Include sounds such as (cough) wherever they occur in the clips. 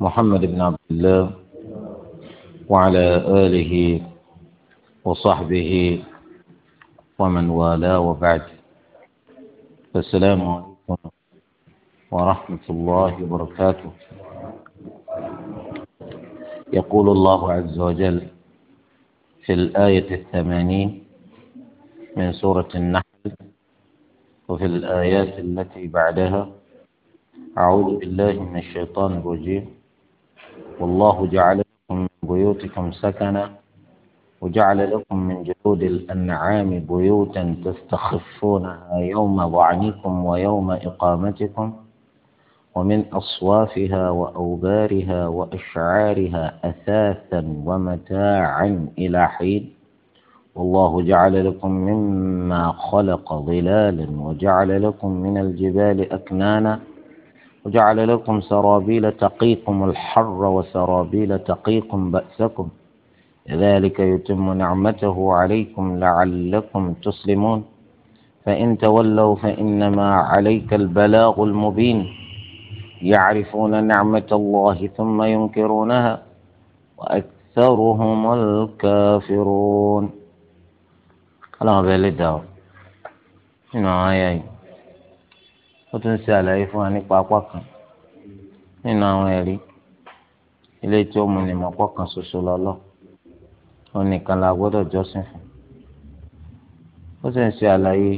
محمد بن عبد الله وعلى آله وصحبه ومن والاه وبعد السلام عليكم ورحمة الله وبركاته يقول الله عز وجل في الآية الثمانين من سورة النحل وفي الآيات التي بعدها أعوذ بالله من الشيطان الرجيم والله جعل لكم من بيوتكم سكنا وجعل لكم من جلود الأنعام بيوتا تستخفونها يوم ظعنكم ويوم إقامتكم ومن أصوافها وأوبارها وأشعارها أثاثا ومتاعا إلى حين والله جعل لكم مما خلق ظلالا وجعل لكم من الجبال أكنانا وجعل لكم سرابيل تقيكم الحر وسرابيل تقيكم بأسكم ذلك يتم نعمته عليكم لعلكم تسلمون فإن تولوا فإنما عليك البلاغ المبين يعرفون نعمة الله ثم ينكرونها وأكثرهم الكافرون. الله بلده. هنا ó tún ṣe àlàyé fún wa nípa apá kan nínú àwọn ẹ̀rí ilé tí ó mú ni mọ̀pọ̀ kan ṣoṣo lọ́lọ́ ó nìkan la gbọ́dọ̀ jọ́sìn fún ó sì ń ṣe àlàyé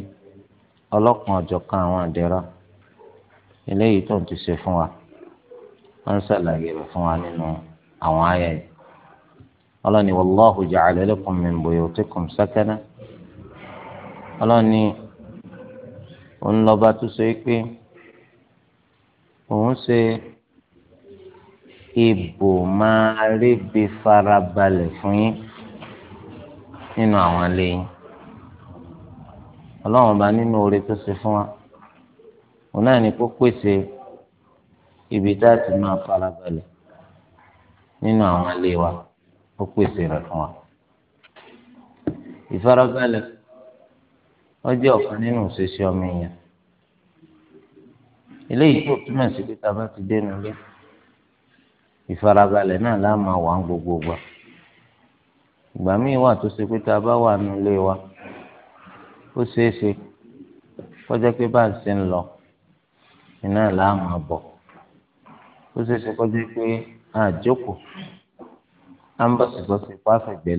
ọlọ́kan ọ̀jọ̀kan àwọn àdẹ́rà eléyìí tó ń ti ṣe fún wa wọ́n ń ṣàlàyé rẹ̀ fún wa nínú àwọn àyà yìí ọlọ́ni wallahu ja'ala lakum min buyutikum sakana ọlọ́ni òun lọ́ba tó sọ pé òun ṣe ibò máa rébi farabalẹ̀ fún yín nínú àwọn ilé yín ọlọ́run bá nínú oore tó ṣe fún wa òun náà ní kó pèsè ibi tá a ti máa farabalẹ̀ nínú àwọn ilé wa ó pèsè rẹ̀ fún wa ìfarabalẹ̀ ó ọ̀kan nínú òṣèṣẹ́ ọmọ èèyàn eléyìí tó túmọ̀ sí pé tá a bá ti dénú lé ìfarabalẹ̀ náà la máa wà ń gbogbo gbà ìgbà míì wà tó ṣe pé tá a bá wà nù lé wa ó ṣeé ṣe kọjá pé bá ń ṣe ń lọ iná là á máa bọ̀ ó ṣeé ṣe kọjá pé àjókòó á ń bọ̀ ṣùgbọ́n ṣe pàfẹ́gbẹ́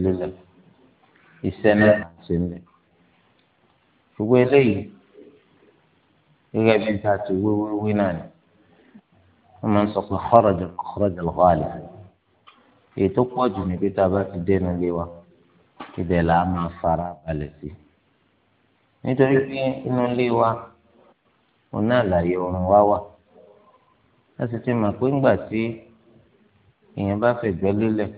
iṣẹ́ náà ń ṣe ń gbogbo eléyìí gẹ́gẹ́ bí ta ti wíwíwí náà ni wọ́n máa ń sọ pé kharaja kharaja al-ghalib èyí tó pọ̀ jù ní pété abá ti dénú lé wa ibẹ̀ là á máa fara balẹ̀ sí nítorí pé inú lé wa òun náà làyè ọ̀run wá wà láti ti mọ̀ pé ńgbà tí èèyàn bá fẹ̀gbẹ́ lélẹ̀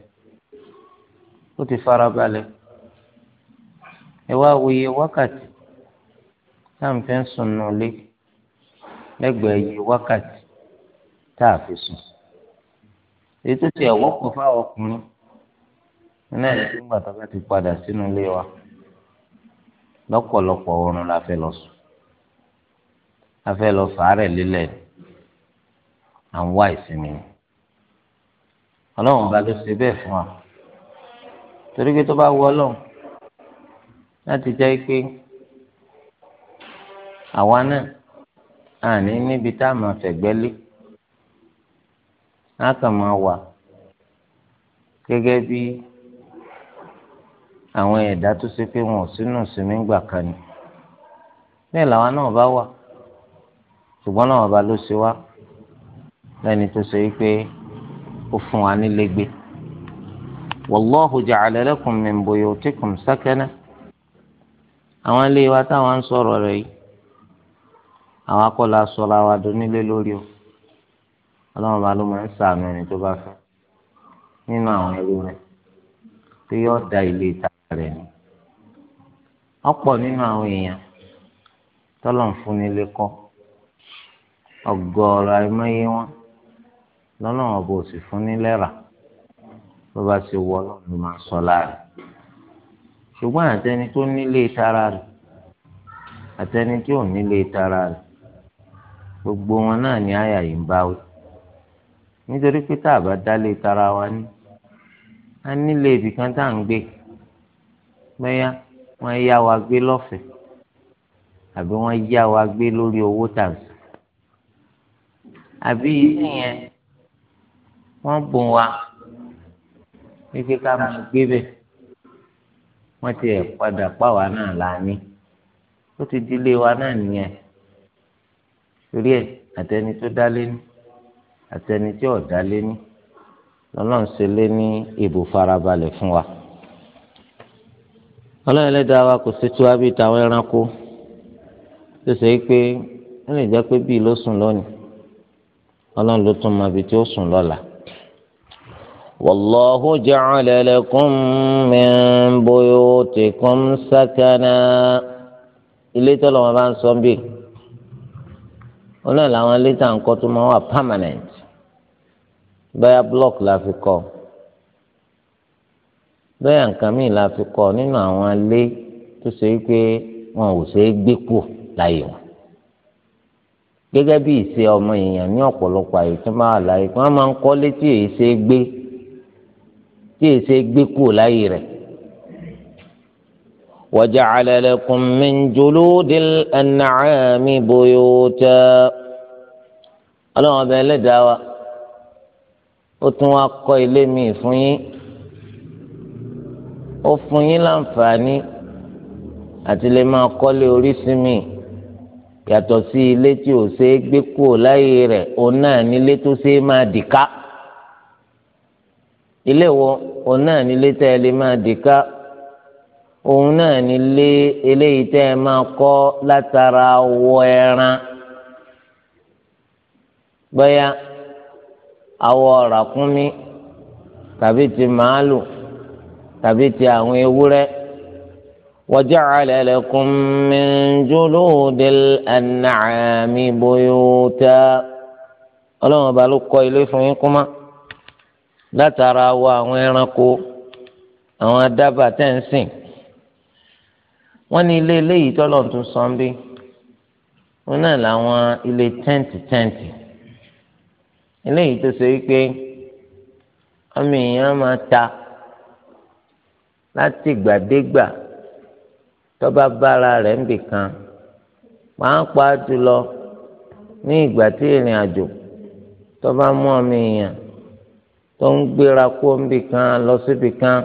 ó ti fara balẹ̀ ẹ wá wòye wákàtí táwọn ń sùn nù lẹ́gbẹ̀ẹ́ iye wákàtí tá a fi sùn èyí tó ti ẹ̀wọ́ pọ̀ fáwọn ọkùnrin nínú ẹ̀yìn tó ń gbà tó bá ti padà sínú ilé wa lọ́pọ̀lọpọ̀ oorun la fẹ́ lọ sùn la fẹ́ lọ fàárẹ̀ lélẹ̀ à ń wá ìsinmi ọlọ́run bá ló ṣe bẹ́ẹ̀ fún wa torí pé tó bá wọ ọlọ́run láti jẹ́ pé àwa náà. àní níbi tá a máa fẹ̀gbẹ́ lé a kàn máa wà gẹ́gẹ́ bí àwọn ẹ̀dá tó ṣe pé wọn ò sínú ìsinmi ni bẹ́ẹ̀ náà bá wà ṣùgbọ́n náà bá ló ṣe wá lẹ́ni tó ṣe pé ó fún wa nílé gbé wallahu ja'ala lakum min buyutikum sakana àwọn ilé wa táwọn ń sọ̀rọ̀ rẹ̀ yìí. àwọn akọ́lá sọ̀rọ̀ àwọn àdónílé lórí o ọlọ́run bá ló máa ń sàánú ẹni tó bá fẹ́ nínú àwọn ẹrú rẹ̀ pé yóò da ilé ìta rẹ̀ ni ọ̀pọ̀ nínú àwọn èèyàn tọ́lọ̀ ń fúnni lé kọ́ ọgọ́ọ̀rọ̀ àìmọye wọn lọ́nà ọ̀bọ̀ òsì fúnni lẹ́rà bó bá ṣe wọ ọlọ́run máa sọ láàrin ṣùgbọ́n àtẹni tó nílé tara rẹ̀ àtẹni tí ò nílé tara rẹ̀ gbogbo wọn náà ní àyà yìí ń báwí nítorí pé tá a bá dálé tara wa ní a nílé ibì kan tá à ń gbé bẹ́yà wọ́n yá wa gbé lọ́fẹ̀ẹ́ àbí wọ́n yá wa gbé lórí owó tàbí àbí ilé wọ́n bùn wa wípé ká máa gbé bẹ̀ wọ́n ti ẹ̀ padà pàwa náà la ó ti dílé wa náà nìyẹn. torí ẹ àtẹni tó dá léni àtẹni tí ò dá léni lọ́lọ́run ṣe lé ní ìbò farabalẹ̀ fún wa ọlọ́run ẹlẹ́dàá wa kò ṣe tú wa ẹranko tó ṣe pé ó lè jẹ́ pé bíi ló sùn lónìí ọlọ́run ló tún bi tí ó sùn lọ́la. والله جعل لكم من بيوتكم سكنا ilé wọn náà làwọn létà nǹkan tó máa wà permanent bóyá block la fi kọ́ bóyá nǹkan míì la fi kọ́ nínú àwọn ilé tó ṣe wípé wọn ò ṣe é gbé kù láyé wọn gẹ́gẹ́ bí ìṣe ọmọ èèyàn ní ọ̀pọ̀lọpọ̀ àyè tó máa láyé wọn máa ń kọ́ létí èyí ṣe é gbé tí èyí ṣe é gbé kù láyé rẹ̀ وجعل لكم من جلود الأنعام بيوتا أنا ọba ẹlẹ́dàá wa ó tún أفني kọ́ ilé mi fún yín ó fún yín láǹfààní àti lè máa kọ́lé oríṣìí mi yàtọ̀ sí ilé tí ò ṣe é gbé kúrò láyé rẹ̀ òun náà nílé tó ṣe é máa dìka ilé wo òun náà nílé tẹ́ ẹ lè máa dìka òun náà ní lé eléyìí tẹ́ ẹ máa kọ́ látara wọ ẹran bóyá awọ ràkúnmí tàbí ti màálù tàbí ti àwọn ewúrẹ́ waja'ala lakum min juludil an'ami ọlọ́run ọba ló kọ́ ilé fún yín kúmá látara wọ àwọn ẹranko àwọn adábàá tẹ̀ ń sìn wọ́n ní ilé eléyìí tọ́lọ̀ tún san bí wọn náà làwọn ilé tẹ́ǹtì tẹ́ǹtì eléyìí tó ṣe wípé ọmọ èèyàn máa ta láti gbàdégbà tó bá bára rẹ̀ ń bì kan pàápàá jùlọ ní ìgbà tí ìrìn àjò tó bá mú ọmọ èèyàn tó ń gbéra kó ń bì kan lọ síbì kan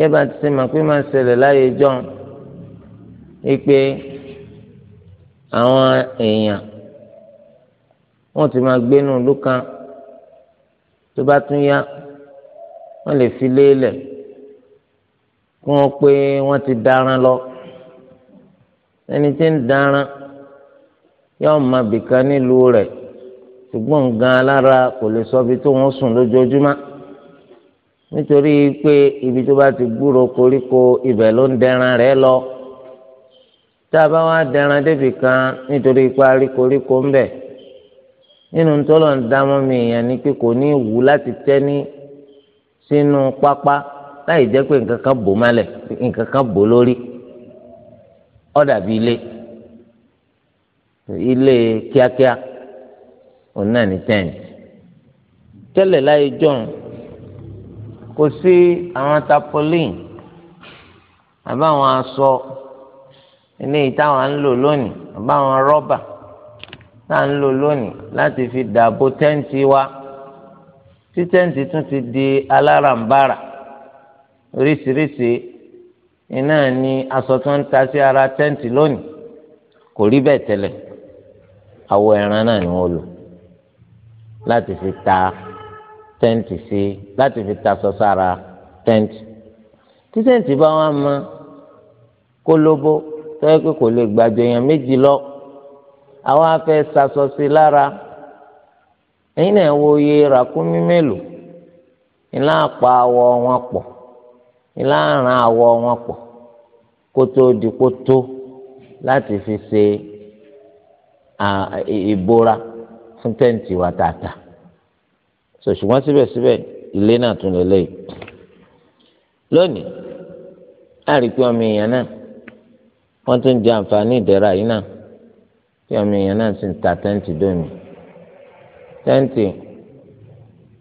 yẹ́n bá ti ṣe mọ̀ pé máa ń ṣẹlẹ̀ láyé jọ́n wípé àwọn èèyàn wọ́n ti máa gbénu lókàn tó bá tún yá wọ́n lè fi léèlẹ̀ kí wọ́n pé wọ́n ti daran lọ ẹni tí ń daran yóò máa bìkan nílùú rẹ̀ ṣùgbọ́n gan alára kò lè sọ ibi tó wọ́n sùn lójoojúmọ́ nítorí pé ibi tó bá ti gbúròó koríko ibẹ̀ ló ń dẹran rẹ̀ lọ tá a bá wá dẹran débi kan nítorí ipa rí koríko ń bẹ nínú tọ́lọ̀ ń dámọ́ mi èèyàn ni pé kò ní wù láti tẹ́ni sínú pápá láì jẹ́ pé nǹkan kan bò mọ́lẹ̀ nǹkan kan bò lórí ó dàbí ilé ilé kíákíá òun náà ní tẹ́ǹtì tẹ́lẹ̀ láyé jọ̀hún kò sí àwọn tapolin àbáwọn aṣọ eléyìí táwọn ń lò lónìí àbáwọn rọ́bà tá à ń lò lónìí láti fi dààbò tẹ́ǹtì wa tí tẹ́ǹtì tún ti di alárànbarà oríṣiríṣi iná ni aṣọ tó ń ta sí ara tẹ́ǹtì lónìí kò rí bẹ́ẹ̀ tẹ́lẹ̀ àwọ̀ ẹran náà ni wọ́n lò láti fi ta tẹ́ǹtì sí láti fi ta sọ sára tẹ́ǹtì tí tẹ́ǹtì bá wọn mọ kólóbó tẹ́wọ́ pé kò lè gbàjọ èèyàn méjì lọ àwọn afẹ́ sasọ sí lára ẹ̀yin náà wo iye ràkúnmí mélòó ńlá pa awọ wọn pọ̀ ńlá ran awọ wọn pọ̀ kótó di kótó láti fi ṣe ìbora fún tẹ́ǹtì wa tààtà so ṣùgbọ́n síbẹ̀síbẹ̀ ilé náà tún lè lẹ́yìn lónìí láàrin pé ọmọ èèyàn náà wọ́n tún jẹ àǹfààní ìdẹ̀ra yìí náà tí ọmọ èèyàn náà sì ń ta tẹ́ǹtì dómi tẹ́ǹtì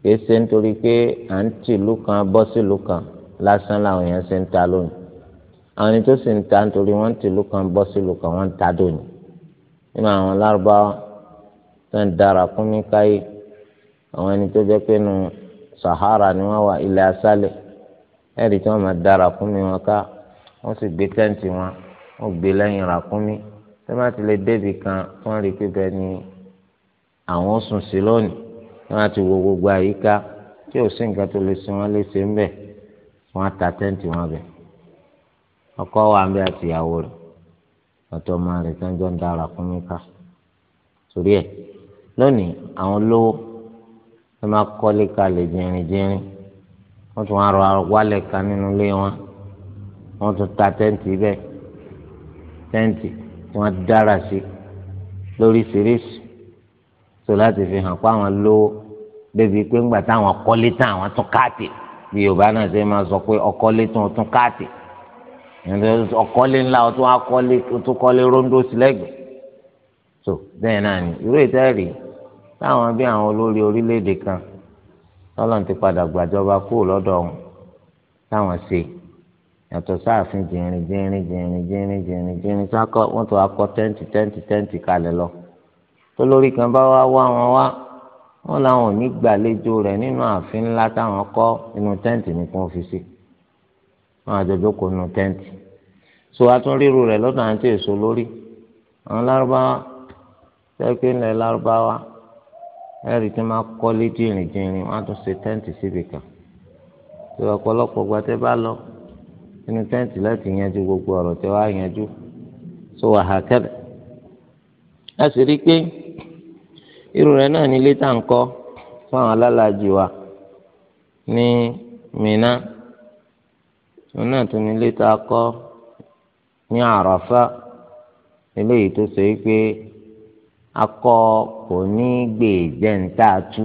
kìí ṣe nítorí pé à ń tì ìlú kan bọ́ sí ìlú kan lásán làwọn èèyàn ṣe ń ta lónìí àwọn ẹni tó sì ń ta nítorí wọ́n tì ìlú kan bọ́ sí ìlú kan wọ́n ń ta dóni nínú àwọn lárúbáwá tó ń dara kún ní káyé àwọn ẹni tó jẹ́ pé nu Sahara ni wọ́n wà ilẹ̀ asálẹ̀ ẹ̀rí tí wọ́n máa dara kún ní wọn ká wọ́n sì gbé tẹ́ǹtì wọn wọ́n gbé lẹ́yìn ràkúnmí tí wọ́n ti lè débi kan wọ́n rí pípẹ́ ní àwọn sùn sí lónìí wọ́n ti wo gbogbo àyíká tí ò sí nǹkan tó lè sin wọ́n léṣe ń bẹ̀ wọ́n á ta tẹ́ǹtì wọn bẹ̀ ọkọ wa ń bẹ àtìyàwó rẹ̀ ọ̀tọ̀ ọmọ rẹ̀ tí wọ́n jọ ń da ràkúnmí ká torí ẹ̀ lónìí àwọn olówó wọ́n máa kọ́lé kalẹ̀ jìnrìnjìnrìn wọ́n tún wá rọ wálẹ̀ kan nínú ilé wọn wọ́n tún ta tẹ́ǹtì bẹ́ẹ̀ tẹ́ǹtì wọ́n dára sí lóríṣiríṣi tó láti fi hàn pé àwọn lówó bébí pé ńgbà táwọn kọ́lé tán àwọn tún káàtì bí yorùbá náà ṣe máa sọ pé ọkọ́lé tán tún káàtì ọkọ́lé ńlá ọtún akọ́lé ọtún kọ́lé róńdó sílẹ̀gbẹ̀ẹ́ tó bẹ́ẹ̀ náà ni irú ìtẹ́rì táwọn bí àwọn olórí orílẹ̀-èdè kan tọ́lọ́n ti padà gbàjọba kúrò lọ́dọ̀ wọn táwọn ṣe yàtọ̀ sáàfin jìnrìn jìnrìn jìnrìn jìnrìn jìnrìn jìnrìn sákọ̀ wọ́n tó akọ tẹ́ǹtì tẹ́ǹtì tẹ́ǹtì kalẹ̀ lọ tó lórí kan bá wá wá wọn wá wọn làwọn ò ní gbàlejò rẹ̀ nínú ààfin ńlá táwọn kọ́ inú tẹ́ǹtì ní kó fi sí wọn àjọjọ kò nu tẹ́ǹtì so atúnríru rẹ̀ lọ́dọ̀ àti èso lórí àwọn lárúbáwá sẹ́kẹ́ ńlẹ̀ lárúbáwá ẹ̀rì tí wọ́n kọ́lé jìnrìn jìnrìn wọ́n á tún ṣe tẹ́ǹtì síbìkan tí ọ̀pọ̀lọpọ̀ gbàtẹ́ bá lọ inú tẹ́ǹtì láti yanjú gbogbo ọ̀rọ̀ tí wàá yanjú tó wà hà a sì rí i pé irú rẹ̀ náà ní létà ń kọ́ fáwọn alálàájì wa ní Mínà òun náà tún ní létà kọ́ ní Àràfà eléyìí tó sọ pé akọ kò ní gbè jẹ́ǹtà tú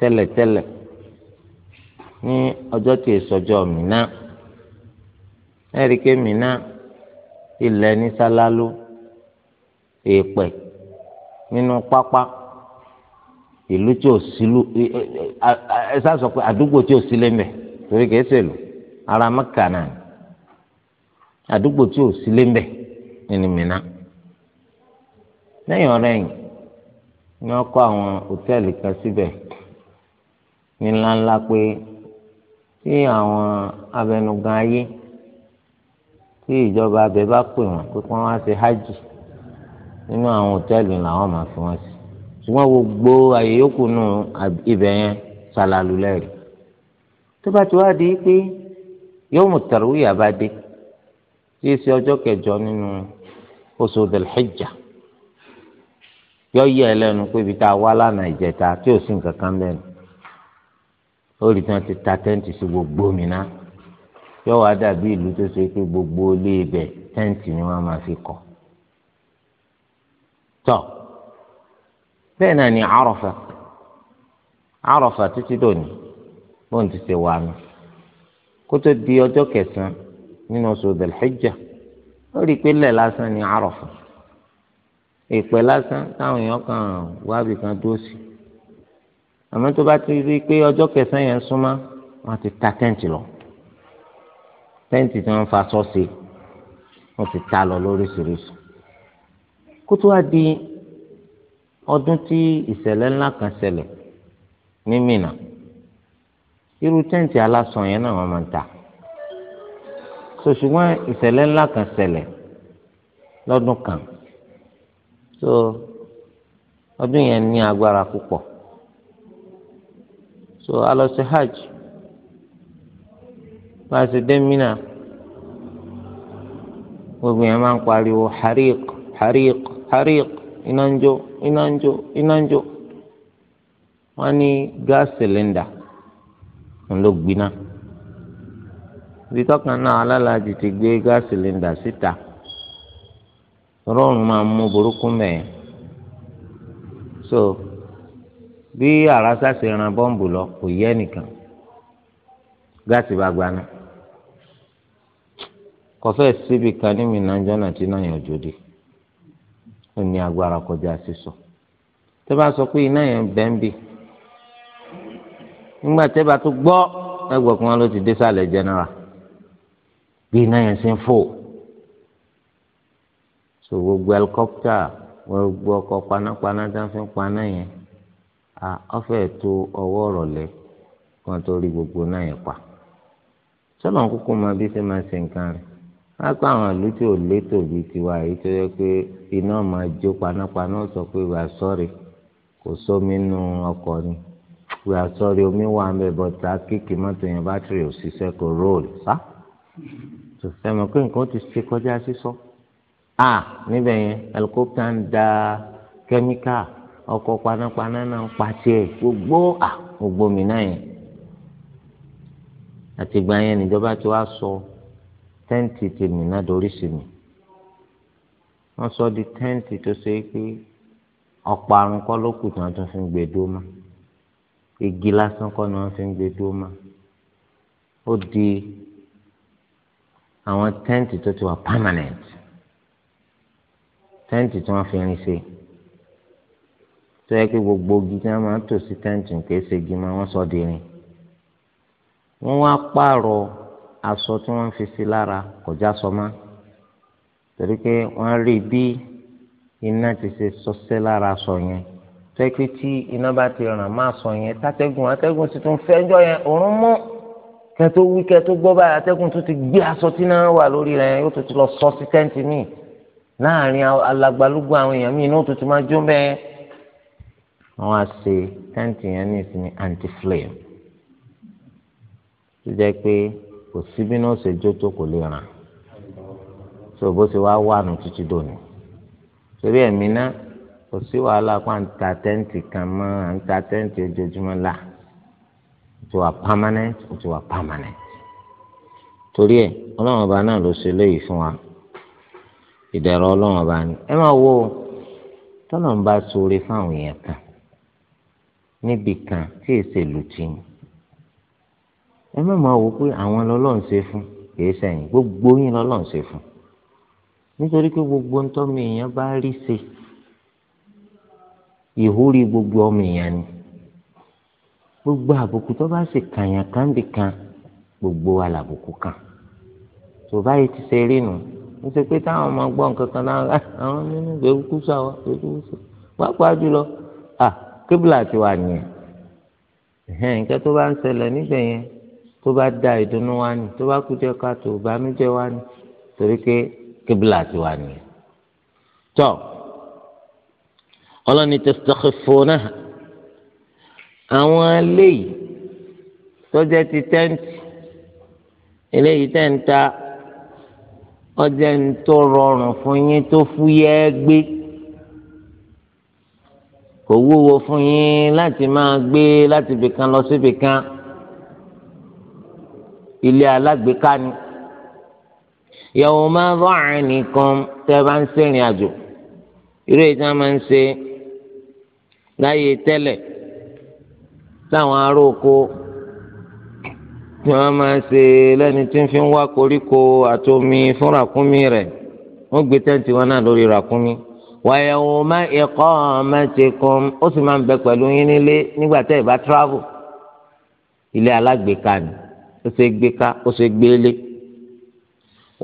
tẹ́lẹ̀tẹ́lẹ̀ ní ọjọ́ tí sọjọ́ Mínà ẹ̀ríkẹ́ Mínà ilẹ̀ ní sálálú èèpẹ̀ nínú pápá ìlú tí ò sílù ẹ sọ pé àdúgbò tí ò sílé mbẹ torí kìí ṣèlú ara Mẹ́kà àdúgbò tí ò sílé mbẹ nínú Mínà lẹ́yìn ọ̀rẹ́yìn ni wọ́n kọ́ àwọn kan síbẹ̀. Si ní ńláńlá pé tí àwọn abẹnugan ayé tí ìjọba abẹ bá pè wọ́n pé kí wá ṣe hajj nínú àwọn hòtẹ́ẹ̀lì làwọn máa fi wọ́n sí ṣùgbọ́n gbogbo àyè yòókù nù ibẹ̀ yẹn ṣàlàlù lẹ́rìí tó bá ti wá di pé yóò mú tàrúwì àbádé tí í ṣe ọjọ́ kẹjọ nínú oṣù dèlhijjá yọ yẹ ẹ lẹ́nu pé ibi tá a wá lánàá ìjẹta tí ò sí nǹkan kan lẹ́nu ó rí tí wọ́n ti ta tẹ́ǹtì sí gbogbo Mínà yóò wá dàbí ìlú tó ṣe pé gbogbo ilé ibẹ̀ tẹ́ǹtì ni wọ́n máa fi kọ́ tọ́ bẹ́ẹ̀ náà ni Àrafà Àrafà títí dòní bóun ti ṣe wà mí kótó di ọjọ́ kẹsàn-án nínú oṣù dhul ó rí i pé lẹ̀ lásán ni Àrafà ìpẹ́ lásán táwọn èèyàn kan wábì kan dúró sí i àmọ́ tó bá ti rí i pé ọjọ́ kẹsàn-án yẹn ń súnmọ́ wọ́n ti ta tẹ́ǹtì lọ tẹ́ǹtì tí wọ́n fa sọ́ọ̀sì wọ́n ti ta lọ lóríṣiríṣi kó tó wá di ọdún tí ìṣẹ̀lẹ̀ ńlá kan ṣẹlẹ̀ ní Mínà irú tẹ́ǹtì alásán yẹn náà wọ́n máa ń ta so ṣùgbọ́n ìṣẹ̀lẹ̀ ńlá kan ṣẹlẹ̀ lọ́dún kan so ọdún yẹn ní agbára púpọ̀ so alọsẹ hajj paṣẹ dẹmínà gbogbo yẹn máa ń pariwo hariq hariq hariq iná ń jó iná ń jó iná ń jó wọn ní gas silinda ń ló gbiná ibi tọkàn náà alálàájì ti gbé gáàsì sílẹńdà síta rọrùn máa mú burúkú mẹ́ẹ̀ so bí àràsà ṣe ran bọ́ǹbù lọ kò yẹ nìkan gáàsì bá gbaná kọfẹ́ síbi kan ní mìíràn jọ́nà tí náà yàn jòdì ó ní agbára kọjá sísọ tó bá sọ pé iná yẹn bẹ́ẹ̀ ń bì nígbà tẹ́ bá tó gbọ́ ẹgbọ̀kún wọn ló ti dé sálẹ̀ jẹnẹra bí iná yẹn ṣe ń fò so gbogbo ẹlikọ́pítà gbogbo ọkọ̀ panápaná tá a fi paná yẹn ọfẹ́ tó ọwọ́ rọ̀lẹ́ kan tó rí gbogbo náà yẹn pa sọlọ kúkú máa bí ṣe máa ṣe nǹkan rẹ̀ wọn á pé àwọn ìlú tí ò létò bíi tiwa yìí tó yẹ pé iná máa jó panápaná sọ pé we are sorry kò sómi nù ọkọ̀ ni we are sorry omi wà ń bẹ bọ́tà kíkì mọ́tò yẹn bátìrì ò ṣiṣẹ́ kò róòlù sá tó fẹ́ mọ̀ pé nǹkan ti ṣe kọjá sísọ à níbẹ̀ yẹn ẹlikópítà ń da kẹ́míkà ọkọ panápaná náà ń pa tiẹ̀ gbogbo à gbogbo mi náà yẹn àtìgbà yẹn níjọba tí wàá sọ tẹ́ǹtì tèmi náà dorí sí mi wọ́n sọ di tẹ́ǹtì tó ṣe é pé ọ̀pọ̀ àrùn kọ́ ló kù tí wọ́n tún fi ń gbé dó ma igi lásán kọ́ ni wọ́n fi ń gbé dó ma ó di àwọn tẹ́ǹtì tó ti wà permanent tẹ́ǹtì tí wọ́n fi ń ṣe tó yẹ kí gbogbo igi tí wọ́n máa ń tò sí tẹ́ǹtì kìí ṣe igi máa wọ́n sọ di irin wọ́n wá pààrọ̀ aṣọ tí wọ́n fi sí lára kọjá sọmá torí pé wọ́n rí bí iná ti ṣe sọsẹ́ lára aṣọ yẹn tó yẹ kí tí iná bá ti ràn má aṣọ yẹn tátẹ́gùn atẹ́gùn tuntun fẹ́jọ́ yẹn òórùn mọ́ kẹtó wí kẹtó gbọ́ báyìí atẹ́gùn tó ti gbé aṣọ tí náà wà lórí rẹ̀ yóò tó ti lọ sọ sí tẹ́ǹtì míì láàrin alagbalúgbò àwọn èèyàn míì inú tó ti máa jó bẹ́ẹ̀ wọ́n á ṣe tẹ́ǹtì yẹn ní ìsinmi anti flame tó jẹ́ pé kò sí bí náà ṣe jó tó kò lè ràn tó bó ṣe wá wà nù títí dòní torí ẹ̀mí náà kò sí wàhálà pa ń ta tẹ́ǹtì kan mọ́ à ń ta tẹ́ǹtì ojoojúmọ́ là tó wà permanent ó ti wà permanent torí ẹ̀ ọlọ́run ọba náà ló ṣe léyìí fún wa ìdẹ̀rọ ọlọ́run ọba ni ẹ máa wo tọ́lọ̀ ń bá sóore fáwọn èèyàn kan níbì kan tí èsè lù tì ní ẹ má máa wò pé àwọn lọ́lọ́run ṣe fún kìí sẹ́yìn gbogbo yín lọ́lọ́run ṣe fún nítorí pé gbogbo ń tọ́mọ èèyàn bá rí ṣe ìhórí gbogbo ọmọ èèyàn ni gbogbo àbùkù tó bá sì kàyàn kánbì kan gbogbo alàbùkù kan tó báyìí ti ṣe rí nu ó ṣe pé táwọn ọmọ gbọ́ nǹkan kan náà ah, àwọn nínú ìgbẹ́ kúkú sáwọ́ ìgbẹ́ kúkú sáwọ́ pápá jùlọ ah, kíbla ti wà nìyẹn ẹhẹn nǹkan tó bá ń ṣẹlẹ̀ níbẹ̀ yẹn tó bá da ìdùnnú wa ni tó bá kú jẹ ká tó ìbànújẹ́ wa ni torí pé kíbla ti wà nìyẹn. tọ́ ọlọ́ni tastakhifunaha àwọn eléyìí tó ti tẹ́ǹtì eléyìí tẹ́ǹta ọjẹ́ ń tó rọrùn fún yín tó fúyẹ́ gbé kò wúwo fún yín láti máa gbé láti ibìkan lọ sí ibìkan ilé alágbèéká ni yawma dha'nikum tẹ́ bá ń sẹ́rìn àjò irú ìjà máa ń ṣe láyé tẹ́lẹ̀ táwọn ará oko tí wọ́n máa ń ṣe lẹ́ni tí ń fi ń wá koríko àtomi fún ràkúnmí rẹ̀ wọ́n gbé tẹ́ǹtì wọn náà lórí ràkúnmí. ويوم إقامتكم ó sì máa ń bẹ pẹ̀lú yín nílé nígbà tẹ́ ẹ bá travel ilé alágbèéká ni ó ṣe gbé ká ó ṣe gbélé.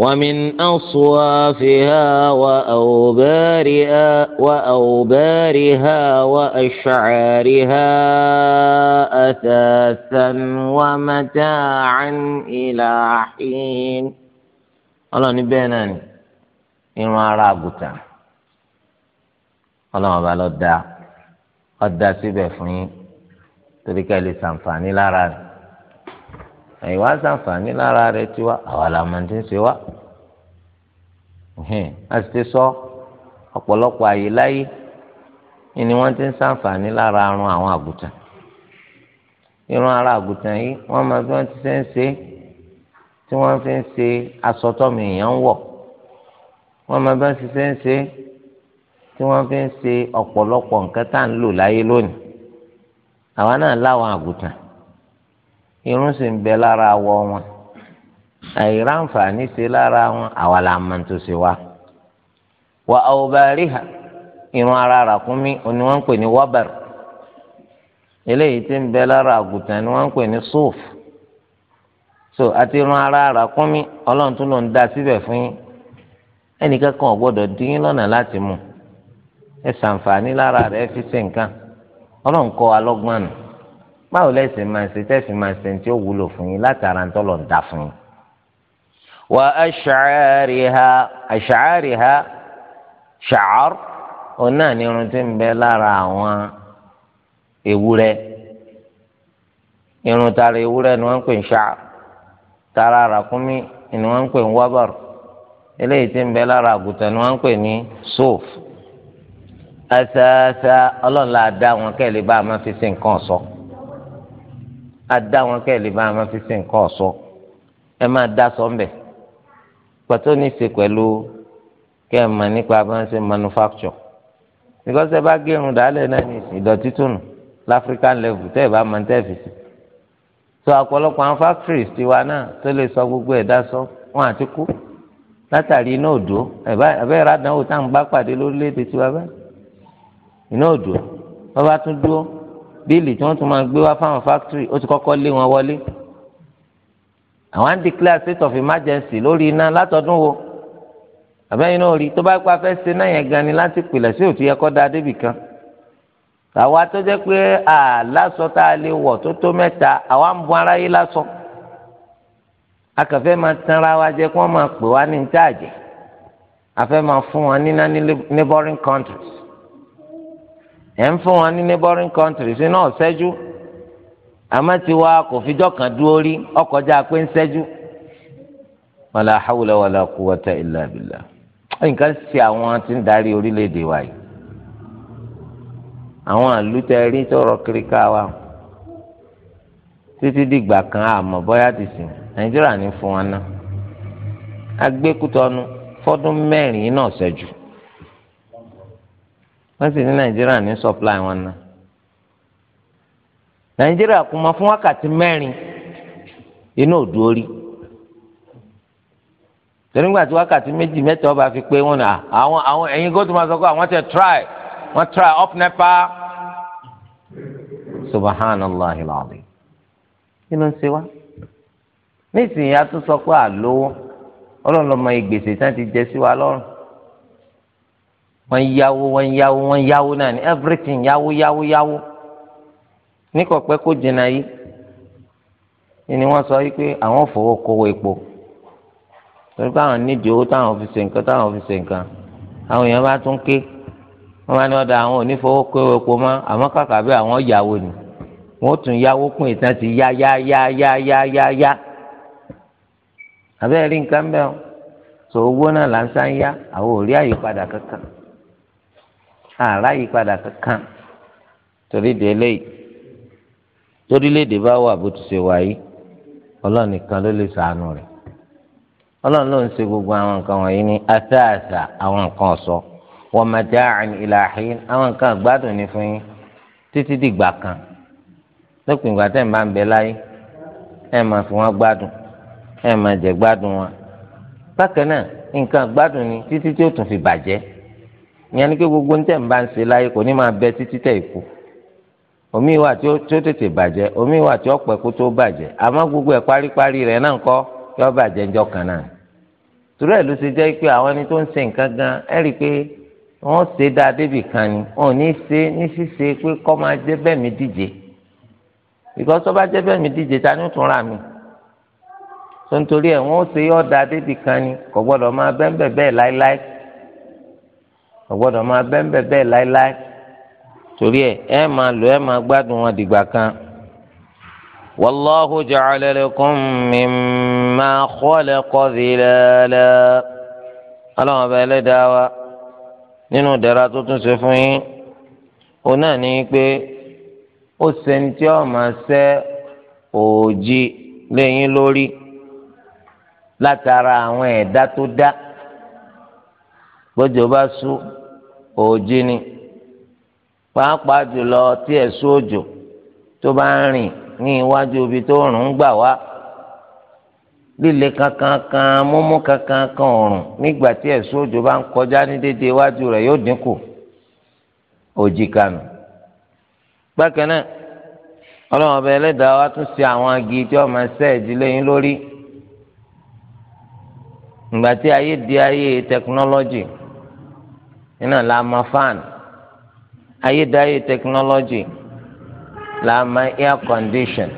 ومن أصوافها وأوبارها وأوبارها وأشعارها أثاثا ومتاعا إلى حين. الله نبينا إن ما ọlọ́run ọba ló dá ọ dá síbẹ̀ fún yín torí ká lè ṣàǹfààní lára rẹ̀ ẹ̀yin wá ṣàǹfààní lára rẹ̀ tiwa àwa la máa ti ń ṣe wá a sì ti sọ ọ̀pọ̀lọpọ̀ àyè láyé ni wọ́n ti ń ṣàǹfààní lára arun àwọn àgùntàn irun ara àgùntàn yìí wọ́n máa bí wọ́n ti ṣe ń ṣe tí wọ́n fi ń ṣe asọ́tọ́mì èèyàn ń wọ̀ wọ́n máa bí wọ́n ti ṣe ń ṣe. tí wọ́n fi ń ṣe ọ̀pọ̀lọpọ̀ nǹkan tá à ń lò láyé lónìí àwa náà láwọn àgùntàn irun sì ń bẹ lára awọ wọn àìráǹfààní ṣe lára wọn àwa la mọ̀ tó ṣe wa wà ha, irun ara mi, ni wọ́n ń pè ní wọ́bẹ̀r eléyìí tí ń bẹ lára àgùntàn ni wọ́n ń pè ní sóòf so àti irun ara mi ọlọ́run tó ló ń dá síbẹ̀ fún yín ẹnìkan kan ò dín yín lọ́nà láti mú un. ẹ ṣàǹfààní lára re fi ṣe nǹkan ọlọ́run kọ́ wa lọ́gbọ́n nù báwo lẹ́sìn máa ṣe tẹ́sìn máa ṣe tí ó wúlò fún yín látara ń tọ́lọ̀ dà ha àṣàárì ha ṣàár òun náà ní irun tí ń bẹ lára irun tara ewure ni wọ́n ń pè ń tara ràkúnmí ni wọ́n ń pè ń eléyìí tí ni wọ́n ń pè asaasa ọlọ́run la wọn kẹ́lẹ́ bá a máa fi sí nǹkan ọ̀sọ́ a dá wọn kẹ́lẹ́ bá a máa fi sí nǹkan ọ̀sọ́ ẹ máa dá sọ́ńbẹ̀ pàtó ní í ṣe pẹ̀lú kẹ́ ẹ mọ̀ nípa bá ń ṣe manufacture because ẹ bá gẹrun dálẹ̀ náà ní ìdọ̀tí tùnú láfíríkà level tẹ́ ẹ bá mọ̀ tẹ́ ẹ fi sí so ọ̀pọ̀lọpọ̀ àwọn factories tiwa náà tó lè sọ gbogbo ẹ̀ dá sọ wọn àti kú látàrí iná òdò ẹ̀ bá ẹ̀ bá ẹ̀ rà dánwò táwọn bá pàdé lórílẹ̀‐èdè tiwa báyìí iná òdùn wọn bá tún dúró bíìlì tí wọn tún máa gbé wá fáwọn fákítírì ó ti kọ́kọ́ lé wọn wọlé àwọn declare state of emergency lórí iná látọdún wo àbẹ́yìn náà rí tó bá pa fẹ́ ṣe náà yẹn gan ni láti pìlẹ̀ sí òtún yẹ kọ́ da débì kan àwa tó jẹ́ pé àlásọ tá a lè wọ̀ tó tó mẹ́ta àwa ń bu aráyé lásọ akàfẹ́ máa tanra wa jẹ kí wọ́n máa pè wá ní ní táàjẹ́ àfẹ́ máa fún wọn níná ní neighboring countries. ẹ̀ ń fún wọn ní neighboring countries náà ṣẹ́jú àmọ́ kò fijọ́ kan dúró rí ọkọjá pé ń ṣẹ́jú wàlá hawla wàlá quwwata illa billah nǹkan ṣe àwọn tí ń darí orílẹ̀-èdè wa yìí àwọn àlùtẹ̀ rí tọrọ kiri ká wa títí dìgbà kan àmọ́ bóyá ti sìn nàìjíríà ní fún wa agbẹ́kútọ́nu fọ́dún mẹ́rin náà ṣẹ́jú wọ́n sì ní nàìjíríà ní supply wọn náà nàìjíríà kò mọ fún wákàtí mẹ́rin inú òdu orí torí nígbà tí wákàtí méjì mẹ́ta ọba fi pé wọn náà àwọn ẹ̀yin gótó máa sọ pé àwọn tẹ try wọn try up nepa subhanallah ilaali kí ló ń ṣe wá nísìnyí a tún sọ pé àlówó ọlọ́run lọ́mọ ìgbésẹ̀ tí wọ́n ti jẹ sí wa lọ́rùn wọ́n yáwó wọ́n yáwó wọ́n yáwó náà ní everything yáwó yáwó yáwó ní kọ̀pẹ́ kó jìnnà yìí ni wọ́n sọ yìí pé àwọn fowó kówó epo torí pé àwọn nídìí owó táwọn fi ṣe nǹkan táwọn fi ṣe nǹkan àwọn èèyàn bá tún ké wọ́n bá ní ọ̀dà àwọn ò ní fowó kówó epo mọ́ àmọ́ kàkà bí àwọn yáwó ni wọ́n tún yáwó kún ìtàn ti yá yá yá yá yá yá yá àbẹ́rẹ́ rí nǹkan bẹ́ẹ̀ o owó náà là ń sá ń yá àwọn ò rí àyípadà kankan àrà ah, yípadà kankan torí de eléyìí torílẹ̀èdè bá wà bó ti ṣe wà yìí ọlọ́run nìkan ló lè ṣàánú rẹ̀ ọlọ́run ló ń ṣe gbogbo àwọn nǹkan wọ̀nyí ní àtàtà àwọn nǹkan ọ̀ṣọ́ wa mata'an ila hin àwọn nǹkan àgbádùn ní fún yín títí dìgbà kan lópin ìgbà tẹ̀ ń bá ń bẹ láyé ẹ máa fi wọn gbádùn ẹ máa jẹ gbádùn wọn bákan náà nǹkan àgbádùn ni títí tí ó tún fi bàjẹ́ ìyẹn ni pé gbogbo ń tẹ̀ ń bá ń ṣe láyé kò ní máa bẹ títí tẹ̀ ìkú omi wà tí ó tètè bàjẹ́ omi wà tí ó pẹ́ kó tó bàjẹ́ àmọ́ gbogbo ẹ̀ paríparí rẹ̀ náà kọ́ yọ bàjẹ́ ńjọ́ kan náà tùrọ̀ ẹ̀ ló ṣe jẹ́ pé àwọn ẹni tó ń ṣe nǹkan gan ẹ̀ rí i pé wọ́n ṣe dáa débì kan ni wọn ní ṣe ní ṣíṣe pé kọ́ máa jẹ́ bẹ́ẹ̀ mi díje because tó bá jẹ́ bẹ́ẹ̀ mi díje ta ni ó tún ra mi tó ń torí ẹ̀ wọ́n ṣe yọ̀ dáa débì kan ni kò gbọ́dọ̀ máa bẹ́ẹ̀ bẹ́ẹ̀ láéláé ọ̀gbọ́dọ̀ máa bẹ́ńbẹ́ bẹ́ẹ̀ láéláé torí ẹ ẹ máa lò ẹ máa gbádùn wọn dìgbà kan. wallahu ja'ala lakum mimma khalaqa dhilala ọlọ́run ọba ẹlẹ́dàá wa nínú ìdára tó tún ṣe fún yín òun náà ní pé ó ṣẹni tí máa ṣẹ́ òòjì lẹ́yìn lórí látara àwọn ẹ̀dá tó dá gbọ́dọ̀ bá sùn òjì ni pàápàá jùlọ tí ẹ̀sùn òjò tó bá ń rìn ní iwájú ibi tó rùn ń gbà wá líle kankan kan múmú kankan kan ọ̀rùn nígbà tí ẹ̀sùn òjò bá ń kọjá ní dédé iwájú rẹ̀ yóò dínkù òjì kanu bákan náà ọlọ́run ọba ẹlẹ́dàá wa tún ṣe àwọn agi tí wọ́n máa ṣẹ́ ìdílé yín lórí ìgbà tí ayé di ayé tẹkinọ́lọ́jì. iná la ma fan ayédáyé technology la ma air condition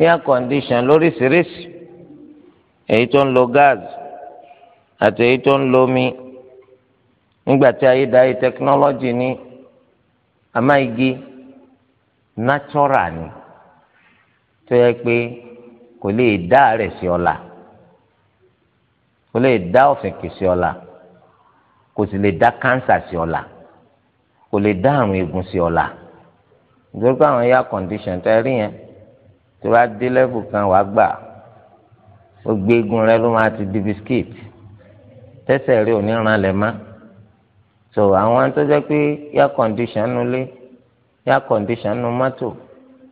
air condition lóríṣiríṣi èyí tó ń lo gas àti èyí tó ń lo omi nígbà tí ayédáyé technology ní àmọ́ igi natural ni tó yẹ pé kò lè dá rẹ̀ sí ọ̀la kò lè dá ọ̀fìn kì sí ọ̀la. kò sì lè dá kánsà sí ọ la kò lè dá àrùn eegun sí ọ la nítorí pé àwọn air condition tẹ rí yẹn tó bá dé lẹ́bù kan wàá gbà ó gbé eegun rẹ ló máa ti di biskit tẹ́sẹ̀ rí òní lẹ̀ má so àwọn tó jẹ́ pé air condition nulẹ̀ air condition nu mọ́tò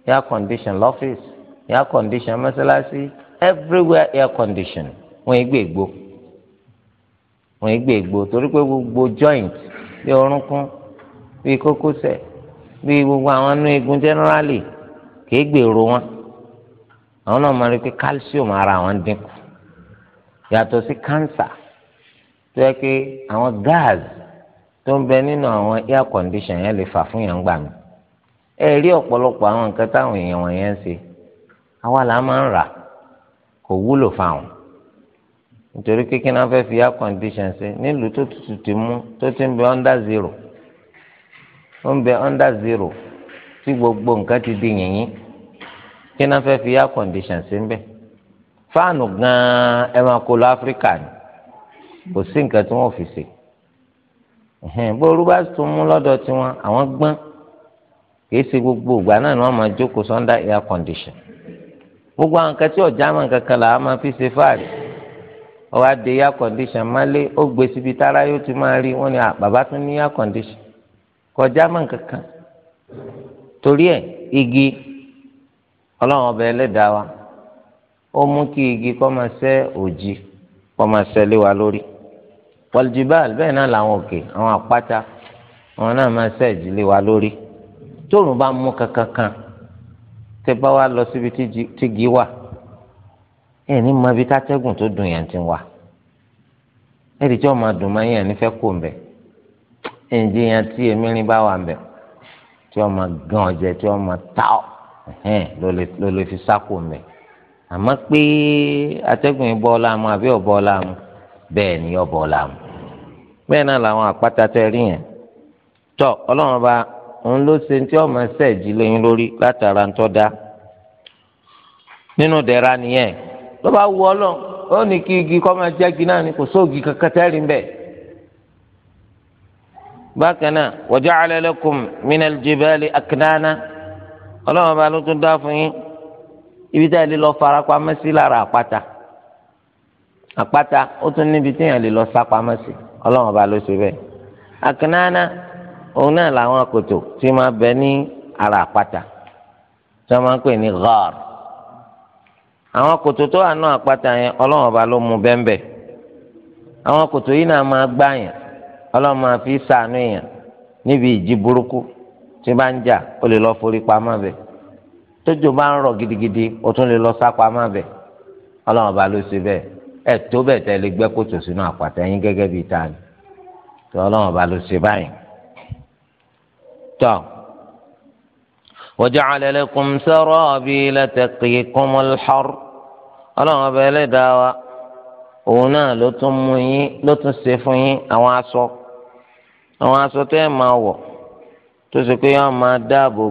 air condition lọ́fíìsì air condition mọ́sálásí everywhere air condition wọ́n gbé gbó wọn gbé egbò torí pé gbogbo joint bí orúnkún bí kókósẹ̀ bí gbogbo àwọn inú eegun generally kìí gbèrò wọn àwọn náà máa rí pé calcium ara àwọn dínkù yàtọ̀ sí cancer tó yẹ pé àwọn gas tó ń bẹ nínú àwọn air condition yẹn lè fà fún yàn gbà mí ẹ rí ọ̀pọ̀lọpọ̀ àwọn nǹkan táwọn èèyàn wọ̀nyẹn ń ṣe àwa là máa ń rà kò wúlò fáwọn nítorí kékeré náà fẹ́ẹ́ fi air condition ṣe nílùú tó tutù ti mú tó ti ń bẹ under zero ó ń bẹ under zero tí gbogbo nǹkan ti di yìnyín kí náà fẹ́ẹ́ fi air condition ṣe ń bẹ fáànù gan-an ẹranko lọ áfíríkà ni kò sí nǹkan tí wọ́n fi ṣe bóoru bá tún mú lọ́dọ̀ tiwọn àwọn gbọ́n kìí ṣe gbogbo ìgbà náà ni wọ́n máa jókòó under air condition gbogbo àwọn nǹkan tí ọ̀já máa ń kankan là á máa fi ṣe fáàrí ọwọ́ adé air condition mọ́lé ó gbé síbi tára yóò ti máa rí wọ́n ní bàbá tún ní air condition kọjá mọ́ kankan torí ẹ̀ igi ọlọ́run ọba ẹlẹ́dàá wa ó mú kí igi kọ́ máa ṣẹ́ òjì kọ́ máa ṣẹ́ lé wa lórí pọlìjìbáàlì bẹ́ẹ̀ náà làwọn òkè àwọn àpáta àwọn náà máa ṣẹ́ ìjì lé wa lórí tóòrùn bá mú kankan kan tẹ́ bá wa lọ síbi tígi wà ẹ ní mọ ibi tátẹ́gùn tó dùn yẹn ti wà ẹ lè jọ máa dùn máa yẹn nífẹ̀ẹ́ kó mbẹ ẹ ń jẹ yẹn tí èmi rìn bá wà mbẹ tí wọn máa gan ọjẹ tí wọn máa ta ọ ló lè fi sáko mbẹ àmọ́ pé atẹ́gùn yìí bọ́ ọ́lá mu àbí ọ̀bọ ọ́lá mu bẹ́ẹ̀ ni ọ̀bọ ọ́lá mu bẹ́ẹ̀ náà làwọn àpáta tẹ́ rí yẹn tọ́ ọlọ́run ọba òun ló ṣe tí ọmọ ẹsẹ̀ jí lẹ́yìn lórí látara ń tọ́ da nínú dẹ́ra nìyẹn tó bá wù ọ lọ ó ní kí igi kọ́ máa jẹ́ igi náà ni kò sóògì kankan tẹ́rì ń bẹ̀. bákan náà wa ja'ala lakum minal jibali aknana ọlọ́run bá ló tún dá fún yín ibi tá a lè lọ fara pamọ́ sí lára àpáta àpáta ó tún níbi téèyàn lè lọ sá pamọ́ sí ọlọ́run bá ló ṣe bẹ́ẹ̀ aknana òun náà làwọn kòtò tí máa bẹ ní ara àpáta tí wọ́n máa ń pè ní ghar. àwọn kòtò tó wà náà àpáta yẹn ọlọ́run ọba ló mú bẹ́ńbẹ́ àwọn kòtò yìí náà máa gbá yẹn ọlọ́run máa fi sàánú yẹn níbi ìjì burúkú tí bá ń jà ó lè lọ forí pamọ́ bẹ́ẹ̀ gidigidi ó tún lè lọ sá pamọ́ bẹ́ẹ̀ ọlọ́run ọba ló ṣe bẹ́ẹ̀ ẹ̀ tó bẹ́ẹ̀ tẹ́ lè gbẹ́ kòtò sínú àpáta gẹ́gẹ́ bíi ta ọlọ́run ọba وجعل لكم سرابيل تقيكم الحر ọlọ́run ọba ẹlẹ́dàá wa òun náà ló tún mú yín ló tún ṣe fún yín àwọn aṣọ àwọn aṣọ tẹ́ ẹ máa wọ̀ tó ṣe pé wọ́n máa dáàbò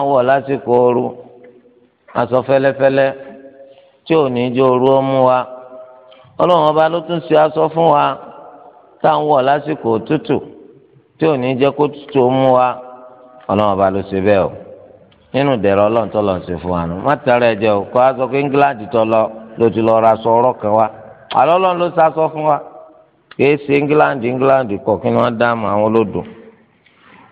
ń wọ̀ lásìkò ooru aṣọ fẹ́lẹ́fẹ́lẹ́ tí ò ní jẹ́ ooru ó wa ọlọ́run ọba ló tún ṣe aṣọ fún wa tá ń wọ̀ lásìkò òtútù tí ò ní jẹ́ kó tútù ó wa ọlọ́run bá ló ṣe bẹ́ẹ̀ o nínú ìdẹ̀rẹ̀ ọlọ́run tó lọ́n ṣe fún wa nù má tẹ̀rẹ̀ ẹ̀jẹ̀ o kó a sọ pé England tó lọ ló ti lọ́ọ́ ra aṣọ ọ̀rọ̀ kan wa àlọ́ ọlọ́run ló sá sọ fún wa kìí ṣe England England kọ̀ kí wọ́n dá mọ́ àwọn olódò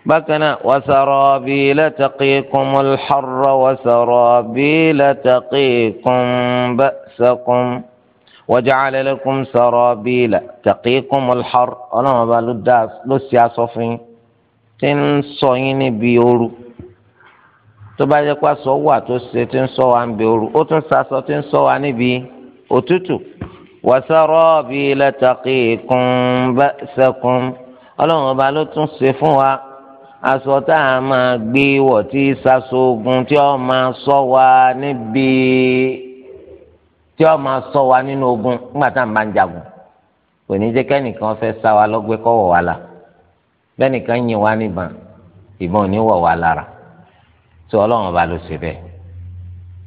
bákan náà wasarabila taqikumul harra wasarabila taqikum ba'sakum waja'ala lakum sarabila taqikumul harra ọlọ́run bá ló ṣe aṣọ fún yín tí ń sọ yín níbi ooru tó bá jẹ́ pé aṣọ wà tó ṣe tí ń sọ wa níbi ooru ó tún ṣaṣọ tí ń sọ wa níbi òtútù wàṣọrọ bí lẹtàkì kún bá ṣẹkùn ọlọ́run ọba ló tún ṣe fún wa aṣọ tá a máa gbé wọ̀ tí ṣaṣogun tí ó máa sọ wa níbi tí ó máa sọ wa nínú ogun nígbà tá a máa ń jagun kò ní jẹ́ kẹ́nìkan fẹ́ sá wa lọ́gbẹ́ kọ́wọ́ wa la bẹ́nìkan yìn wá níbọn ìbọn ò ní wọ̀ wá lára tí ọlọ́run ọba ló ṣe bẹ́ẹ̀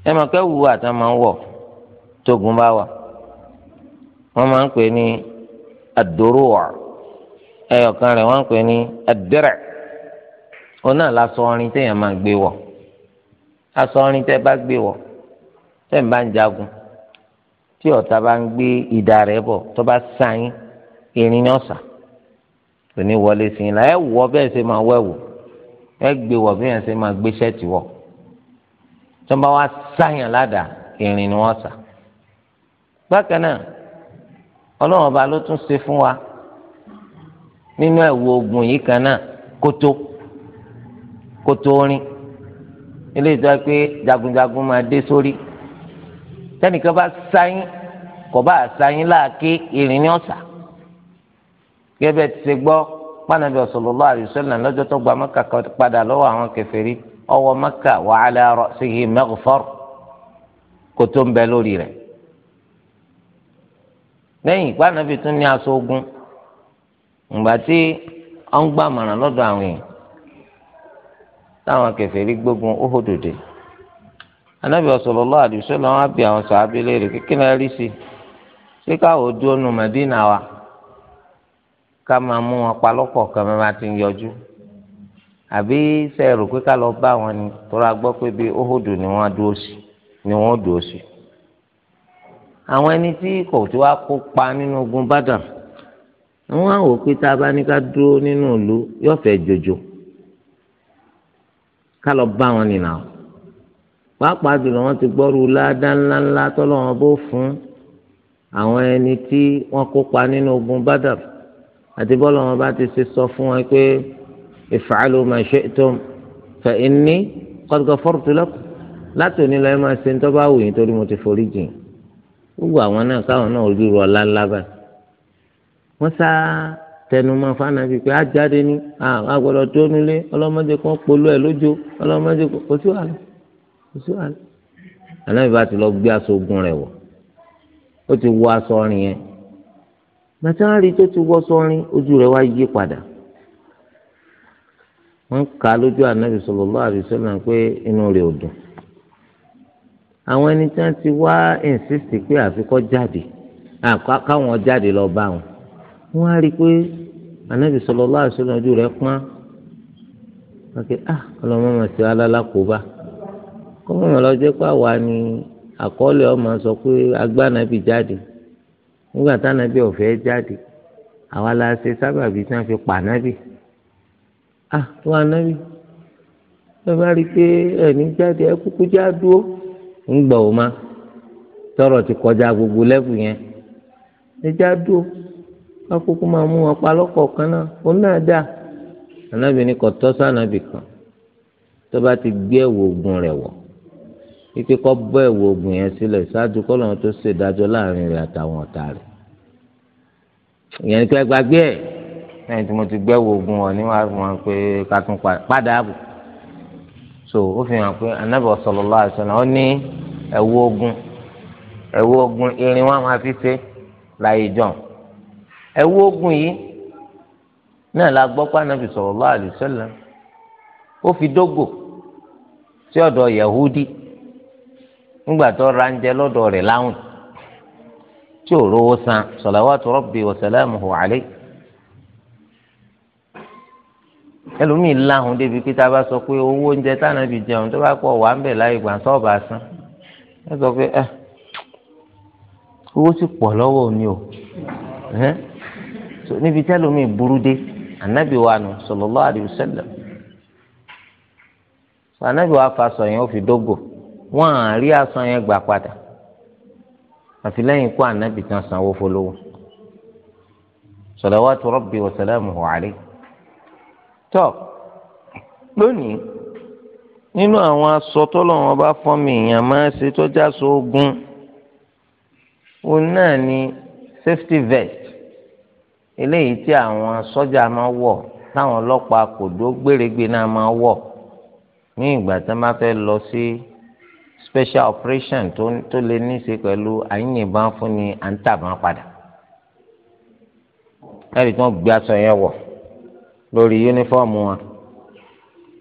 ẹ mọ̀ pé wù àtàn máa ń wọ̀ tógun bá wà wọ́n máa ń pè ní àdúrúwà ẹyọkan rẹ̀ wọ́n ń pè ní àdẹ́rẹ̀ òun náà lásọ ọrin téèyàn máa gbé wọ̀ aṣọ ọrin tẹ́ bá gbé wọ̀ tẹ́ bá ń jagun tí ọ̀tá bá ń gbé ìdá rẹ̀ bọ̀ tó bá sáyín irin ni ọ̀sà kò ní wọlé sí i la ẹ wọ bẹ́ẹ̀ ṣe máa wẹ̀wò ẹ gbé wọ bẹ́ẹ̀ ṣe máa gbé ṣẹ́ẹ̀tì wọ̀ tí wọ́n bá wá sáyàn ládàá ìrìn ni wọ́n sà bákan náà ọlọ́run ọba ló tún ṣe fún wa nínú ẹ̀wù ogun yìí kan náà kótó kótó orin ilé ìtura pé jagunjagun máa dé sórí tẹnìkan bá sáyìn kò bá sáyìn láàké ìrìn ni ọ̀sà. gẹ́gẹ́ ti ṣe gbọ́ pànàbí sallallahu alaihi wasallam lọ́jọ́ tó gba mẹ́kà padà lọ́wọ́ àwọn keferi ọwọ́ maka wa ala ra'sihi maghfar kò tó ń bẹ lórí rẹ̀ lẹ́yìn pànàbí tún ní aṣọ ogun ìgbà tí ọ ń gbàmọ̀ràn lọ́dọ̀ àwọn táwọn kèfèrí gbógun anabi wọn rí sí Madina wa. ká máa mú wọn pa lọ́kọ̀ọ̀kan bí wọ́n bá ti ń yọjú àbí ṣe rò pé ká lọ bá wọn ni tọ́ra gbọ́ pé bí óhòdù ni wọ́n dúró sí ni wọ́n dúró sí. àwọn ẹni tí kò tí wàá kópa nínú ogun Badr wọn á wò pé tá a bá ní ká dúró nínú ìlú yóò fẹ́ jòjò ká lọ bá wọn nìyà pàápàá jùlọ wọn ti gbọ́rú ládá ńláńlá tọ́lọ́wọ́n bó fún àwọn ẹni tí wọ́n kópa nínú ogun Badr àti bọ́lá wọn bá ti ṣe sọ fún wọn pé if'alu ma shi'tum fa inni qad ghafartu lakum láti òní lọ́ọ́ máa ṣe ń tọ́ bá wù yín torí mo ti forí jìn gbogbo àwọn náà káwọn náà ojú rọ ọláńlá báyìí wọ́n sá tẹnumọ́ fanabi pé ajáde ní àgbọ̀dọ̀ tó nílé ọlọ́mọdé kan polú ẹ̀ lójó ọlọ́mọdé kò sí wàhálà kò sí wàhálà ànábì bá ti lọ gbé aṣọ ogun rẹ̀ wọ̀ ó ti wọ aṣọ ọrìn yẹn gbàtí wọn rí tó ti wọ sọrin ojú rẹ̀ wá yí padà wọn kà á lójú ànábì sallallahu alaihi wasallam pé inú rẹ̀ ò dùn àwọn ẹni tí wọn ti wá insist pé àfikọ́ jáde káwọn jáde lọ bá wọn wọn á rí i pé ànábì sallallahu alaihi wasallam ojú rẹ̀ pọ́n wọn ah ọlọmọ mà sí alálà kó bá kọ́mọ̀mọ́ lọ jẹ́ pé àwa ni àkọọ́lẹ̀ ọmọ sọ pé agbánabi jáde nígbà tánábì ọ̀fẹ́ jáde àwa la ṣe sábàbí tí wọ́n fi pa nábì ah tó wà nábì ẹ bá rí i pé ẹni jáde ẹ kúkú já dúró ń gbọ̀ ọ́ ma tọrọ ti kọjá gbogbo lẹ́bù yẹn ẹ já dúró ká kúkú máa mú wọn kan náà òun náà dà ànábì ni kò tọ́ sí ànábì kan tó bá ti gbé ẹ̀wò ogun rẹ̀ wọ̀ wípé kọ́ bọ́ ẹ̀wù ogun yẹn sílẹ̀ ṣáájú kọ́ lọ́run tó ṣe ìdájọ́ láàrin rẹ̀ àtàwọn ọ̀tá rẹ̀ ìyẹn ni pẹ́ gbàgbé ẹ̀ lẹ́yìn tí mo ti gbẹ́wò ogun ọ̀ níwájú wọn pé ká tún padà bù so ó fi hàn pé anábì sallallahu alaihi wasallam ó ní ẹ̀wù ogun ẹ̀wù ogun irin wọn máa fi ṣe láyé jọ ẹ̀wù ogun yìí náà la gbọ́ pé anábì sallallahu alaihi wasallam ó fi dógò sí ọ̀dọ̀ Yahudi ńgbà tó ra ń jẹ lọ́dọ̀ rẹ̀ láwìn tí ò rówó san salawatu rabbi wa salamuhu alayhi ẹlòmíì láhùn débi pé tá a bá sọ pé owó oúnjẹ táwọn ibi jẹun tó bá pọ̀ wà ń bẹ̀ láyé gbà sọ́ọ̀bà san ẹ sọ pé ẹ ah, owó sì pọ̀ lọ́wọ́ òní o níbi tí ẹlòmíì burú dé ànábì wa nù sallallahu alayhi wa sallam ànábì wa fa sọ ó fi dógò wọn à rí aṣọ yẹn gbà padà àfi lẹ́yìn kó ànábì tán sanwó fọlọ́wọ́ salawatu rabbi wa salamuhu alayhi tọ́ lónìí nínú àwọn aṣọ tọ́lọ́wọ́n bá fọ́n mi èèyàn máa ń ṣe tọ́jà sóògùn òun náà ni safety vest eléyìí tí àwọn sọ́jà máa wọ̀ táwọn ọlọ́pàá kò dó gbèrègbè náà máa wọ̀ ní ìgbà tí wọ́n bá fẹ́ lọ sí. Si special operation tó tó lè ní í ṣe pẹ̀lú àyìnbọn fún ni à ń tàbọn padà ẹ̀rí tí wọ́n gbé aṣọ yẹn wọ̀ lórí yúnífọ́ọ̀mù wọn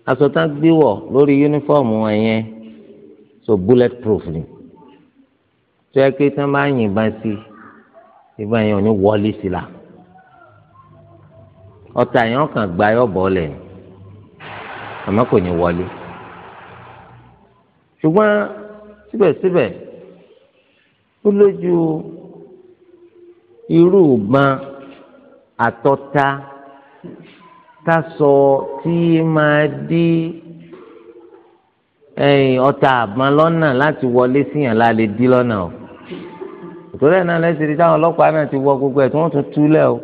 aṣọ tá gbé wọ̀ lórí yúnífọ́ọ̀mù wọn yẹn so bullet proof ni tó yẹ pé tí wọ́n bá yìnbọn sí ìbọn yẹn ò ní wọlé sí la ọta yẹn kàn gba yọ bọ́ lẹ̀ àmọ́ kò ní wọlé ṣùgbọ́n síbẹ̀síbẹ̀ ó lójú irú ìgbọ́n àtọ́ta tásọ tí máa dí ọta àbọ̀n lọ́nà láti wọlé síyàn lálẹ́ dí lọ́nà o ìtòlẹ́ náà lẹ́sìn rí táwọn ọlọ́pàá náà ti wọ gbogbo ẹ̀ tí wọ́n tún túlẹ̀ o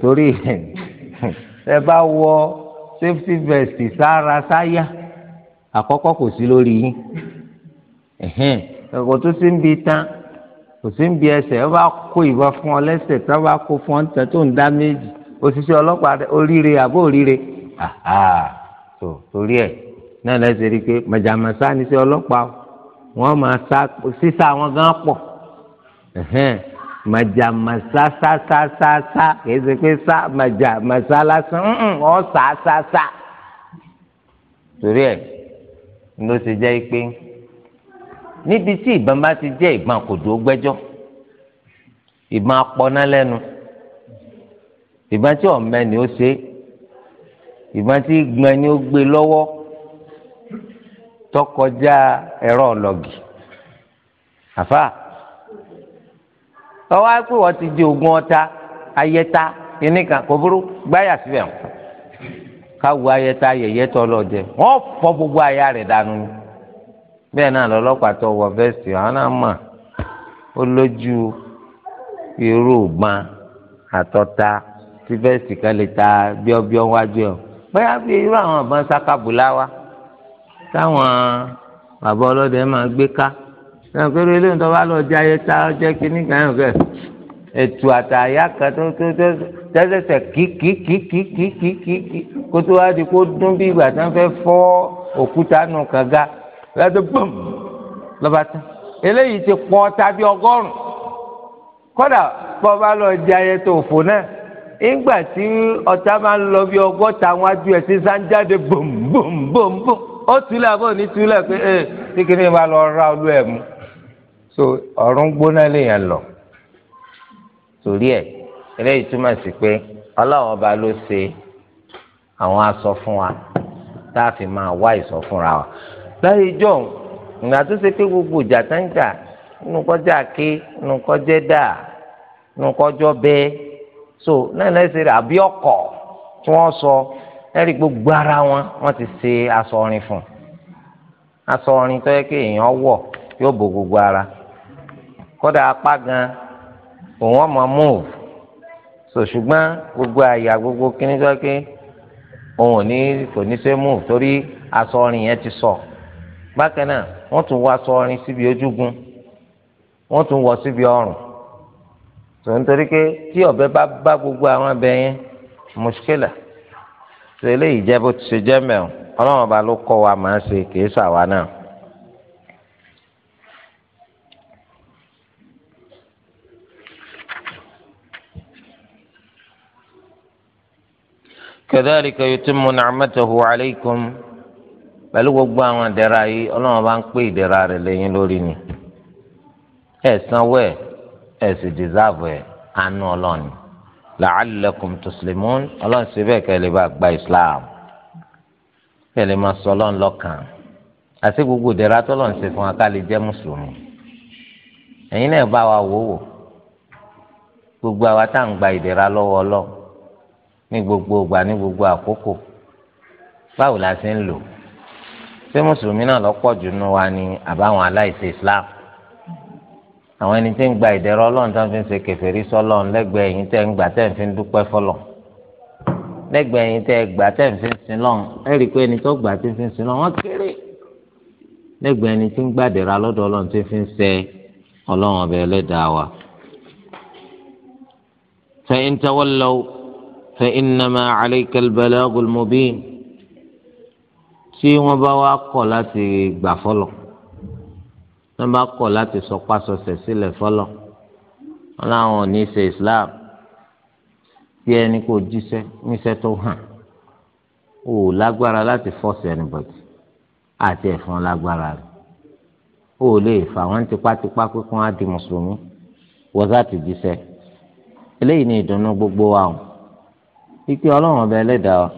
torí ẹ bá wọ safety vest sára sáyà àkọ́kọ́ kò sí lórí yín ẹ̀hẹ́n ẹ̀kọ́ tó sì ń bi tán kò sí ń bi ẹsẹ̀ ẹ bá kó ìbọn fún ọ lẹ́sẹ̀ tó bá kó fún ọ ń tàn tó ń dá méjì òṣìṣẹ́ ọlọ́pàá oríire àbó oríire tó torí ẹ̀ náà lẹ́sẹ̀ rí i pé màjàmásá ni sí ọlọ́pàá wọ́n máa sá sísá wọn gan pọ̀ ẹ̀hẹ́n màjàmásá sá sá sá sá kìí ṣe pé sá màjàmásá lásán ọ̀ sá sá sá torí ẹ̀ ló ṣe jẹ́ pé níbi tí ìbọn bá ti jẹ́ ìbọn kò dúró gbẹ́jọ́ ìbọn apọ́ná lẹ́nu ìbọn tí ọ̀mẹ ni ó ṣe ìbọn tí gbọn ni ó gbé lọ́wọ́ tọkọjá ẹ̀rọ ọlọ́gì àfa ọwọ́ á wọ́n ti di ogun ọta ayẹta kìnnìkan kò burú gbáyà síbẹ̀ wọn. káwo ayẹta yẹyẹ tọ lọ wọn fọ gbogbo aya rẹ dànù bẹẹ bẹ́ẹ̀ náà lọ́lọ́pàá tó wọ vẹsì àwọn náà mà ó lójú irú gbọn àtọta tí vẹsì kan lè ta bíọbíọ wájú ẹ bóyá bí irú àwọn ọ̀bọ̀n sákàbùlá wa táwọn bàbá ọlọ́dẹ máa gbé ká ẹnìkan eré ilé ìtọ́ bá lọ jẹ ayẹta ọjọ́ kínní kan yàn kẹ́ ètò àtàyà kan tó tó tó tẹ́sẹ̀sẹ̀ kíkíkíkíkíkí kó tó wá di kó dún bí ìgbà tí wọ́n fẹ́ fọ́ òkúta nù kànga lọ́dọ̀ gbọ̀m lọ́ba tán eléyìí ti pọ̀ tàbí ọgọ́rùn-ún kódà bọ́ba lọ di ayẹ tó fò náà nígbà tí ọ̀tá máa ń lọ bí ọgọ́ta wọn á ju ẹ̀ sí sáńjáde bòm bòm bòm bòm ó túlẹ̀ àbọ̀ ní túlẹ̀ pé eh, ẹ tí kìnìún bá lọ ra olú ẹ̀ mú so ọ̀run gbóná lèèyàn lọ torí ẹ̀ eléyìí túmọ̀ sí pé ọlọ́run ọba ló ṣe àwọn aṣọ fún wa tá a fi máa wá ìsọ fúnra wa láyé ìjọ ìgbà tó ṣe pé gbogbo ìjà tá ń jà nínú kọjá ké nínú kọjá dà nínú kọjọ bẹ́ẹ̀ so náà lẹsẹ rẹ àbí ọkọ tí wọ́n sọ ẹrí gbogbo ara wọn wọ́n ti ṣe aṣọ orin fún un aṣọ orin tó yẹ kí èèyàn wọ̀ yóò bo gbogbo ara kódà apá gan òun ọmọ move so ṣùgbọ́n gbogbo àyà gbogbo kíní tó ké òun ò ní kò ní ṣe move torí aṣọ ọrìn yẹn ti sọ bákan náà wọ́n tún wọ aṣọ ọrìn síbi ojúgun wọ́n tún wọ síbi ọrùn tó nítorí pé tí ọ̀bẹ bá bá gbogbo àwọn abẹ yẹn mùṣkílà tó eléyìí jẹ́ bó ti ṣe jẹ́ mẹ́rin ọlọ́run ọba ló kọ́ wa máa ń ṣe kì í ṣàwa náà. كذلك يتم نعمته عليكم pẹ̀lú gbogbo àwọn ìdẹ̀ra yìí ọlọ́run bá ń pè ìdẹ̀ra rẹ̀ lẹ́yìn lórí ni ẹ̀ sanwó ẹ̀ ẹ̀ sì dìsáàbù ẹ̀ àánú ọlọ́run la'allakum tuslimun ọlọ́run sì bẹ́ẹ̀ kẹ́ lè bá gba islam kẹ́ lè máa sọ ọlọ́run lọ́kàn àti gbogbo ìdẹ̀ra tọ́lọ́run ṣe fún wa ká lè jẹ́ mùsùlùmí ẹ̀yin náà bá wa wò wò gbogbo àwa tá à ń gba ìdẹ̀ra lọ́wọ́ ọlọ́run ní gbogbo ìgbà ní gbogbo àkókò báwo la ṣe ń lò ṣé mùsùlùmí náà lọ́pọ̀ jù nù wa ni àbáwọn aláìsí islam àwọn ẹni tí ń gba ìdẹ̀rọ̀ ọlọ́run tó ń fi ṣe kẹfẹ́rí sọ́lọ́run lẹ́gbẹ̀ẹ́ yìí tẹ́ ń gbà tẹ́ ń fi dúpẹ́ fọlọ́ lẹ́gbẹ̀ẹ́ yìí tẹ́ gbà tẹ́ ń fi sin lọ́run ẹ rí i pé ẹni tó gbà tí ń fi sin lọ́run wọ́n kéré lẹ́gbẹ̀ẹ́ ẹni tí ń gbàdẹ̀ra lọ́dọ̀ ọlọ́run tí ń ṣe ọlọ́run ọbẹ̀ ẹlẹ́dàá wa. fẹ́yìntẹ́wọ́ فإنما عليك البلاغ المبين tí wọ́n bá wá kọ̀ láti gbà fọlọ wọ́n bá kọ̀ láti sọpasọsẹ sílẹ̀ fọlọ wọ́n láwọn ò ní ṣe Islam tí ẹni kò jíṣẹ́ níṣẹ́ tó hàn ò lágbára láti fọsẹ ẹnìbọdì àti ẹfọn lágbára rẹ̀ ò lè fà wọ́n tipátipá pé á di mùsùlùmí wọ́n sá ti jíṣẹ́ eléyìí ni ìdùnnú gbogbo wa o wípé ọlọ́run ọba ẹlẹ́dàá wa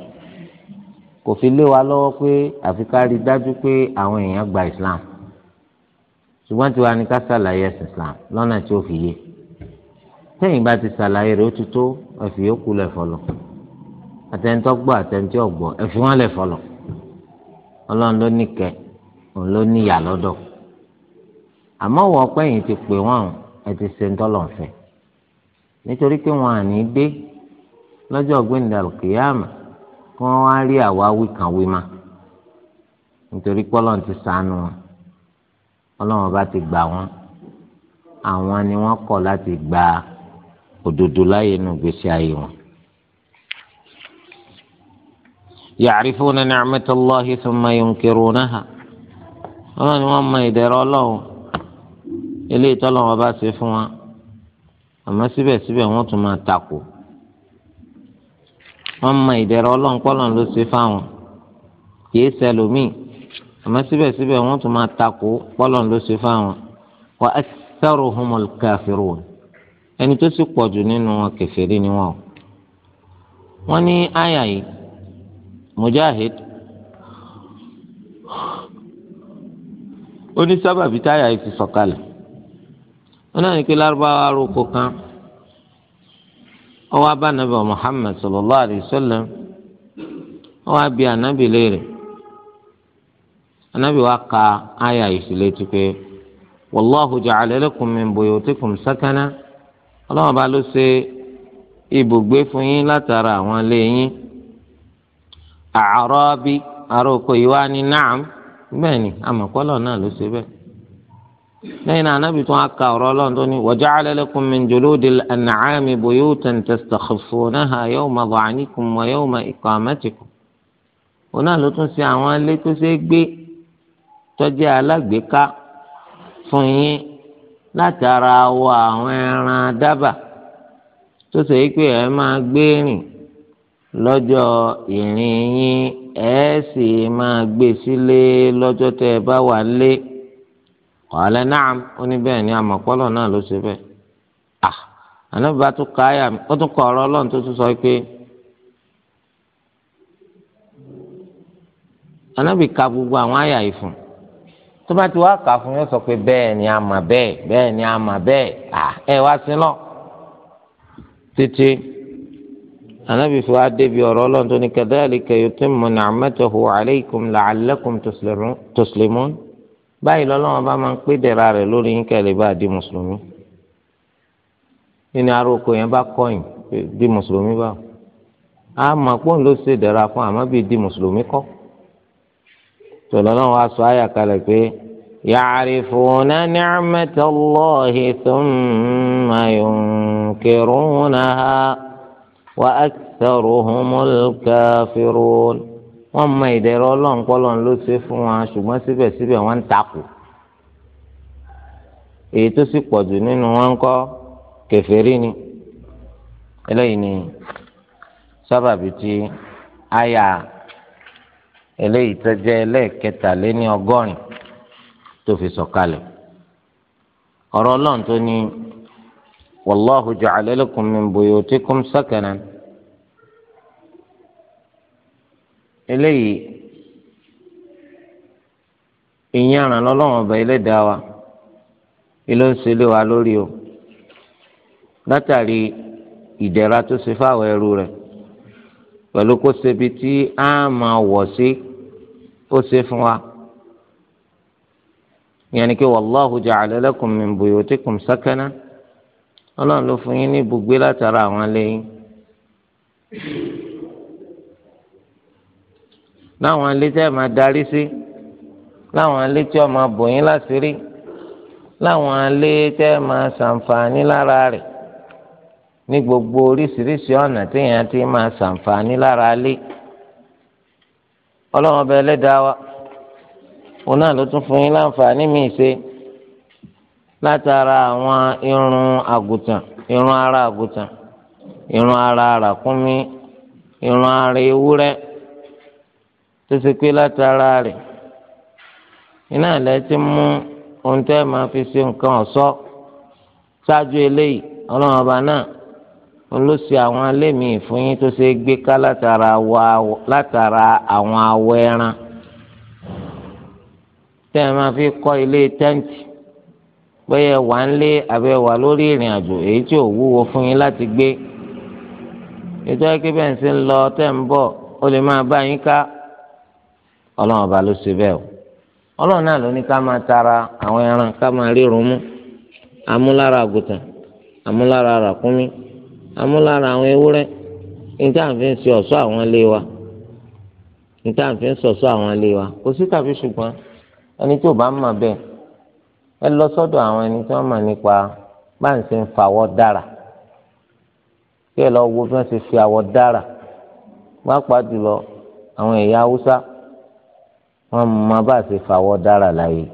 kò fi lé wa lọ́wọ́ pé àfi ká rí dájú pé àwọn èèyàn gba islam ṣùgbọ́n tiwa ni ká ṣàlàyé ẹ̀sìn islam lọ́nà tí ó fi yé tẹ́yìn bá ti ṣàlàyé rẹ̀ ó ti tó ẹ̀fì yókù lẹ̀ fọlọ́ àtẹnitọ́ gbọ́ àtẹnitọ́ ọ̀gbọ́ ẹ̀fì wọn lẹ̀ fọlọ́ ọlọ́run ló níkẹ́ òun ló níyà lọ́dọ̀ àmọ́ wọ ọpẹ́ ti pè wọ́n ẹ ti ṣe ń tọ́lọ̀ fẹ́ nítorí pé wọn à ní dé lọ́jọ́ gbẹ̀ndà kìyàmù kí wọ́n wá rí àwáwí kan wí ma nítorí pọ́lọ́n ti sànù wọn ọlọ́run bá ti gbà wọ́n àwọn ni wọ́n kọ̀ láti gba òdodo láyé nù gbèsè ayé wọn. ya'rifuna ni'matallahi thumma yunkirunaha wọ́n ní wọ́n mọ ìdẹ̀rọ̀ ọlọ́run eléyìí tọ́lọ́run bá ṣe fún wa àmọ́ síbẹ̀síbẹ̀ wọ́n tún máa takò wọ́n mọ ìdẹ̀rọ ọlọ́run pọ́lọ́n ló ṣe fáwọn kìí ṣẹlòmíì àmọ́ síbẹ̀síbẹ̀ wọ́n tún máa takò pọ́lọ́n ló ṣe fáwọn wa aktharuhumul kafirun ẹni tó sì pọ̀ jù nínú wọn kèfèrí ni wọn. wọ́n ní àyà yìí mujahid ó sábàbí táyà yìí fi sọ̀kalẹ̀ wọ́n náà ní pé lárúbáwá roko kan. ọwọ́ abá nàbẹ̀ Muhammad sallallahu alayhi wa sallam ọwọ́ abí ànábì léèrè ànábì wa ka àyà ìfìlẹ̀ ti pé wàlláhu ja'ala lakum min buyutikum sakana ọlọ́wọ́n bá ló ṣe ibùgbé fún yín látara àwọn ilé àárọ̀ bí ni bẹ́ẹ̀ ni àmọ̀kọ́lọ̀ náà ló lẹ́yìn náà anábì tún á ka ọ̀rọ̀ ọlọ́run tó ní wa ja'ala lakum min juludil an'ami buyutan tastakhifunaha yawma dha'nikum wa yawma iqamatikum. òun náà ló tún ṣe àwọn ilé tó ṣe é gbé tọ́jú alágbèéká fún yín látara wọ àwọn ẹran dábà tó ṣe é pé ẹ máa gbé rìn lọ́jọ́ ìrìn yín ẹ sì máa gbé sílé lọ́jọ́ tẹ́ ẹ bá wà lé. wàhálà naam ó bẹ́ẹ̀ ni àmọ̀pọ́lọ̀ náà ló ṣe bẹ́ẹ̀ ah, tún ka àyà sọ pé ànábì ka gbogbo àwọn àyà yìí tó bá ti wá kà fún yóò sọ pé bẹ́ẹ̀ ni àmà bẹ́ẹ̀ bẹ́ẹ̀ ni àmà bẹ́ẹ̀ à ah, ẹ wá sí lọ títí ànábì fún wa débi ọ̀rọ̀ ọlọ́run tó ní báyìí lọ́lọ́wọ́n bá máa ń pé dẹ̀ra rẹ̀ lórí yín kẹ́ bá di mùsùlùmí nínú aróko yẹn bá kọ́yìn di mùsùlùmí báwò á mọ̀ pé òun ló ṣe dẹ̀ra fún àmọ́ bíi di mùsùlùmí kọ́ tòlọ́lọ́wọ́n aṣọ àyà kalẹ̀ pé ya'rifuna ni'matallahi thumma ha, wa aktharuhumul kafirun. wọ́n mọ ìdẹ̀rọ ọlọ́run pọ́lọ́run ló ṣe fún wọn ṣùgbọ́n síbẹ̀síbẹ̀ wọ́n ń takò èyí tó sì pọ̀jù nínú wọn ń kọ́ kèfèrí ni eléyìí ni sábàbí tí àyà eléyìí tó jẹ́ ẹlẹ́ẹ̀kẹta lé ní ọgọ́rin tó fi sọ̀kalẹ̀ ọ̀rọ̀ ọlọ́run tó ní wallahu ja'ala lakum min buyutikum eléyìí ìyẹn àrànlọ́lọ́wọ́n ọba ẹlẹ́dàá wa ilé ń ṣe lé wa lórí o látàrí ìdẹ̀ra tó ṣe fáwọn ẹrú rẹ̀ pẹ̀lú kó ṣebi tí a máa wọ̀ sí ó ṣe fún wa ìyẹn ni kí wallahu ja'ala lakum min buyutikum sakana ọlọ́run ló fún yín ní ibùgbé látara àwọn lẹ́yìn. láwọn ilé tẹ́ máa darí sí láwọn ilé tí ó máa bò yín láṣìírí láwọn ilé tẹ́ máa ṣàǹfààní lára rẹ̀ ní gbogbo oríṣiríṣi ọ̀nà téèyàn ti máa ṣàǹfààní lára ilé ọlọ́run ọba ẹlẹ́dàá wa òun náà ló tún fún yín láǹfààní míì ṣe látara àwọn irun àgùntàn irun ara àgùntàn irun ara ràkúnmí irun ara ewúrẹ́ tó ṣe pé látara rẹ̀ iná ilẹ̀ ti mú ohun tẹ́ máa fi ṣe nǹkan ọ̀ṣọ́ ṣáájú eléyìí ọlọ́run ọba náà olóṣì àwọn alẹ́mìí fún yín tó ṣe gbé ká látara àwọn awọ ẹran tẹ́ ẹ máa fi kọ́ ilé tẹ́ǹtì bẹ́ẹ̀ wà ń lé abẹ́ lórí ìrìn àjò èyí tí ò wúwo fún yín láti gbé ètò ẹ̀kẹ́ bẹ́ẹ̀ ń ṣe lọ tẹ́ ń bọ̀ ó lè máa bá yín ká ọlọ́run ọba ló ṣe bẹ́ẹ̀ o ọlọ́run náà ló ní ká máa tara àwọn ẹran ká máa rírun mú amúlára àgùntàn amúlára ràkúnmí amúlára àwọn ewúrẹ́ níta àfi ń ṣe ọ̀ṣọ́ àwọn ilé wa níta àfi ń ṣọ̀ṣọ́ àwọn ilé wa kò sí tàbí ṣùgbọ́n ẹni tí ò bá mọ̀ bẹ́ẹ̀ ẹ lọ sọ́dọ̀ àwọn ẹni tí wọ́n mọ̀ nípa bá ń ṣe ń fàwọ́ dára kí ẹ lọ wo bí wọ́n ṣe fi àwọ̀ dára wọ́n á pa jùlọ àwọn ẹ̀yà haúsá wọn mọ bá a ṣe fàwọ́ dára láyé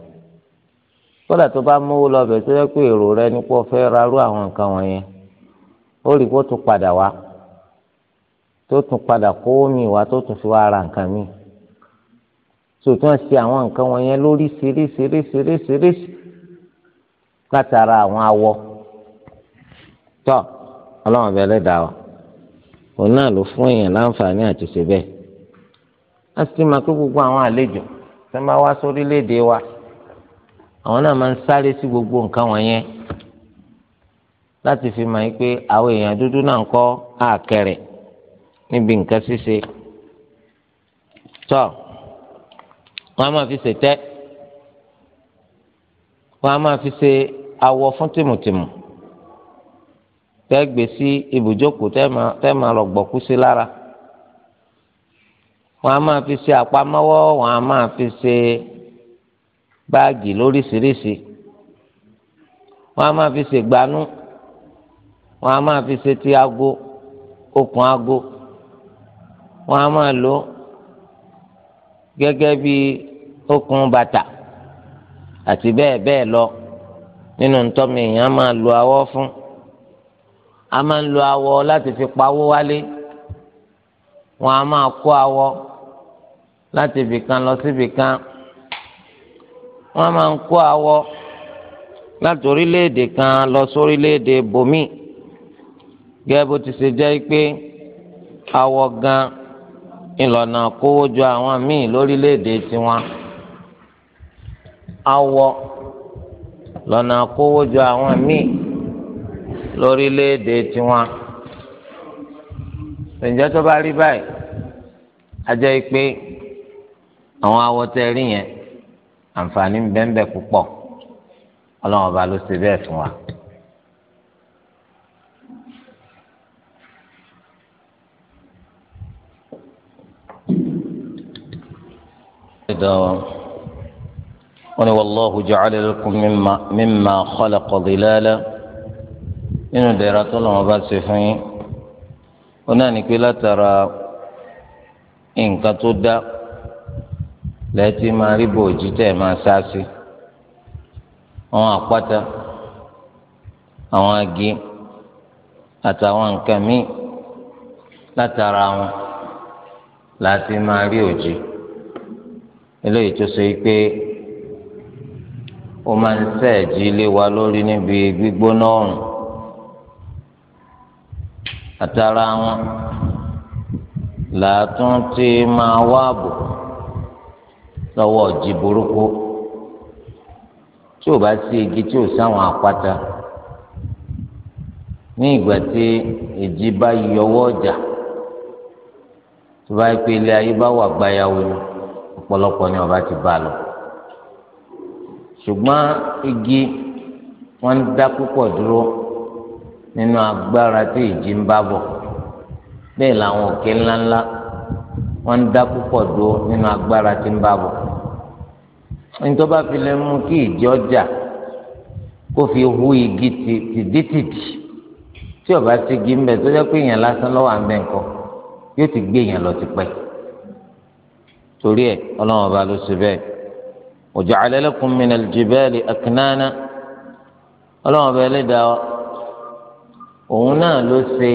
kódà tó bá mówó lọ́bẹ̀ tó yẹ pé èrò rẹ nípò fẹ́ rarú àwọn nǹkan wọ̀nyẹn ó rí kó tún padà wá tó tún padà kó mi wá tó tún fi wá ra nǹkan mi sòtún ṣe àwọn nǹkan wọ̀nyẹn lórí ṣeréṣeréṣeréṣeréṣe látara àwọn awọ tọ ọlọ́run bẹ́ẹ̀ lẹ́dàá wa òun náà ló fún èèyàn láǹfààní àti ṣe bẹ́ẹ̀ a sì máa kó gbogbo àwọn àlejò tí wọ́n bá wá sórílẹ̀-èdè wa àwọn náà máa ń sáré sí gbogbo nǹkan wọ̀nyẹn láti fi mọ̀ pé àwọn èèyàn dúdú náà ń kọ́ àkẹrẹ̀ níbi nǹkan ṣíṣe tọ́ wọ́n á máa fi ṣètẹ́ wọ́n á máa fi ṣe awọ fún tìmùtìmù tẹ́ gbé sí ibùjókòó tẹ́ máa lọ gbọ̀kú sí lára wọn a máa fi ṣe àpamọ́wọ́ wọn a máa fi ṣe báàgì lóríṣiríṣi wọn a máa fi ṣe gbanú wọn a máa fi ṣe ti ago okùn ago wọn a máa lò gẹ́gẹ́ bí okùn bàtà àti bẹ́ẹ̀ bẹ́ẹ̀ lọ nínú ntọ́mi èèyàn máa lo awọ fún a máa lo awọ láti fi pawó wálé wọn a máa kó awọ láti ibìkan lọ sí ibìkan wọ́n máa ń kó awọ láti orílẹ̀-èdè kan lọ sórílẹ̀-èdè bòmí gẹ́gẹ́ bó ti ṣe jẹ́ pé awọ gan ìlànà kówó jọ àwọn míì lórílẹ̀-èdè tiwọn awọ lọ́nà kówó jọ àwọn míì lórílẹ̀-èdè tiwọn ṣèǹjẹ́ tó bá rí báyìí a pé àwọn awọ tẹ rí yẹn àǹfààní bẹ́ńbẹ́ púpọ̀ ọlọ́run ọba ló ṣe bẹ́ẹ̀ fún wa. wọ́n ní wàlláhu ja'ala lakum mimma khalaqa dhilala nínú ìdẹ̀ra tó lọ́wọ́ bá ṣe fún yín ó náà ní pé látara nǹkan tó dá lẹ́tí máa rí bòójì tẹ̀ máa sá sí àwọn àpáta àwọn agi àtàwọn nǹkan míì látara wọn láti máa rí òjì eléyìí tó ṣe pé ó máa ń sẹ́ẹ̀jì lé wa lórí níbi gbígbóná ọ̀run àtàrà wọn làátún tí máa wá ààbò lọ́wọ́ ọ̀jì burúkú tí ò bá sí igi tí ò sáwọn àpáta ní ìgbà tí èjì bá yọwọ́ ọjà tó bá pé ilé ayé bá wà gbáyàwó ọ̀pọ̀lọpọ̀ ni ọba ti bá lọ ṣùgbọ́n igi wọ́n dá púpọ̀ dúró nínú agbára tí èjì ń bá bọ̀ bẹ́ẹ̀ làwọn òkè ńláńlá wọ́n ń dá púpọ̀ dúró nínú agbára tí ń bá bọ̀ nítorí bá fi lè mú kí ìjì ọjà kó fi hu igi tìdítìdì tí ọba ti gi ńbẹ tó jẹ́ pé èèyàn lásán lọ́wọ́ àmbẹ̀ nǹkan yóò ti gbé èèyàn lọ tipẹ́ torí ẹ̀ ọlọ́run ọba ló ṣe bẹ́ẹ̀ waja'ala lakum minal jibali aknana ọlọ́run ọba ẹlẹ́dàá òun náà ló ṣe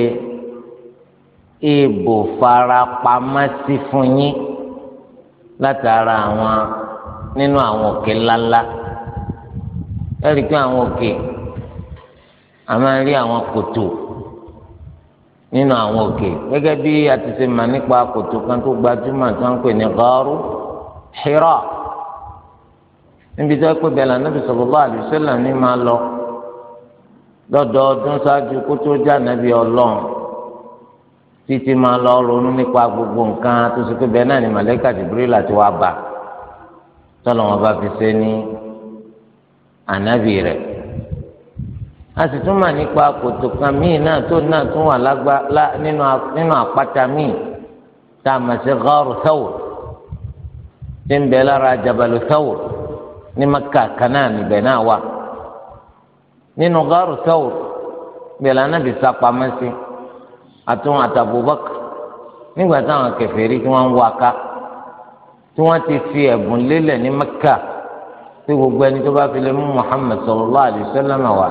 èèbò farapamọ́ sí fún yín látara àwọn nínú àwọn òkè ńláńlá ẹ rí i pé àwọn òkè a máa ń rí àwọn kòtò nínú àwọn òkè gẹ́gẹ́ bí a ti ṣe mà nípa kòtò kan tó gbajúmọ̀ tó ń pè ní gaaru Hira níbi tó pé bẹ́ẹ̀ lànàbì sallallahu alaihi wasallam ní máa lọ lọ́dọọdún ṣáájú kó tó já nàbì Ọlọ́run títí máa lọ ronú nípa gbogbo nǹkan tó ṣe pé bẹ́ẹ̀ náà ni màlẹ́kà Jibril àti wàá bá tọ́lọ̀ wọn bá fi ṣe ní ànábì rẹ̀ a sì tún mà nípa kòtò kan míì náà tó náà tún wà lágbá nínú àpáta míì tá a mà sí gáàrú Thawr tí ń bẹ lára Jabalu Thawr ní Maka kanáà níbẹ̀ náà wà nínú gáàrú Thawr bẹ̀rẹ̀ ànábì sá pamọ́ sí i àtún àtàbùbọ́kà nígbà táwọn kèfèrí tí wọ́n ń wá ká tí wọ́n ti fi ẹ̀bùn lélẹ̀ ní Mẹ́kà tí gbogbo ẹni tó bá fi lè mú Muhammad sallallahu alaihi wasallam wá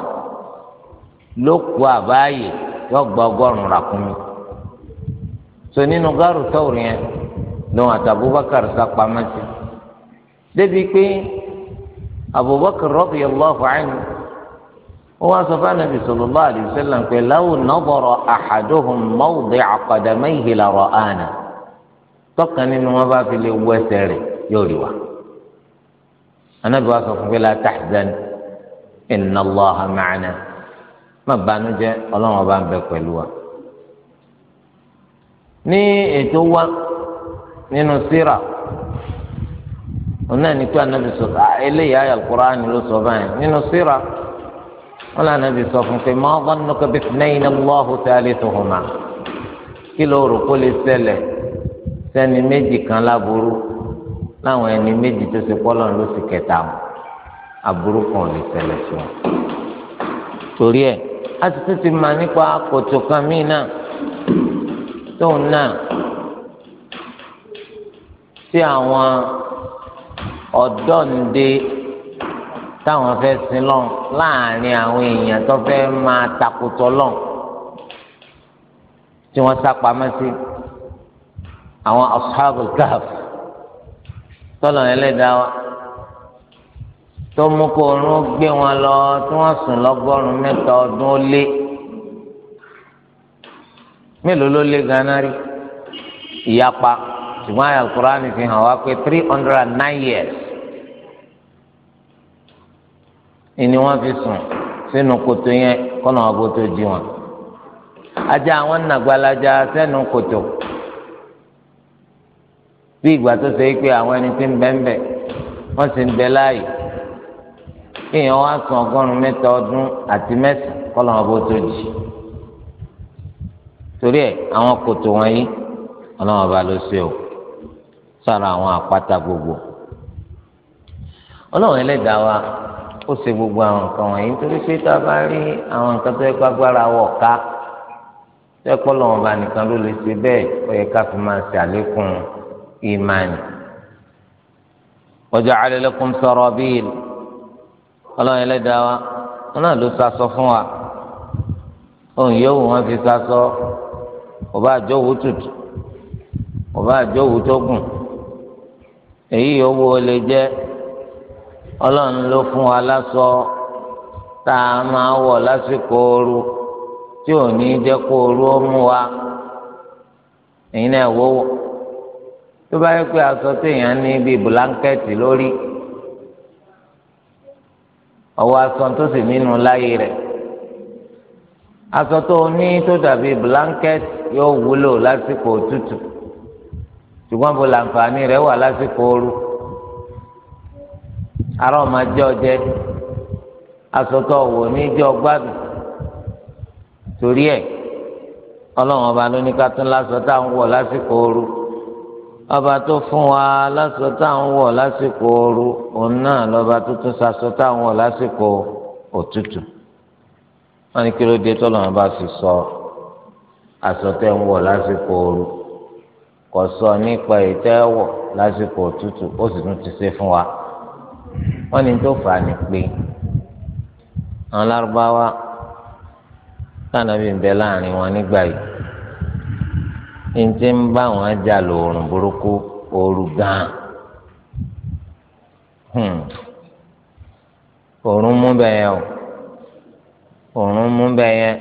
ló kú àbáyé yóò gba ọgọ́rùn-ún ràkúnmí so nínú gáàrú tọ́wùrì yẹn lòun àtàbùbọ́kà rẹ̀ sápamọ́ sí débi pé Abubakar radiyallahu anhu wọ́n sọ fún anabi sallallahu alaihi wasallam pé law nadara ahaduhum mawdi'a qadamayhi la ra'ana tọ́kàn nínú wọn bá fi lè wọ ẹsẹ̀ rẹ̀ yóò rí wa anabi wa sọ fún pé la tahzan inna Allaha ma'ana má banújẹ́ Ọlọ́run ọba ń bẹ pẹ̀lú wa ní ètò wa nínú síra òun náà ní pé anabi sọ ah, eléyìí ayọ̀ Al-Qur'ani ló sọ báyìí nínú síra wọn là nàbì sọ fún pé ma zannuka bithnayn Allahu thalithuhuma kí ló rò kó lè ṣẹlẹ̀ sẹ́ni méjì kan láburú láwọn ẹni méjì tó ṣe pọ́lọ́ ló sì kẹta wọn aburú kan ò lè ṣẹlẹ̀ sí wọn. torí ẹ̀ a ti tún mà nípa kòtò kan míì náà tóun náà tí àwọn ọ̀dọ́ ń de táwọn fẹ́ sin lọ́n láàrin àwọn èèyàn tó fẹ́ máa takùtọ̀ lọ́n tí wọ́n sá pamọ́ sí àwọn ashabul kahf tọ́lọ̀ ẹlẹ́dàá wa tó mú kó oorun gbé wọn lọ tí wọ́n sùn lọ́gọ́rùn-ún mẹ́ta ọdún ó lé mélòó ló lé ganan rí ìyapa ṣùgbọ́n àyà Al-Qur'ani fi hàn wá pé three hundred and nine years. ni wọ́n fi sùn sínú kòtò yẹn kọ́nà ọgọ́tò jí wọn. ajá àwọn nàgbàlájà sẹ́nu kòtò bí ìgbà tó ṣe é pé àwọn ẹni tí ń bẹ́ ń bẹ̀ wọ́n sì ń bẹ láàyè èèyàn wá sùn ọgọ́rùn-ún mẹ́ta ọdún àti mẹ́sàn-án kọ́nà ọgọ́tò jí torí ẹ̀ àwọn kòtò wọ̀nyí ọlọ́run ọba ló ṣe o sára àwọn àpáta gbogbo ọlọ́run ẹlẹ́dàá wa ó ṣe gbogbo àwọn nǹkan wọ̀nyí nítorí pé tá a bá rí àwọn nǹkan tó yẹ kó agbára wọ̀ ká tó yẹ kó lọ́wọ́ bá nìkan ló lè ṣe bẹ́ẹ̀ ó yẹ ká fi máa ṣe àlékún ìmánì. waja'ala lakum sarabil ọlọ́run ẹlẹ́dàá wa wọn náà ló sasọ fún wa òun yóò wọn fi sasọ ọba àjọwò tutù ọba àjọwò tó gùn èyí yòówó lè jẹ́ ọlọ́run ló fún wa láṣọ tá a máa wọ̀ lásìkò ooru tí ò ní jẹ́ kó ooru ó mú wa èyí náà wò wò tó bá yẹ pé aṣọ téèyàn ní bíi bùlánkẹ́ẹ̀tì lórí ọwọ́ aṣọ tó sì nínú láyé rẹ̀ aṣọ tó ní tó dàbí bùlánkẹ́ẹ̀tì yóò wúlò lásìkò òtútù ṣùgbọ́n bó làǹfààní rẹ̀ wà lásìkò ooru ara ọmọ ajé ọjẹ asọtọ wò ní ìjọ ọgbàdùn torí ẹ ọlọ́run ọba ló ní ká tún lásọ tá à ń wọ̀ lásìkò ooru ọba tó fún wa lásọ tá à ń wọ̀ lásìkò ooru òun náà lọ́ba tó tún sasọ tá à ń wọ̀ lásìkò òtútù wọn ní kí ló dé tọ́lọ́run ọba sì sọ aṣọ tẹ́ lásìkò ooru kò sọ nípa ìtẹ́wọ̀ lásìkò òtútù ó sì tún ti ṣe fún wa wọ́n ní tó fà á ní pé àwọn lárúbáwá tànàbí ń bẹ láàrin wọn nígbà yìí ń ti ń bá wọn jà lóòrùn burúkú ooru gan hmm. òòrùn mú bẹ́ẹ̀ yẹn o òòrùn mú bẹ́ẹ̀ yẹn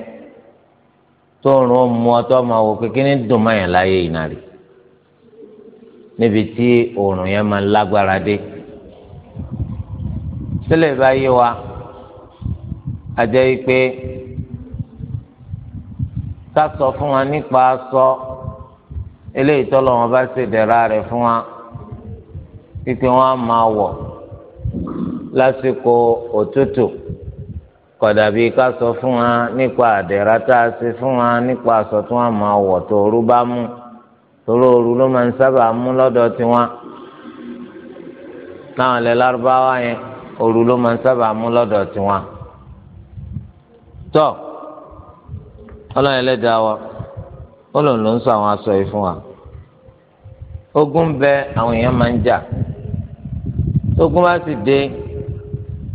tóòrùn mú ọtọ́ máa wò pé kíní dùn láyé ìnárì níbi tí òòrùn yẹn máa lágbára dé sílẹ̀ bá yé wa àjẹ́ pé ká sọ fún wa nípa sọ eléyìí tọ́lọ̀ wọn bá ṣe dẹ̀ra rẹ̀ fún wa pípé wọn á máa wọ̀ lásìkò òtútù kódà bíi ká sọ fún wa nípa àdẹ̀rà tá a ṣe fún wa nípa aṣọ tí wọn máa wọ̀ tó bá mú torí ooru ló máa ń sábà mú lọ́dọ̀ tiwọn láwọn ilẹ̀ lárúbáwá yẹn òru ló máa ń sábà mú lọ́dọ̀ tiwọn. tọ́ ọlọ́run ẹlẹ́dàá wa ó lòun ló ń sọ àwọn aṣọ yìí fún wa. ogun bẹ àwọn èèyàn máa ń jà ogun bá sì dé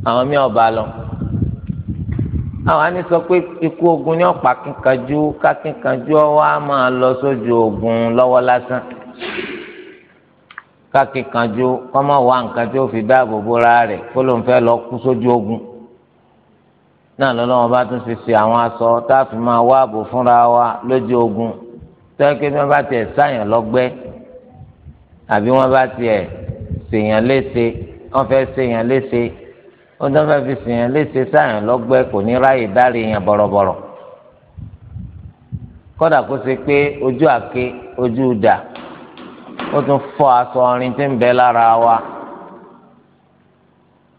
àwọn mí ọba lọ àwọn á ní sọ pé ikú ogun ní ọ̀pá kíkanjú kákíkanjú ọwọ́ á máa lọ sójú ogun lọ́wọ́ lásán káàkiri kanjú kọ́mọ wá nǹkan tí ó fi dáàbò bóra rẹ̀ kó ló ń fẹ́ lọ kú sójú ogun náà lọ́lọ́wọ́n bá tún fi ṣe àwọn aṣọ tá a fi máa wá ààbò fúnra wa lójú ogun tẹ́kẹ́ bí wọ́n bá tiẹ̀ sáyàn lọ́gbẹ́ àbí wọ́n bá tiẹ̀ ṣèyàn léṣe wọ́n fẹ́ ṣèyàn léṣe ó dán fẹ́ fi ṣèyàn léṣe sáyàn lọ́gbẹ́ kò ní ráyè dárí yàn bọ̀rọ̀bọ̀rọ̀ kódà kó ṣe pé ojú àké ojú dà ó tún fọ aṣọ ọrin tí ń bẹ lára wa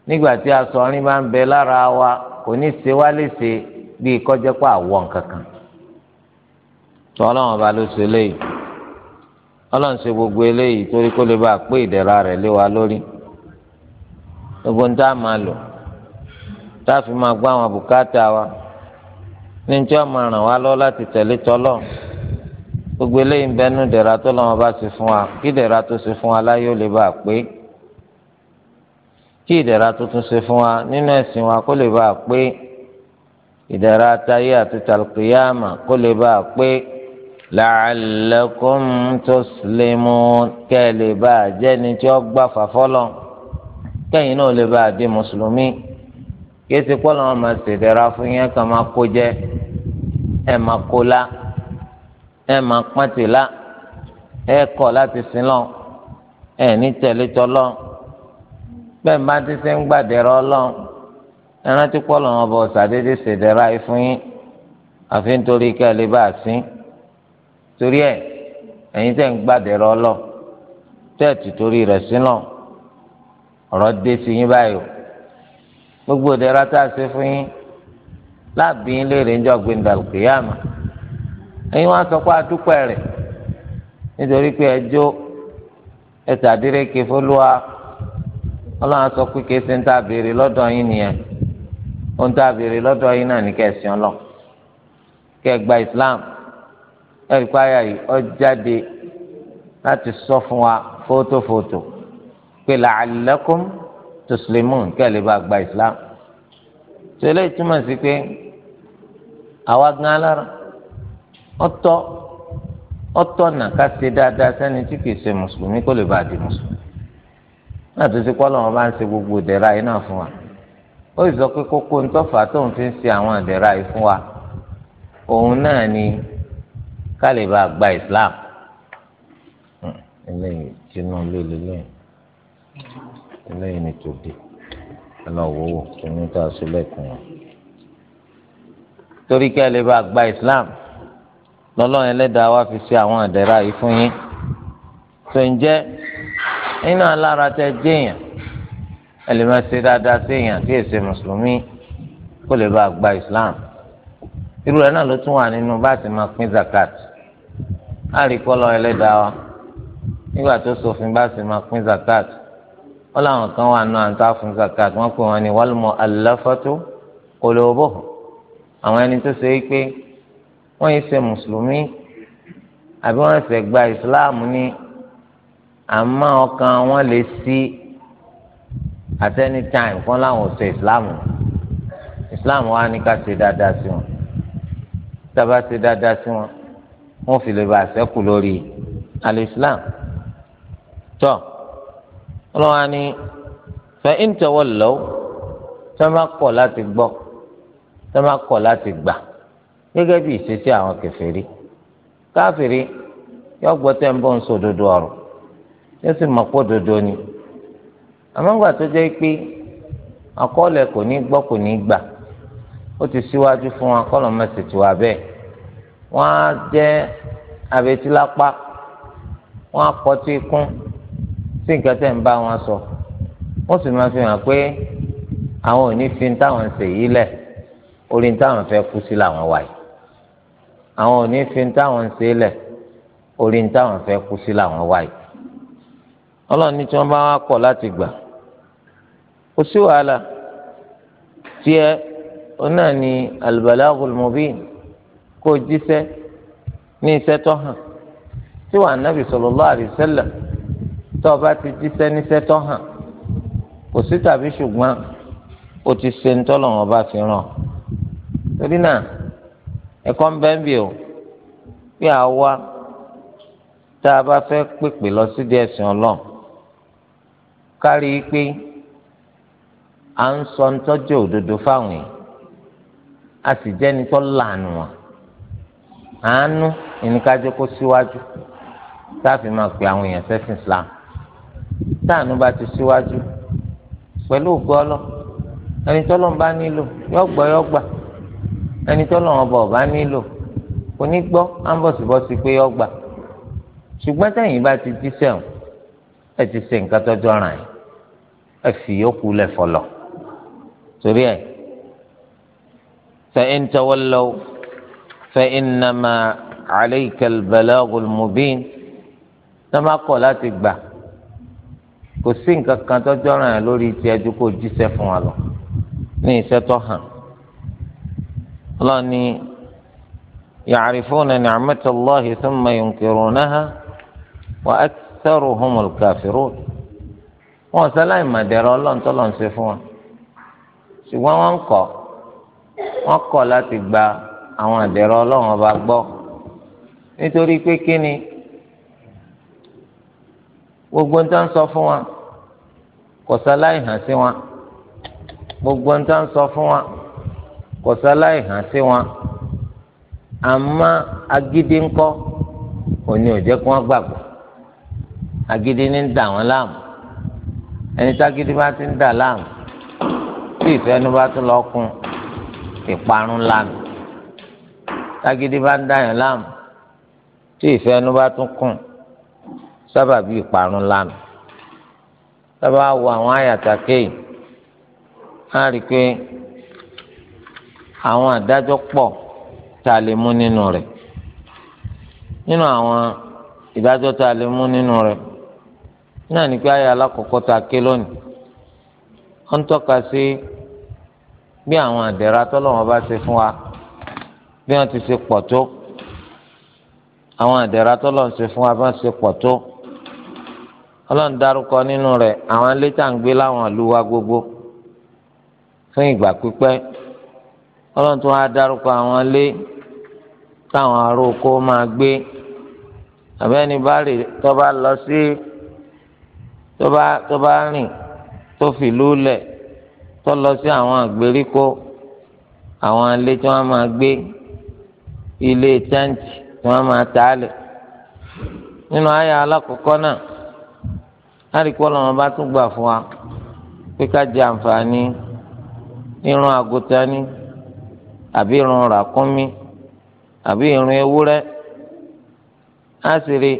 nígbà tí aṣọ ọrin bá bẹ lára wa kò ní ṣe wá léṣe bíi kọjá pé tó gbogbo eléyìí torí kó lè bá pé rẹ̀ lé wa lórí gbogbo a máa lò tá a fi máa wa ní tí wọ́n máa ràn wá gbogbo eléyìí ń bẹnu dẹ̀ra tó lọ́wọ́ bá ti fún wa kí dẹ̀ra tó ṣe fún wa láyé ó lè bá a pé kí ìdẹ̀ra tuntun ṣe fún wa nínú ẹ̀sìn wa kó lè bá a pé ìdẹ̀ra táyé àti tàlùkìyàmà kó lè bá a pé la'allakum tuslimun kẹ́ ẹ lè bá a jẹ́ni tí ó gbà fàfọ́lọ́ kẹ́yìn náà lè bá a di mùsùlùmí kí ẹ ti pọ́ lọ́wọ́ máa ṣèdẹ̀ra fún yẹn kàn máa kó jẹ́ ẹ̀ máa kó lá ẹ máa pàtì la ẹ kọ̀ láti sin lọ ẹ ní tẹ̀lé tọ́lọ́ bẹ́ẹ̀ bá ti ṣe ń gbàdẹ̀rọ lọ ẹ rántí pọ́lọ́ wọn bọ̀ ṣàdédé ṣèdẹ́ra ìfún yín àfi nítorí ká ẹ lè bá a sín torí ẹ ẹ̀yin tẹ̀ ń gbàdẹ̀rọ lọ tẹ́ẹ̀tì torí rẹ̀ sín lọ ọ̀rọ̀ dé sí yín báyìí o gbogbo ìdẹ́ra tá a ṣe fún yín láàbí yín léèrè ń jọ gbẹ̀ndàlùkìyàmà ẹ̀yin wá sọ pé adúpẹ́ rẹ̀ nítorí pé ẹjọ́ ẹ̀tàdírẹ́kẹ́ fọlúwa ọlọ́run sọ pé kí ẹsẹ̀ ń tà béèrè lọ́dọ̀ yín nìyẹn ó ń tà béèrè lọ́dọ̀ yín náà ní kẹsì ọlọ kẹgbà Islam ẹ̀rí páyà yìí ọ láti sọ fún wa fótófótó pé la'allakum tuslimun kẹ́lẹ́ bá gba Islam tẹ́lẹ̀ túmọ̀ sí pé àwa gan alára ọ̀tọ̀ ọ̀tọ̀ nà ká ṣe dáadáa sẹ́ni tí kìí ṣe mùsùlùmí kó lè bá a di mùsùlùmí náà tó ṣe kọ́lọ́ wọn bá ń ṣe gbogbo ìdẹ̀ra yìí náà fún wa ó sì sọ pé kókó ntọ́fà tóun fi ń ṣe àwọn ìdẹ̀ra yìí fún wa òun náà ni ká lè bá gba Islam hmm, eléyìí tinú lélẹ̀ lẹ́yìn eléyìí ni tòde aláwòwò tó ní tá a ṣe lẹ́kùn wọn torí ká lè bá gba Islam lọ́lọ́run ẹlẹ́dàá wa fi ṣe àwọn àdẹ̀rà yìí fún yín tó ń jẹ́ nínú alára tẹ jẹ́yàn ẹ lè máa ṣe dáadáa séèyàn tí èsè mùsùlùmí kó lè bá gba Islam irú rẹ̀ náà ló tún wà nínú bá a ti máa pín zakat àríkọ́lọ́ ẹlẹ́dàá wa nígbà tó ṣòfin bá a ti máa pín zakat wọ́n làwọn kan wà nù àǹtá fún zakat wọ́n pè wọ́n ní wal mu'allafatu qulubuhum àwọn ẹni tó ṣe é pé wọ́n yìí ṣe mùsùlùmí àbí wọ́n ṣe gba ìsìláàmù ní àmọ́ ọkàn wọn lè sí at any time fún láwọn ò ṣe ìsìláàmù ìsìláàmù wa ní ká ṣe dáadáa sí wọn tábà ṣe dáadáa sí wọn wọ́n fi lè ba àṣẹ́kù lórí alìsílám tọ́ ọlọ́wà ni fẹ́ ìntẹ̀wọ́ lọ́wọ́ tẹ́ bá kọ̀ láti gbọ́ tẹ́ bá kọ̀ láti gbà gẹ́gẹ́ bí ìṣesí àwọn kèfèrí káfìrí yóò gbọ́ tẹ́ ń bọ́ ń sọ òdodo ọ̀rọ̀ yóò sì mọ̀ pé òdodo ni àmọ́ ńgbà tó jẹ́ pé àkọọ́lẹ̀ kò ní gbọ́ kò ní gbà ó ti síwájú fún wa kọ́ lọ́mọ sì ti wà bẹ́ẹ̀ wọ́n á jẹ́ abẹ́tílápá wọ́n á kọ́ tí kún sí nǹkan tẹ́ ń bá wọn sọ wọ́n sì máa fi hàn pé àwọn ò ní fi táwọn ń ṣèyí lẹ̀ orí táwọn fẹ́ kú sí làwọn wáyé àwọn ò ní fi ń táwọn ń ṣe é lẹ̀ orí ń táwọn fẹ́ kú sí làwọn wáyé ọlọ́run ní tí wọ́n bá wá kọ̀ láti gbà kò sí wàhálà tiẹ̀ ọ̀nà ni albalagul mubin kò jíṣẹ́ ní iṣẹ́ tó hàn tí wàá nàbì sallallahu alaihi wasallam tó o bá ti jíṣẹ́ níṣẹ́ tó hàn kò sí tàbí ṣùgbọ́n o ti ṣe ń tọ́lọ̀ wọn bá fi ràn torí náà ẹ̀kọ́ ń bẹ́ ń bì ó pé àwa tá a bá fẹ́ pèpè lọ sídìí ẹ̀sìn ọlọ́run kárí pé à ń sọ nítọ́jú òdodo fáwọn yìí a sì jẹ́ni tó lànà wọn àánú ìníkájọ́ kó síwájú tá a fi máa pè àwọn èèyàn sẹ́sìn Islam táànù bá ti síwájú pẹ̀lú ògbọ́lọ́ ẹni tọ́lọ́mbá nílò yọ̀gbọ́ yọ̀gbà. Yo ẹni tó lọ́wọ́ bọ̀ ọ̀bá nílò onígbọ́ á ń bọ̀sibọ́sí pé ọgbà ṣùgbọ́n tẹ̀yìn bá ti jí sẹ́wọ̀n ẹ ti ṣe nǹkan tọ́jú ọ̀ràn yìí ẹ fi yókù lẹ̀ fọlọ̀ torí ẹ̀ fa'in tawallaw fa'innama alayka al-balagul mubin tó má kọ̀ láti gbà kò sí nǹkan kan tọ́jú ọ̀ràn yìí lórí ti ẹjú kó jíṣẹ́ fún wa lọ ní iṣẹ́ tó hàn ọlọ́run ní ya'rifuna ni'matallahi thumma yunkirunaha wa aktharuhumul kafirun wọn sáláì màdẹ̀rọ ọlọ́run tó lọ́n ṣe fún wọn ṣùgbọ́n wọ́n ń kọ̀ wọ́n kọ̀ láti gba àwọn àdẹ̀rọ ọlọ́run ọba gbọ́ nítorí pé kí ni gbogbo ń tán sọ fún wa kò sáláì hàn sí wa gbogbo ń tán sọ fún wa kọsáláì hàn sí wọn àmọ́ agídí ńkọ́ òní ò jẹ́ kí wọ́n gbàgbọ́ agídí ní ń dà wọ́n láàmú ẹni tágídí bá ti ń dà láàmú tí ìfẹ́nu bá tún lọ kún ìparun láàmú tágídí bá ń dà yàn láàmú tí ìfẹ́nu bá tún kún sábàbí ìparun láàmú sábà wo àwọn àyàtà kéyìn á rí i pé àwọn àdájọ́ pọ̀ tá a lè mú nínú rẹ̀ nínú àwọn ìdájọ́ tá a lè mú nínú rẹ̀ náà ní pé ayé alákọ̀ọ́kọ́ tá a ké lónìí ó ń tọ́ka sí bí àwọn àdẹ̀rà tọ́lọ́wọ́n bá ṣe fún wa bí wọ́n ti ṣe pọ̀ tó àwọn àdẹ̀rà tọ́lọ́wọ́n ṣe fún wa bí wọ́n ṣe pọ̀ tó ọlọ́run dárúkọ nínú rẹ̀ àwọn létà ń gbé láwọn ìlú wa gbogbo fún ìgbà pípẹ́ ọlọ́run tó wá dárúkọ àwọn ilé táwọn ará oko máa gbé àbẹ́ni bá rè tó bá lọ sí tó bá tó bá rìn tó fìlú lẹ̀ tó lọ sí àwọn àgbèríko àwọn ilé tí wọ́n máa gbé ilé tẹ́ǹtì tí wọ́n máa tààlẹ̀ nínú àyà alákọ̀ọ́kọ́ náà láríkọ́ lọ́wọ́n bá tún gbà fún wa pé ká jẹ àǹfààní irun àgùntàn ni. àbí irun ràkúnmí àbí irun ewúrẹ́ á sì rí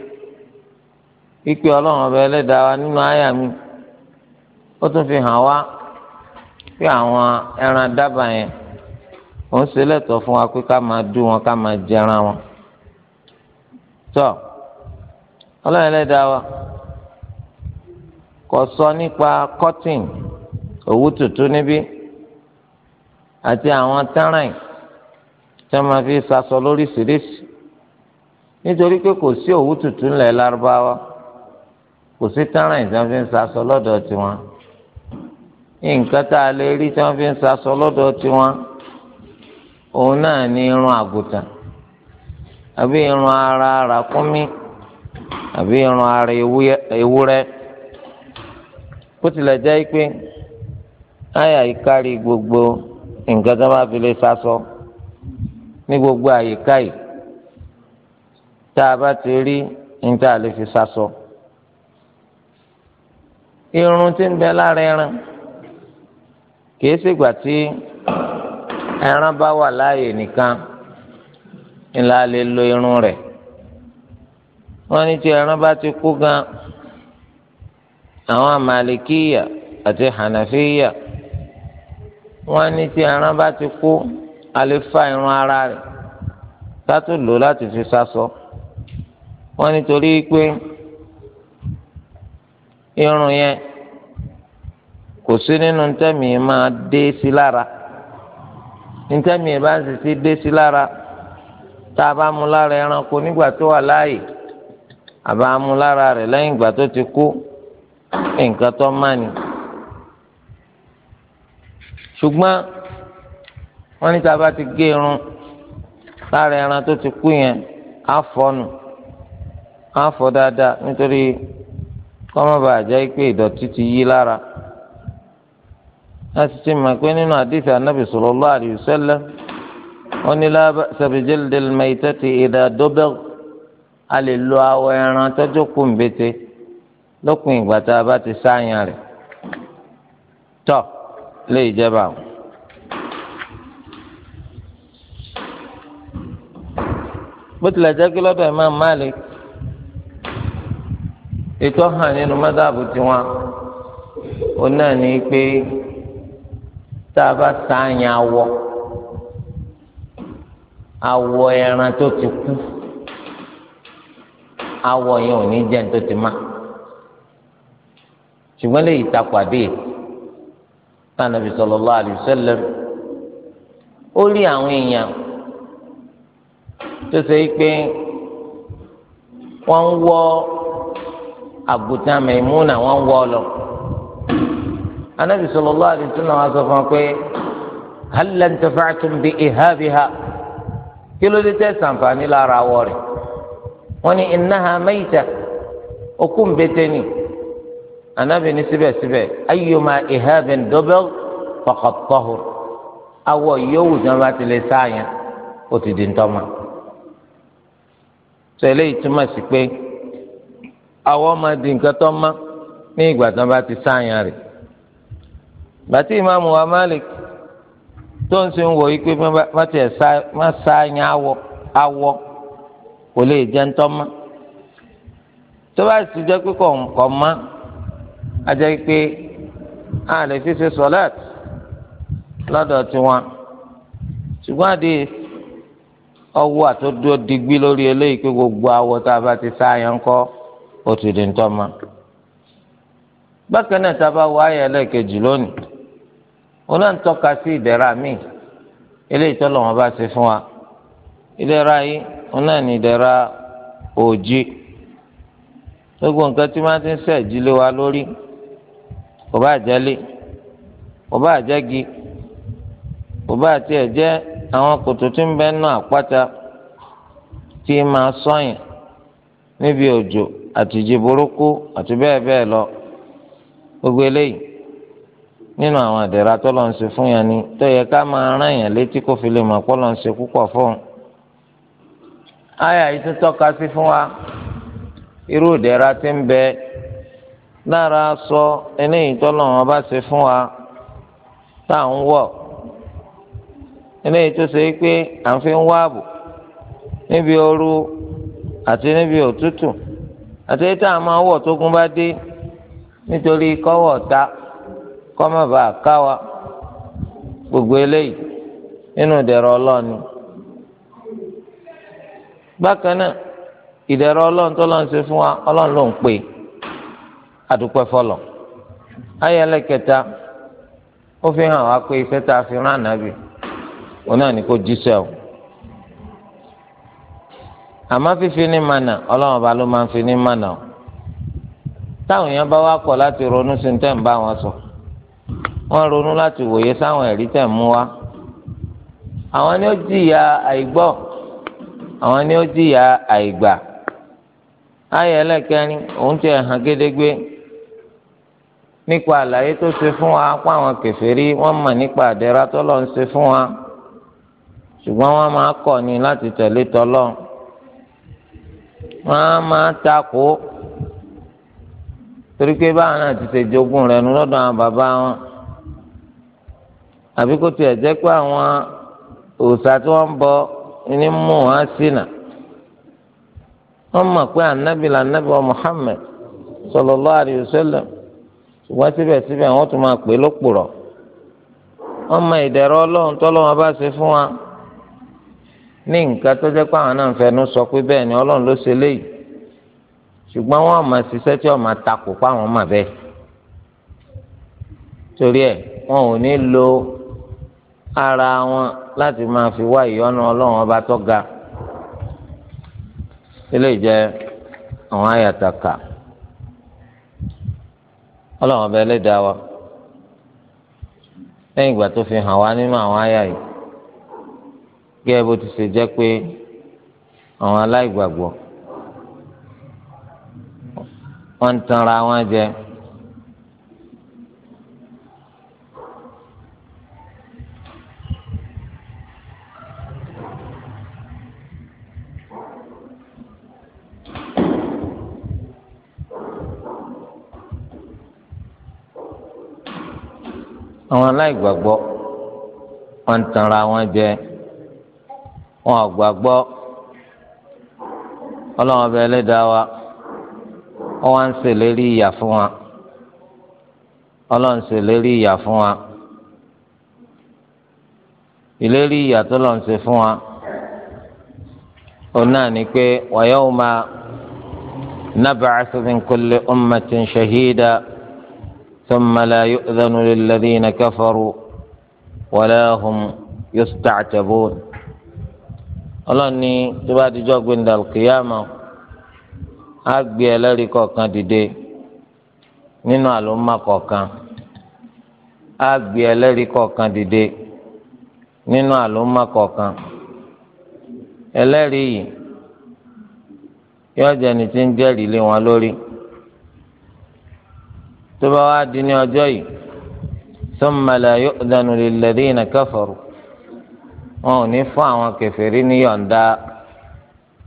pípé ọlọ́run ọba ẹlẹ́dàá wa nínú àyà mi ó tún fi hàn wá pé àwọn ẹran dábàá yẹn ó ń ṣe lẹ́tọ̀ọ́ fún wa pé ká máa dú wọn ká máa jẹran wọn tọ́ ọlọ́run ẹlẹ́dàá àti àwọn tẹ́rìn tí wọ́n máa fi sasọ lóríṣiríṣi nítorí pé kò sí òwú ńlẹ̀ lárúbáwá kò sí tí wọ́n fi sasọ lọ́dọ̀ tiwọn nǹkan tá a lè rí fi ń sasọ lọ́dọ̀ tiwọn òun náà ní irun àgùntàn irun ara ràkúnmí àbí irun ara ewúrẹ́ bó tilẹ̀ jẹ́ pé gbogbo. nǹkan tó máa fi lè sasọ ní gbogbo àyíká yìí tá a bá ti rí níta lè fi sasọ irun tí ń bẹ lára ẹran kìí ṣègbà tí ẹran bá wà láàyè nìkan ńlá lè lo irun rẹ̀ wọ́n ní tí ẹran bá ti kú gan àwọn àmàlìkíyà àti hànàfíyà wọ́n ní tí ẹran bá ti kú a lè fa irun ara rẹ̀ sátò lò láti fi sasọ wọ́n nítorí pé irun yẹn kò sí nínú ntẹ́mi máa dé sí lára ntẹ́mi bá sì ti dé sí lára tá a bá mú lára ẹranko nígbà tó wà láàyè àbá mú lára rẹ̀ lẹ́yìn ìgbà tó ti kú nǹkan tó máa nìyí ṣùgbọ́n wọ́n ní tá a bá ti gé irun lára ẹran tó ti kú yẹn á fọ́nù á fọ́ dáadáa nítorí kọ́mọ́bà jẹ́ pé ìdọ̀tí ti yí lára láti ti mọ̀ pé nínú àdìsí anábì sallallahu alaihi wasallam wọ́n ní la ba'sa bi jildil maytati idha a lè lo awọ ẹran tọ́jú kù ń lópin ìgbà tá a bá ti sáyàn rẹ̀ tọ́. So, lè jẹba o. bó tilẹ̀ jẹ́ kí lọ́dọ̀ Imam Malik ètò hàn nínú mọ́tàbù tiwọn ó náà ní pé tá a bá sáàyàn awọ awọ ẹran tó ti kú awọ yẹn ò ní jẹ́ tó ti má ṣùgbọ́n lè yí takò àbí ètò sanabi sallallahu alayhi wa sallam ó rí àwọn èèyàn tó ṣe é pé wọ́n ń wọ́ àgùntàn Maimuna wọ́n ń wọ́ ọ lọ anabi sallallahu alayhi wa sallam wá sọ fún wa pé halla intafa'tum bi ihabiha kí ló dé tẹ́ ṣàǹfààní lára awọ rẹ̀ wọ́n ní innaha mayta okùn bẹ́tẹ́ ni anabi ni síbẹ̀síbẹ̀ ayọ̀mà ìhàbẹ̀ dọ́bẹ̀l fọkàtọ́hùr awọ yòówù tí wọn bá ti lè sáàyàn ó ti di ntọ́mà tó eléyìí túmọ̀ sí pé awọ máa di nǹkan tó má ní ìgbà tí wọn bá ti sáàyàn rẹ̀ bàtí ìmáàmù wa Malik tó ń sin wò yí pé má tiẹ̀ sáàyàn awọ awọ kò lè jẹ́ ntọ́mà tó bá sì jẹ́ ajẹ́ pé a lè fi ṣe sọ́lẹ́t lọ́dọ̀ tiwọn ṣùgbọ́n àdé ọwọ́ àtọ́dúró digbí lórí eléyìí pé gbogbo awọ tá a bá ti sáyà ń kọ́ ó ti di ńtọ́ ma. bákan náà tá a bá wọ ayé ẹlẹ́ẹ̀kejì lónìí ó náà ń tọ́ka sí ìdẹ̀ra míì eléyìí tó lọ́wọ́n bá ṣe fún wa ìdẹ̀ra yìí ó náà ní ìdẹ̀ra òjì gbogbo nǹkan tí wọ́n ti ń ṣẹ̀jí lé wa lórí. ọba bá ọba kò bá àjági kò bá àti ẹ̀jẹ́ àwọn kòtò tí ń bẹ nù àpáta tí máa sọyìn níbi òjò àtìjì burúkú àti bẹ́ẹ̀ bẹ́ẹ̀ lọ gbogbo eléyìí nínú àwọn àdẹ̀rà tó lọ́n ṣe fún yẹn ni tó yẹ ká máa rán yẹn létí kó fi lè mọ̀ pọ́ lọ́n ṣe púpọ̀ fún. àyà yìí tún tọ́ka sí fún wa irú ìdẹ̀ra tí ń lára sọ eléyìí tọ́lọ̀ wọn bá ṣe fún wa tá à ń wọ̀ eléyìí tó ṣe é pé à ń fi ń wá ààbò níbi ooru àti níbi òtútù àti tá a máa wọ̀ tógun bá dé nítorí kọ́wọ̀ ta kọ́ má bàa gbogbo eléyìí nínú ìdẹ̀rọ̀ ọlọ́ọ̀ni bákan náà ìdẹ̀rọ̀ ọlọ́ọ̀ni tó lọ́n ṣe fún wa ọlọ́ọ̀ni ló ń pè é. adúpẹ́ fọlọ̀ ayẹlẹ kẹta ó hàn wá pé a fi rán ànábì òun náà ní kó jíṣẹ́ o àmọ́ fífi ní mànà fi ní mànà o táwọn èèyàn bá wá kọ̀ láti ronú sí tẹ̀ ń bá wọn sọ wọn ronú láti wòye sáwọn ẹ̀rí tẹ̀ ń mú wá àwọn ni ó jìyà àìgbọ́ àwọn ni ó jìyà àìgbà ayẹlẹ kẹrin òun ti hàn gédégbé. nípa àlàyé tó ṣe fún wa pa àwọn kèfèrí wọ́n mọ̀ nípa àdẹ̀rà tọ́lọ̀ ń ṣe fún wa ṣùgbọ́n wọ́n máa kọ̀ ni láti tẹ̀lé tọ́lọ̀ wọ́n á máa takò torí pé báwọn náà ti ṣe jogún rẹ̀ lọ́dọ̀ àwọn bàbá wọn àbí kó tiẹ̀ jẹ́ pé àwọn òòṣà tí wọ́n ń bọ ní mú wọn sínà wọ́n mọ̀ pé anábìlà anábìlà Muhammad sallallahu alaihi wasallam. ṣùgbọ́n síbẹ̀síbẹ̀ wọ́n tún máa pè lópùrọ̀ wọ́n mọ ìdẹ̀rọ ọlọ́run tọ́lọ́wọ́n bá ṣe fún wa ní nǹkan tó jẹ́ pé àwọn náà ń fẹnu sọ pé bẹ́ẹ̀ ni ọlọ́run ló ṣe léyìí ṣùgbọ́n wọ́n máa ṣiṣẹ́ tí wọ́n máa takò páwọn mà bẹ́ẹ̀ torí ẹ̀ wọn ò ní lo ara wọn láti máa fi wá ìyọ́nú ọlọ́run ọba tó ga eléyìí jẹ́ àwọn àyàtàkà ọlọ́run ọba ẹlẹ́dàá wa lẹ́yìn ìgbà tó fi hàn wá nínú àwọn àyà yìí gẹ́gẹ́ bó ti ṣe jẹ́ pé àwọn aláìgbàgbọ́ wọ́n ń tanra wọn jẹ. àwọn aláìgbàgbọ́ wọn ń tanra wọn jẹ wọn ò gbàgbọ́ ọlọ́wọ́n ọba ẹlẹ́dàá wa wọn wá ń ṣèlérí ìyà fún wa ọlọ́run ṣèlérí ìyà fún wa ìlérí ìyà tó lọ́n ṣe fún wa òun náà ni pé wa yawma nab'athu min kulli ummatin shahida. ثم لا يؤذن للذين كفروا ولا هم يستعتبون ọlọ́ni tó bá dijọ́ gbẹ̀ndà kìyàmà á gbé ẹlẹ́rìí kọ̀ọ̀kan dìde nínú àlùmọ́ kọ̀ọ̀kan á gbé ẹlẹ́rìí kọ̀ọ̀kan dìde nínú àlùmọ́ kọ̀ọ̀kan ẹlẹ́rìí yóò jẹ́ ni tí ń jẹ́rìí lé wọn lórí tó bá wá di ní ọjọ́ yìí summa la yu'dhanu lilladhina kafaru wọn ò ní fún àwọn kèfèrí ní yọ̀ǹda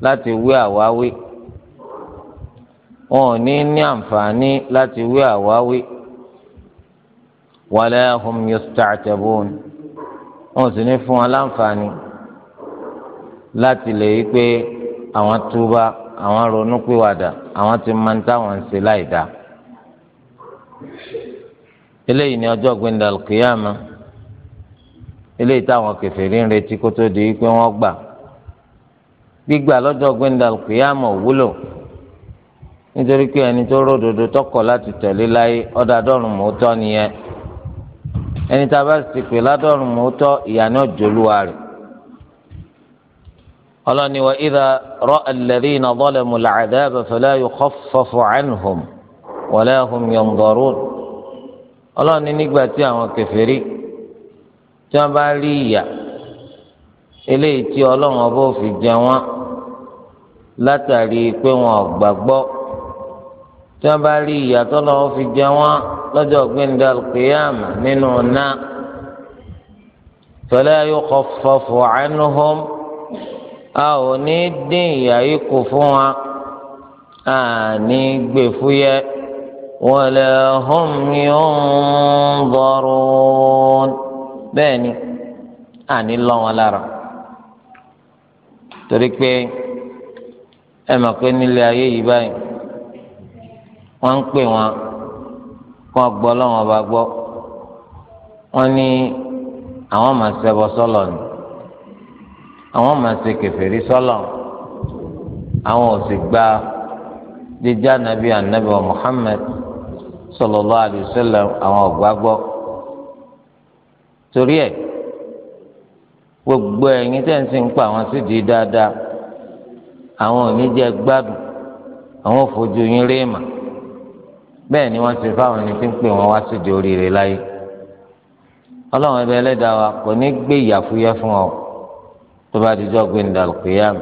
láti wí àwáwí wọn ò ní ní àǹfààní láti wí àwáwí wala hum yusta'tabun wọn ò sì ní fún wọn láǹfààní láti lè yí pé àwọn túbà àwọn ronú àwọn ti máa ń táwọn ń ṣe láì dáa eléyìí ni ọjọ́ gbẹ̀ndà kìyàmá eléyìí táwọn kèfèrí ń retí kó tó di pé wọ́n gbà gbígbà lọ́jọ́ gbẹ̀ndà kìyàmá òwúlò nítorí pé ẹni tó ródòdó tọkọ̀ láti tẹ̀lé láyé ọ̀dàdọ́rùn mọ́tọ́ nìyẹn ẹni tá a bá sì pè ládọ́rùn mọ́tọ́ ìyà náà jòlúwa rẹ̀ ọlọ́ni wa idha ra'a alladhina zalamu al'adhaba fala yukhaffafu anhum wala hum yanzurun ọlọ́run ní nígbà tí àwọn kèfèrí tí wọ́n bá rí ìyà eléyìí tí ọlọ́run ọba ò fi jẹ wọ́n látàrí pé wọn ò gbàgbọ́ tí wọ́n bá rí ìyà tọ́lọ́run fi jẹ wọ́n lọ́jọ́ gbẹ̀ndà kìyàmà nínú náà fala yukhaffafu anhum a ò ní dín ìyà yìí kù fún wa a gbè fúyẹ́. ولا هم ينظرون بني أني الله ولا رب torí pé ẹ mọ̀ pé nílé ayé yìí báyìí wọ́n ń pè wọ́n kó wọ́n gbọ́ lọ́wọ́n bá gbọ́ wọ́n ní àwọn máa ṣẹbọ sọ́lọ̀ ni àwọn máa ṣe kèfèrí sọ́lọ̀ àwọn ò sì gba jíjá nàbí ànábì wa sallallahu alaihi wasallam àwọn ọgbà gbọ́ torí ẹ gbogbo ẹ̀yin tẹ́ ń sìn ń pa àwọn sídìí dáadáa àwọn òní jẹ gbádùn àwọn òfojú yín réèmà bẹ́ẹ̀ ni wọ́n ti fáwọn ẹni tí ń pè wọ́n wá sídìí oríire láyé ọlọ́run ẹbẹ ẹlẹ́dàá wa kò ní gbé ìyàfúyẹ́ fún ọ tó bá dijọ́ gbẹ̀ndà lùkìyàmù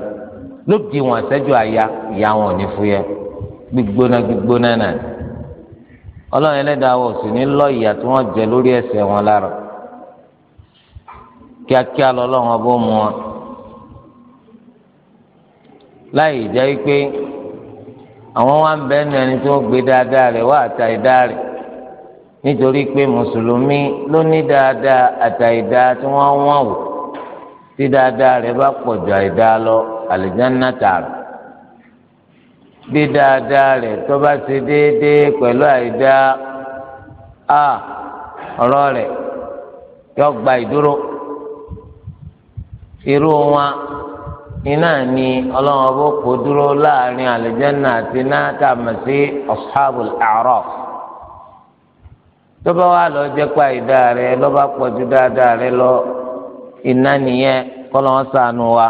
lóde wọn àṣẹjọ àyà ìyá wọn ò ní fúyẹ́ gbígbóná gbígbóná náà ọlọ́run ẹlẹ́dàá wọ̀ sí ní lọ ìyà tí wọ́n jẹ lórí ẹ̀ṣẹ̀ wọn lára kíákíá lọ́lọ́run ọbọ̀ mu wọn láì jẹ́ pé àwọn wá ń bẹ́nu ẹni tó gbé dáadáa rẹ̀ wá àtàìdá rẹ̀ nítorí pé mùsùlùmí ló ní dáadáa àtàìdá tí wọ́n wọ́n wò tí dáadáa rẹ̀ bá pọ̀ jù àìdá lọ àlìjáná tààrà. bí dáadáa rẹ̀ tó bá ti déédéé pẹ̀lú àìdá a ọ̀rọ̀ rẹ̀ yọ gba ìdúró irú wọn iná ni ọlọ́run ọbọ̀ duro dúró láàrin àlùjànnà àti náà tá a tó bá wà lọ jẹ́ pa àìdá rẹ̀ ló bá pọ̀ dáadáa rẹ̀ wa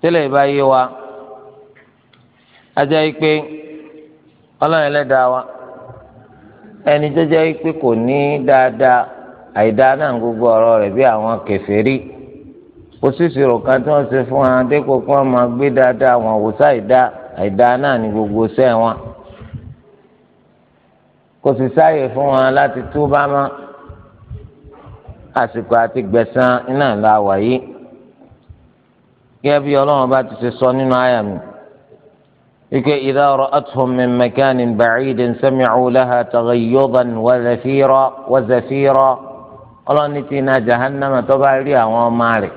tẹ́lẹ̀ yé wa. ajá yìí pé ọlọ́run ẹlẹ́dàá wa ẹni tó jẹ́ yìí pé kò ní dáadáa àìdáa náà gbogbo ọ̀rọ̀ rẹ̀ bí àwọn kèfèrí kò sísìrò kan tí wọ́n ṣe fún wa dépò kí wọ́n máa gbé dáadáa wọn wò sáìdá àìdáa náà ní gbogbo sẹ́ wọn kò sì sáàyè fún wa láti túbá mọ́ àsìkò àti gbẹ̀san iná ìlà wàyí gẹ́gẹ́ bí bá ti ṣe sọ nínú àyà mi ike idha ra'athum min makanin ba'idin sami'u laha taghayyudan wa zafira wa zafira ọlọ́ni tí iná jahannama tó bá rí àwọn ọmọ rẹ̀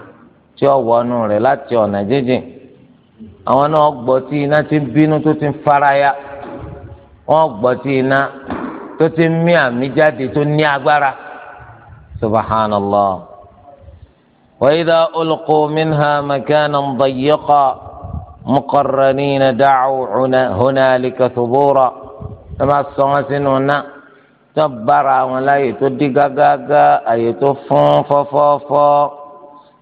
tí ó wọnú rẹ̀ láti ọ̀nà jíjìn àwọn náà gbọ́ tí iná ti bínú tó ti faraya wọ́n gbọ́ tí iná tó ti mí àmì jáde tó ní agbára subhanallah wa idha ulqu minha makanan dayyiqa. مقرنين دعوا هنالك ثبورا كما الصمسن هنا تبرا ولا يتدقاقا أيتفون ففوفو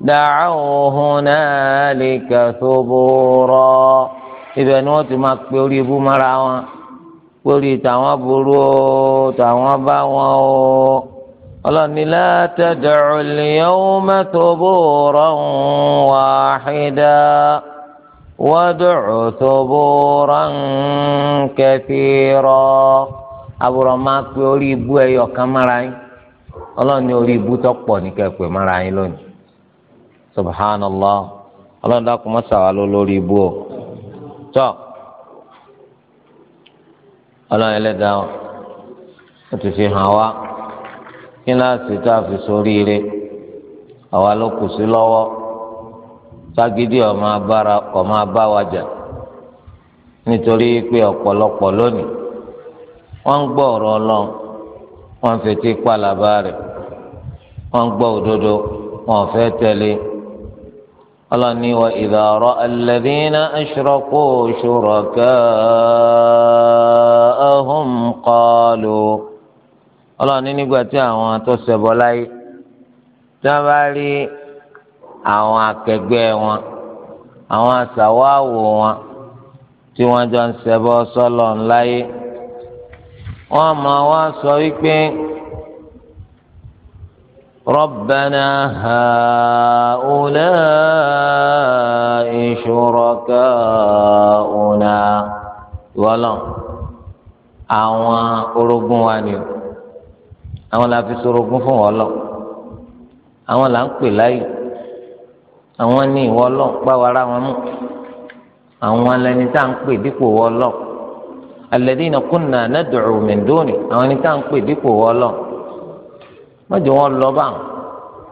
دعوا هنالك ثبورا ibẹ̀ ni wọ́n ti máa pe orí ibú mọ́ra wọn pé orí tàwọn burú o tàwọn bá wọn o ọlọ́ni la tad'u al-yawma thuburan wahida. وادع ثبورا كثيرا àbúrò máa pe orí ibú ẹyọ kan mára yín ọlọ́run ní orí ibú tó nke ní kẹ́pẹ́ mára yín subhanallah o tọ́ ọlọ́run ẹlẹ́dàá ó ti fi hàn wá kí a àwa ló kù sí ságídí ọmọ abáwájà nítorí pé ọpọlọpọ lónìí wọ́n ń gbọ́ ọ̀rọ̀ ọlọ́run wọ́n ń fetí palaba rẹ wọ́n ń gbọ́ òdodo wọ́n ò fẹ́ tẹ̀lé ọlọ́ni wa idha ra'a alladhina ashraku shuraka'ahum qalu ọlọ́ni nígbà tí àwọn tó ṣẹbọ tí bá rí. àwọn akẹgbẹ́ wọn àwọn àṣàwáwò wọn tí wọ́n jọ ń ṣẹbọ sọ́lọ̀ ńláyé wọ́n máa wá sọ wípé ربنا هؤلاء شركاؤنا wọlọ àwọn orogún wa ni àwọn la fi sorogún fún wọlọ àwọn là ń pè láyè. àwọn ní ìwọ ọlọ́ọ̀ bá wa ra wọn mú àwọn alẹ́ni tá à ń pè dípò wọ alẹni alladhina kunna nad'u min duni àwọn tá ń pè dípò wọ wọn lọ bá wọn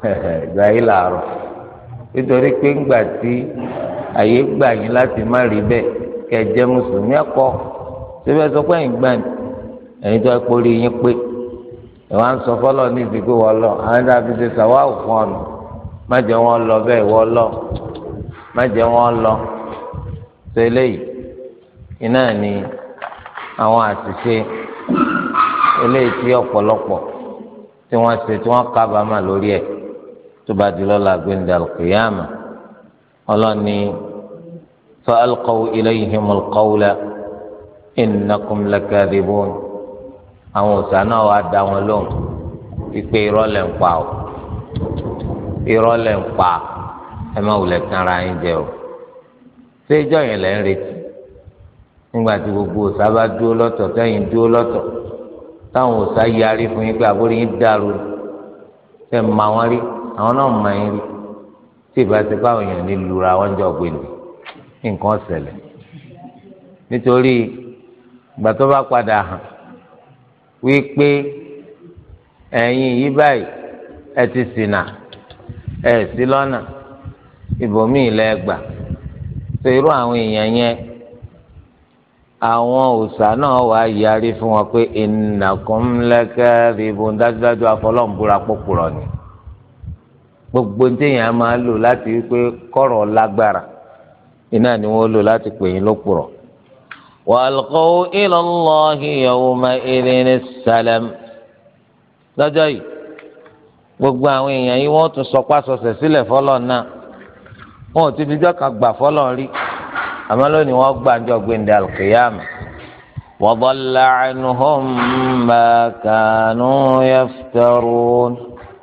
(laughs) ìgbà yìí làárọ̀ nítorí pé ńgbà tí àyè gbà yín láti má rí bẹ́ẹ̀ mùsùlùmí ẹ̀kọ́ síbẹ̀ sọ pé tó yín pé ń sọ ní má jẹ́ wọ́n lọ bẹ́ẹ̀ wọ́n lọ má jẹ́ wọ́n lọ tẹ́lẹ̀ yìí iná ni àwọn àṣìṣe eléyìí tí ọ̀pọ̀lọpọ̀ tí wọ́n ṣe tí wọ́n kábàámà lórí ẹ̀ tó bá di lọ́la gbẹ̀ndà kìyàmà ọlọ́ni fa alqaw ilayhim alqawla innakum lakadibun àwọn òṣà náà wàá da wọn lóhùn wípé irọ́ lẹ̀ ń pa ọ́ irọ́ lẹ̀ ń pa ẹ má wulẹ̀ tán ara yín jẹ o ṣé ìjọ yẹn lẹ́ ń retí nígbà tí gbogbo òsà bá dúró lọ́tọ̀ tẹ́yìn dúró lọ́tọ̀ táwọn òsà yarí fún yín pé àbórí yín dàrú tẹ́ ń ma wọn rí àwọn náà ń ma yín rí tí ìbá ti báwọn èèyàn ní lura wọn jọ gbèlè nǹkan ṣẹlẹ̀ nítorí ìgbà tó bá padà hàn wípé ẹ̀yin yìí báyìí ẹ ti ṣìnà ẹ sí lọ́nà ibòmíì lẹ́gbà tó irú àwọn èèyàn yẹn àwọn òòṣà náà wàá yarí fún wọn pé ìnàkùn lẹ́kẹ́ rìbọn dájúdájú afọlọ́ǹbúra pọ̀pùrọ̀ ni gbogbo téèyàn máa lò láti wípé kọ̀rọ̀ lágbára iná ni wọ́n lò láti pè yín lópùrọ̀. wàlùkọ́ ilọ̀ lọ́ọ́ hìyàwó ma ìrìn sálẹ̀m lọ́jọ́ yìí. gbogbo àwọn èèyàn yìí wọ́n tún sọpá sọsẹ̀ sílẹ̀ fọlọ́ náà wọn ò ti fi jọ́ka gbà fọlọ́ rí àmọ́ lónìí wọ́n gbàjọ gbẹ̀ndẹ̀ alùkìyàmù wa dalla kanu yaftarun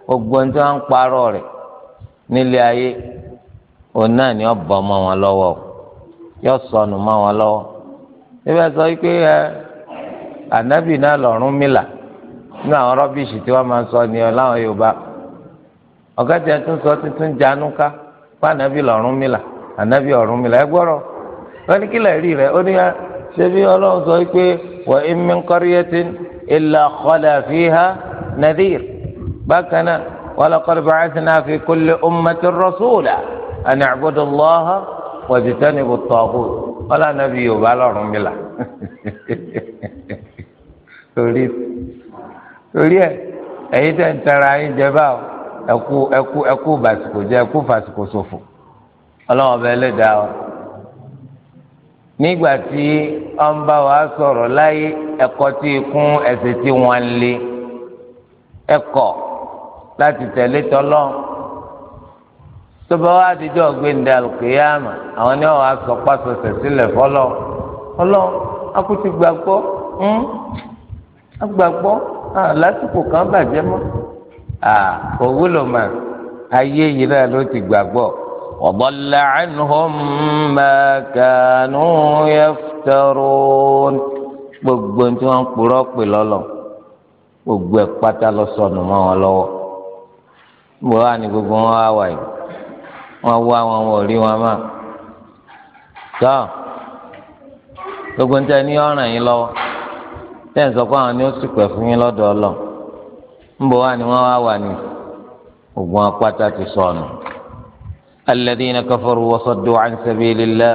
gbogbo ní tí wọ́n ń nílé ayé òun náà ni wọn lọwọ, yọ sọnù mọ wọn lọwọ. sọ pé ẹ ànábì náà lọ́rùn nínú àwọn rọ́bìṣì sọ ọ ọ̀gá tí a tún sọ tuntun jánu ká fún anabi lọ́rùn mi là anabi ọ̀rùn mi là ẹ gbọ́rọ̀ wọ́n ní kí lè rí rẹ̀ ó ní ṣebí ọlọ́run sọ pé wa in min qaryatin illa khala fiha nadhir bákan náà wa laqad ba'athna fi kulli ummatin rasula an a'budu Allaha wajtanibu at-taghut wọ́n lọ́nà bí yorùbá lọ́rùn mi là (laughs) torí ẹ̀ ẹ̀yin tẹ̀ ń tara ẹ̀yin jẹ báwo ẹkú ẹkú ẹkú bàsìkò jẹ ẹkú fàsìkò ṣòfò ọlọ́run ọba ẹlẹ́dàá ọ nígbà tí wọ́n bá wa sọ̀rọ̀ láyé ẹ̀kọ́ tí kún ẹ̀sìn tí wọ́n lé ẹ̀kọ́ láti tẹ̀lé tọ́lọ́ tó bá wá dídọ́ gbẹ̀ndẹ̀ àlùkìyàmà àwọn ni wọ́n wá sọ pàṣẹsẹ̀ sílẹ̀ fọlọ́ ọlọ́ akutì gbàgbọ́ ń hmm? agbàgbọ́ ah, lásìkò kan bàjẹ́ mọ́. a wúlò mọ́ ayé yìí náà ló ti gbàgbọ́ ọ̀bọ̀lá ànhùn mẹ́kànú yẹ́fẹ́rún gbogbo tí wọ́n pè gbogbo ẹ̀ pátá lọ sọnù mọ́ wọn lọ́wọ́ gbogbo wa ni gbogbo wọn wá wà yìí wọn wá wọn wọ rí wọn mọ́ gbogbo ń ní yín ń sọ pé àwọn ni ó ńbọ wa ni wọn wá wà ní ogun apáta ti sọnù alladhina kafaru wa saddu an sabilillah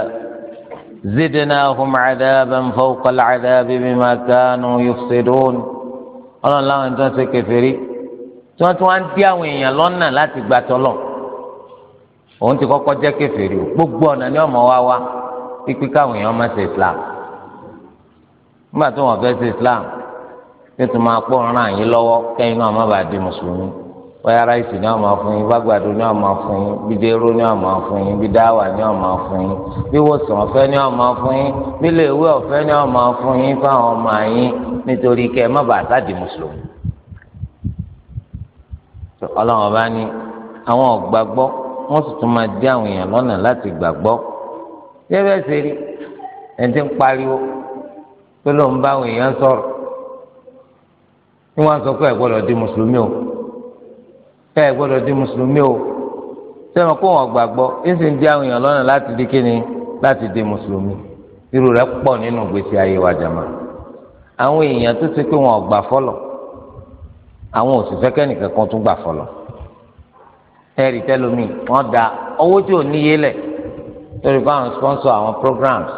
zidnahum adaban fawqa al-adabi bima kanu yufsidun ọlọ́run láwọn ẹni tó ń ṣe kèfèrí tí wọ́n tún wá ń àwọn èèyàn lọ́nà láti gbà tọ́lọ̀ òun ti kọ́kọ́ jẹ́ kèfèrí o gbogbo ọ̀nà ni ọmọ wa wá pípí káwọn èèyàn má ṣe islam nígbà tó wọn fẹ́ ṣe islam nítorí máa pọ̀ ràn yín lọ́wọ́ kẹ́yìn náà má bàa di mùsùlùmí bóyá ráìsì ni wọn máa fún yín bágbàdo ni wọn máa fún yín bí déró ni wọn máa fún yín bí dáwà ni wọn máa fún yín bí wòsàn ọ̀fẹ́ ni wọn máa fún yín bí iléèwé ọ̀fẹ́ ni wọn fún yín fáwọn ọmọ yín nítorí kẹ́ ẹ má bàa sáàdì mùsùlùmí. ọlọ́run ọba ni àwọn ọ̀gbàgbọ́ wọ́n sì tún máa dí àwọn èèyàn lọ́nà láti gbàgbọ́. bí ẹ bẹ́ẹ̀ ṣe rí ẹni tí ń pariwo pé lóun bá àwọn èèyàn sọ̀rọ̀ ní wọ́n sọ pé ẹ gbọ́dọ̀ di mùsùlùmí o ẹ gbọ́dọ̀ di mùsùlùmí o sẹ́wọ̀n kó wọn gbàgbọ́ ẹ̀sìn ń di àwọn èèyàn lọ́nà láti di kíni láti di mùsùlùmí irú rẹ̀ pọ̀ nínú ìgbésí ayé wa jàmá àwọn èèyàn tó ti pé wọn gbà fọlọ̀ àwọn òṣìṣẹ́ kẹ́nìkan kan tún gbà fọlọ̀ ẹ̀rì tẹ́lómi wọ́n da owó tí ò níye lẹ̀ lórí báwọn sponsor àwọn programs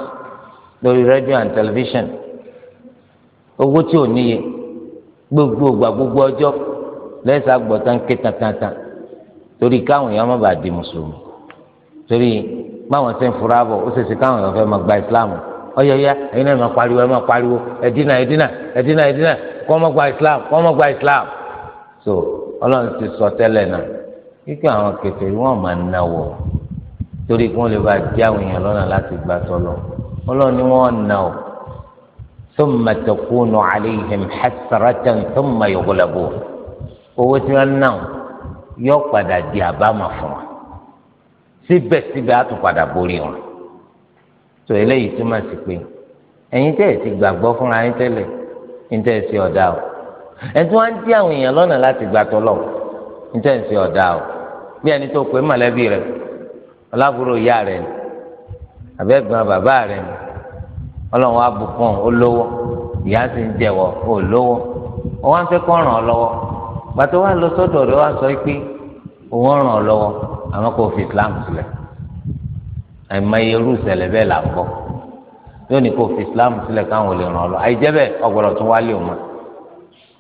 lórí radio and television owó tí ò níye gbogbo ìgbà gbogbo ọjọ́ lẹ́sà gbọ̀tán ké tantantan torí káwọn èèyàn má bàa di mùsùlùmí torí báwọn ṣe ń fura bọ̀ ó ṣèṣe káwọn èèyàn fẹ́ máa gba ìsìláàmù ọ̀yọ̀yà ẹ̀yin náà máa pariwo ẹ̀ máa pariwo ẹ̀dínà ẹ̀dínà ẹ̀dínà ẹ̀dínà kọ́ mọ́ gba ìsìláàmù kọ́ mọ́ gba ìsìláàmù. so ọlọ́run ti sọ tẹ́lẹ̀ náà kíkẹ́ àwọn kèfèrí wọn máa náwó torí kí wọ́n lè bá jẹ́ àwọn èèyàn lọ́nà láti gbà tọ́lọ ọlọ́run ni wọ́n náà ثم تكون عليهم حسرة ثم يغلبون owó tí wọn náà yóò padà di àbámọ̀ fún wa síbẹ̀síbẹ̀ á tún padà borí wọn tó eléyìí túmọ̀ sí pé ẹ̀yin tẹ́ ẹ̀ ti gbàgbọ́ fúnra yín tẹ́lẹ̀ ní tẹ́ ẹ̀ sí ọ̀dà o ẹ̀tún wá ń dí àwọn èèyàn lọ́nà láti gbà tọ́lọ̀ ní tẹ́ ẹ̀ sí ọ̀dà o bí ẹni tó pé mọ̀lẹ́bí rẹ̀ ọlábùrò ìyá rẹ̀ ni àbẹ́gbọ́n bàbá rẹ̀ ni ọlọ́run wa bùkún ó ìyá sì ń jẹ̀wọ́ ó lówó wá ń fẹ́ kọ́ ràn ọ́ lọ́wọ́ gbàtọ́ wa lọ sọ́dọ̀ rẹ̀ wá sọ pé òun ràn ọ́ lọ́wọ́ àmọ́ kò fi Islam sílẹ̀ àìmọye irú ìṣẹ̀lẹ̀ là ń yóò ní kò fi Islam káwọn ò lè ràn lọ tún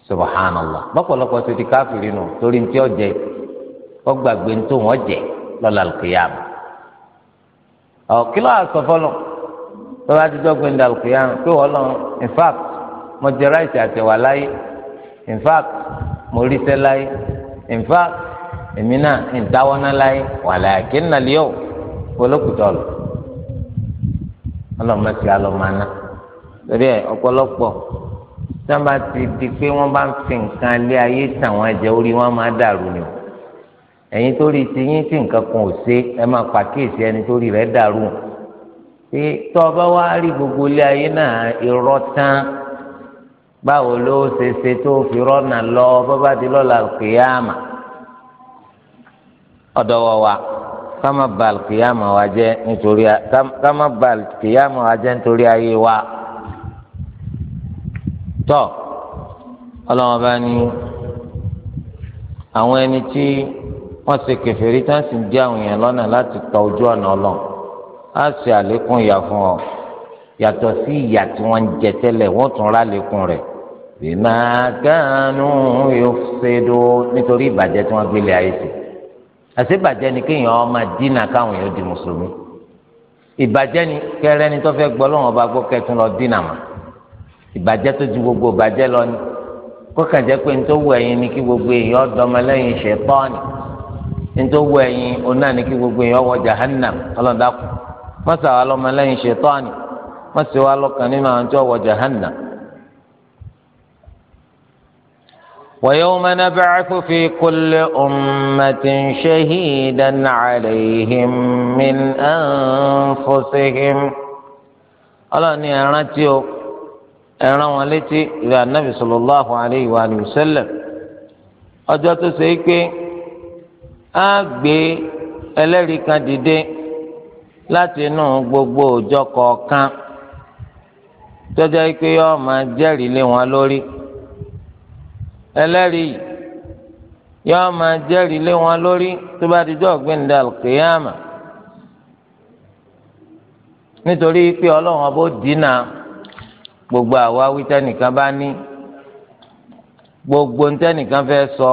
subhanallah tọ́ba ti dọ́gbìn ní alùpùpù pé wọ́n lọ in fact mo jẹ ráìsì àtẹ̀wà láyé in fact mo rí sẹ́ láyé in fact èmi náà ń dáwọ́ náà láyé walakin al-yawm polókùtọ̀ lọ ọlọ́mọ̀tì alọ́mọ̀ná torí ẹ ọ̀pọ̀lọpọ̀ sábà ti di pé wọ́n bá ń fi nǹkan alẹ́ ayé tàwọn ẹ̀jẹ̀ orí wọn máa dàrú ni o ẹ̀yin tó rí ti yín tí nǹkan kan ò ṣe ẹ máa pàkíyèsí ẹni tó rí rẹ̀ dàrú tí tó wá rí gbogbo ilé ayé náà irọ́ tán báwo ló ṣe tó fi rọ́nà lọ ti lọ́la kìyàmà ọ̀dọ̀wọ̀ wa kama kìyàmà wa jẹ́ nítorí ayé wa tọ́ ọlọ́wọ́n ní àwọn ẹni tí wọ́n ṣe tán sì ń àwọn èèyàn á ṣe àlékún ìyà fún ọ yàtọ̀ sí ìyà tí wọ́n ń jẹ tẹ́lẹ̀ wọ́n tún rà lékún rẹ̀ bímá kánú yóò ṣe dó nítorí ìbàjẹ́ tí wọ́n gbélé ayé sí àṣebàjẹ́ ni kéèyàn ọmọ dínà káwọn èèyàn di mùsùlùmí ìbàjẹ́ ni kẹrẹ́ ni tó fẹ́ gbọ́ lọ́wọ́n bá gbọ́ kẹtún lọ dínà mà ìbàjẹ́ tó ju gbogbo ìbàjẹ́ lọ ni kókàn jẹ́ pé nítorí wọ ẹ̀yin ni kí gbogbo èèyàn dọmọlẹ́yìn ṣẹ̀tánì nítorí wọ ẹ̀yin onáà ni kí gbogbo èèyàn wọ jahannam ọlọ́dàkùn mọ́sà wa lọ́mọ lẹ́yìn ṣètọ́ni mọ́sà wa lọ́kàn nínú àwọn tí wọ́n wọ jahanna. ويوم نبعث في كل أمة شهيدا عليهم من أنفسهم الله أني أرانتيو ẹran wọn létí ìlú anabi sallallahu alayhi wa sallam ọjọ́ tó ṣe é pé á gbé kan dìde láti inú gbogbo òjọ kọ̀ọ̀kan tọ́jà pé yọ máa jẹ́rìí lé wọn lórí ẹlẹ́rìí yọ máa jẹ́rìí lé wọn lórí tó bá dijọ́ gbẹ̀ndà kìyàmà nítorí pé ọlọ́run ọbọ̀ dínà gbogbo àwa wíta nìkan bá ní gbogbo ntẹnìkan fẹ́ sọ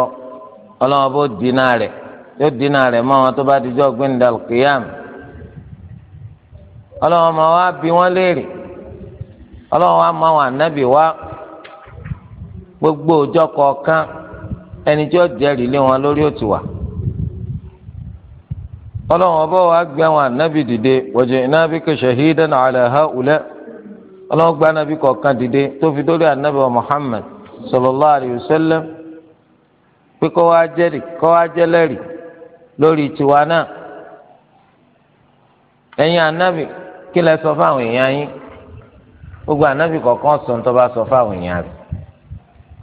ọlọ́run ọbọ̀ dínà rẹ̀ yóò dínà rẹ̀ mọ́ wọn tó bá dijọ́ gbẹ̀ndà kìyàmà. ọlọ́wọ́n máa wá bí wọ́n léèrè ọlọ́wọ́n wá máa wọn ànábì wá gbogbo ọjọ́ kọ̀ọ̀kan ẹni tí ó jẹ́rìí lé wọn lórí òtù wà ọlọ́wọ́n ọba wa wọn ànábì dìde wajina bika shahidan ala haula ọlọ́wọ́n gbé ànábì kọ̀ọ̀kan dìde tó fi dórí ànábì wa Muhammad sallallahu alayhi wa pé wá jẹ́rìí wá kí lẹ sọ fáwọn èèyàn yín gbogbo ànábì kọ̀ọ̀kan sọ tó bá sọ fáwọn èèyàn rẹ̀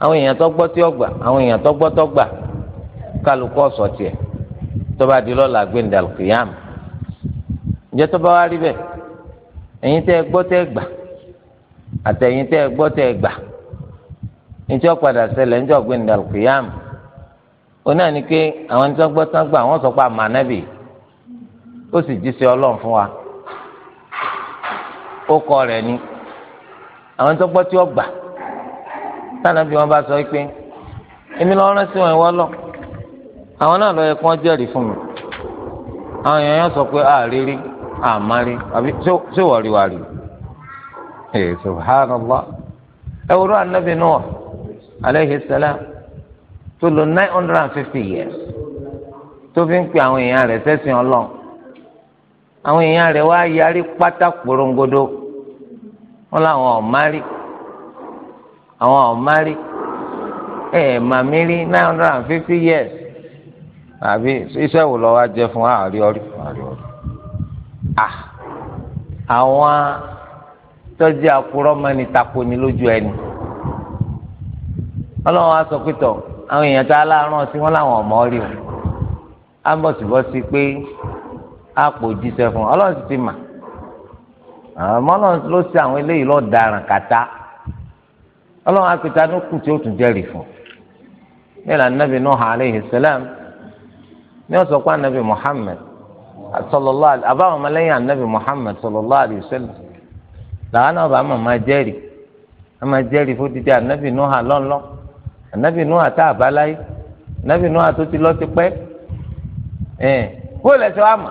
àwọn èèyàn tó gbọ́ tí ó gbà àwọn èèyàn tó gbọ́ tó gbà tiẹ̀ tó bá di lọ́la ǹjẹ́ tó bá wá rí bẹ́ẹ̀ ẹ̀yin tẹ́ ẹ gbọ́ tẹ́ ẹ gbà àtẹ̀yin tẹ́ ẹ gbọ́ tẹ́ ẹ gbà ǹjẹ́ ó padà ṣẹlẹ̀ ǹjẹ́ ó náà pé àwọn tó ó kọ rẹ̀ ni àwọn tó gbọ́ tí ó gbà sáànà bí wọ́n bá sọ pé èmi lọ́wọ́ rán sí wọn ìwọ́ lọ àwọn náà lọ yẹ kí wọ́n jẹ́rìí fún mi àwọn èèyàn yẹn sọ pé àrírí àmárí àbí ṣé wọ́n rí wa rí ee subhanallah ẹ wúrọ anabi Nuh aleyhi salam tó lò nine hundred and fifty years tó fi ń pe àwọn èèyàn rẹ̀ sẹ́sìn Ọlọ́run àwọn èèyàn rẹ̀ wá yarí pátá porongodo wọn làwọn ọ̀márì àwọn ọ̀márì ẹ̀ màmírí nine hundred and fifty years àbí iṣẹ́ wò lọ́wọ́ jẹ fún àárí ọrí àárí ah àwọn tọ́jú àkúrọ́ mọ́ni tako ni lójú ẹni ọlọ́run á sọ pé tọ̀ àwọn èèyàn tá a láàárọ̀ sí wọn làwọn ọmọ rí o á bọ̀sibọ́sí pé àpò jíṣẹ́ fún ọlọ́run sì ti mà. àmọ́ ah, náà ló ṣe àwọn eléyìí lọ́ọ́ daràn kàtá ọlọ́run apẹta ló kù tí ó tún jẹ́rìí fún nàbì salam ní ọ̀sọ̀ pa nàbì Muhammad sallallahu àbáwọn ọmọlẹ́yìn ànàbì Muhammad sallallahu alayhi salam làwọn náà bá àmọ̀ máa jẹ́rìí a máa jẹ́rìí fún dídí ànàbì lọ́nlọ́ ànàbì tá a bá láyé ànàbì tó ti lọ́ ti pẹ́ ẹ̀ wá mà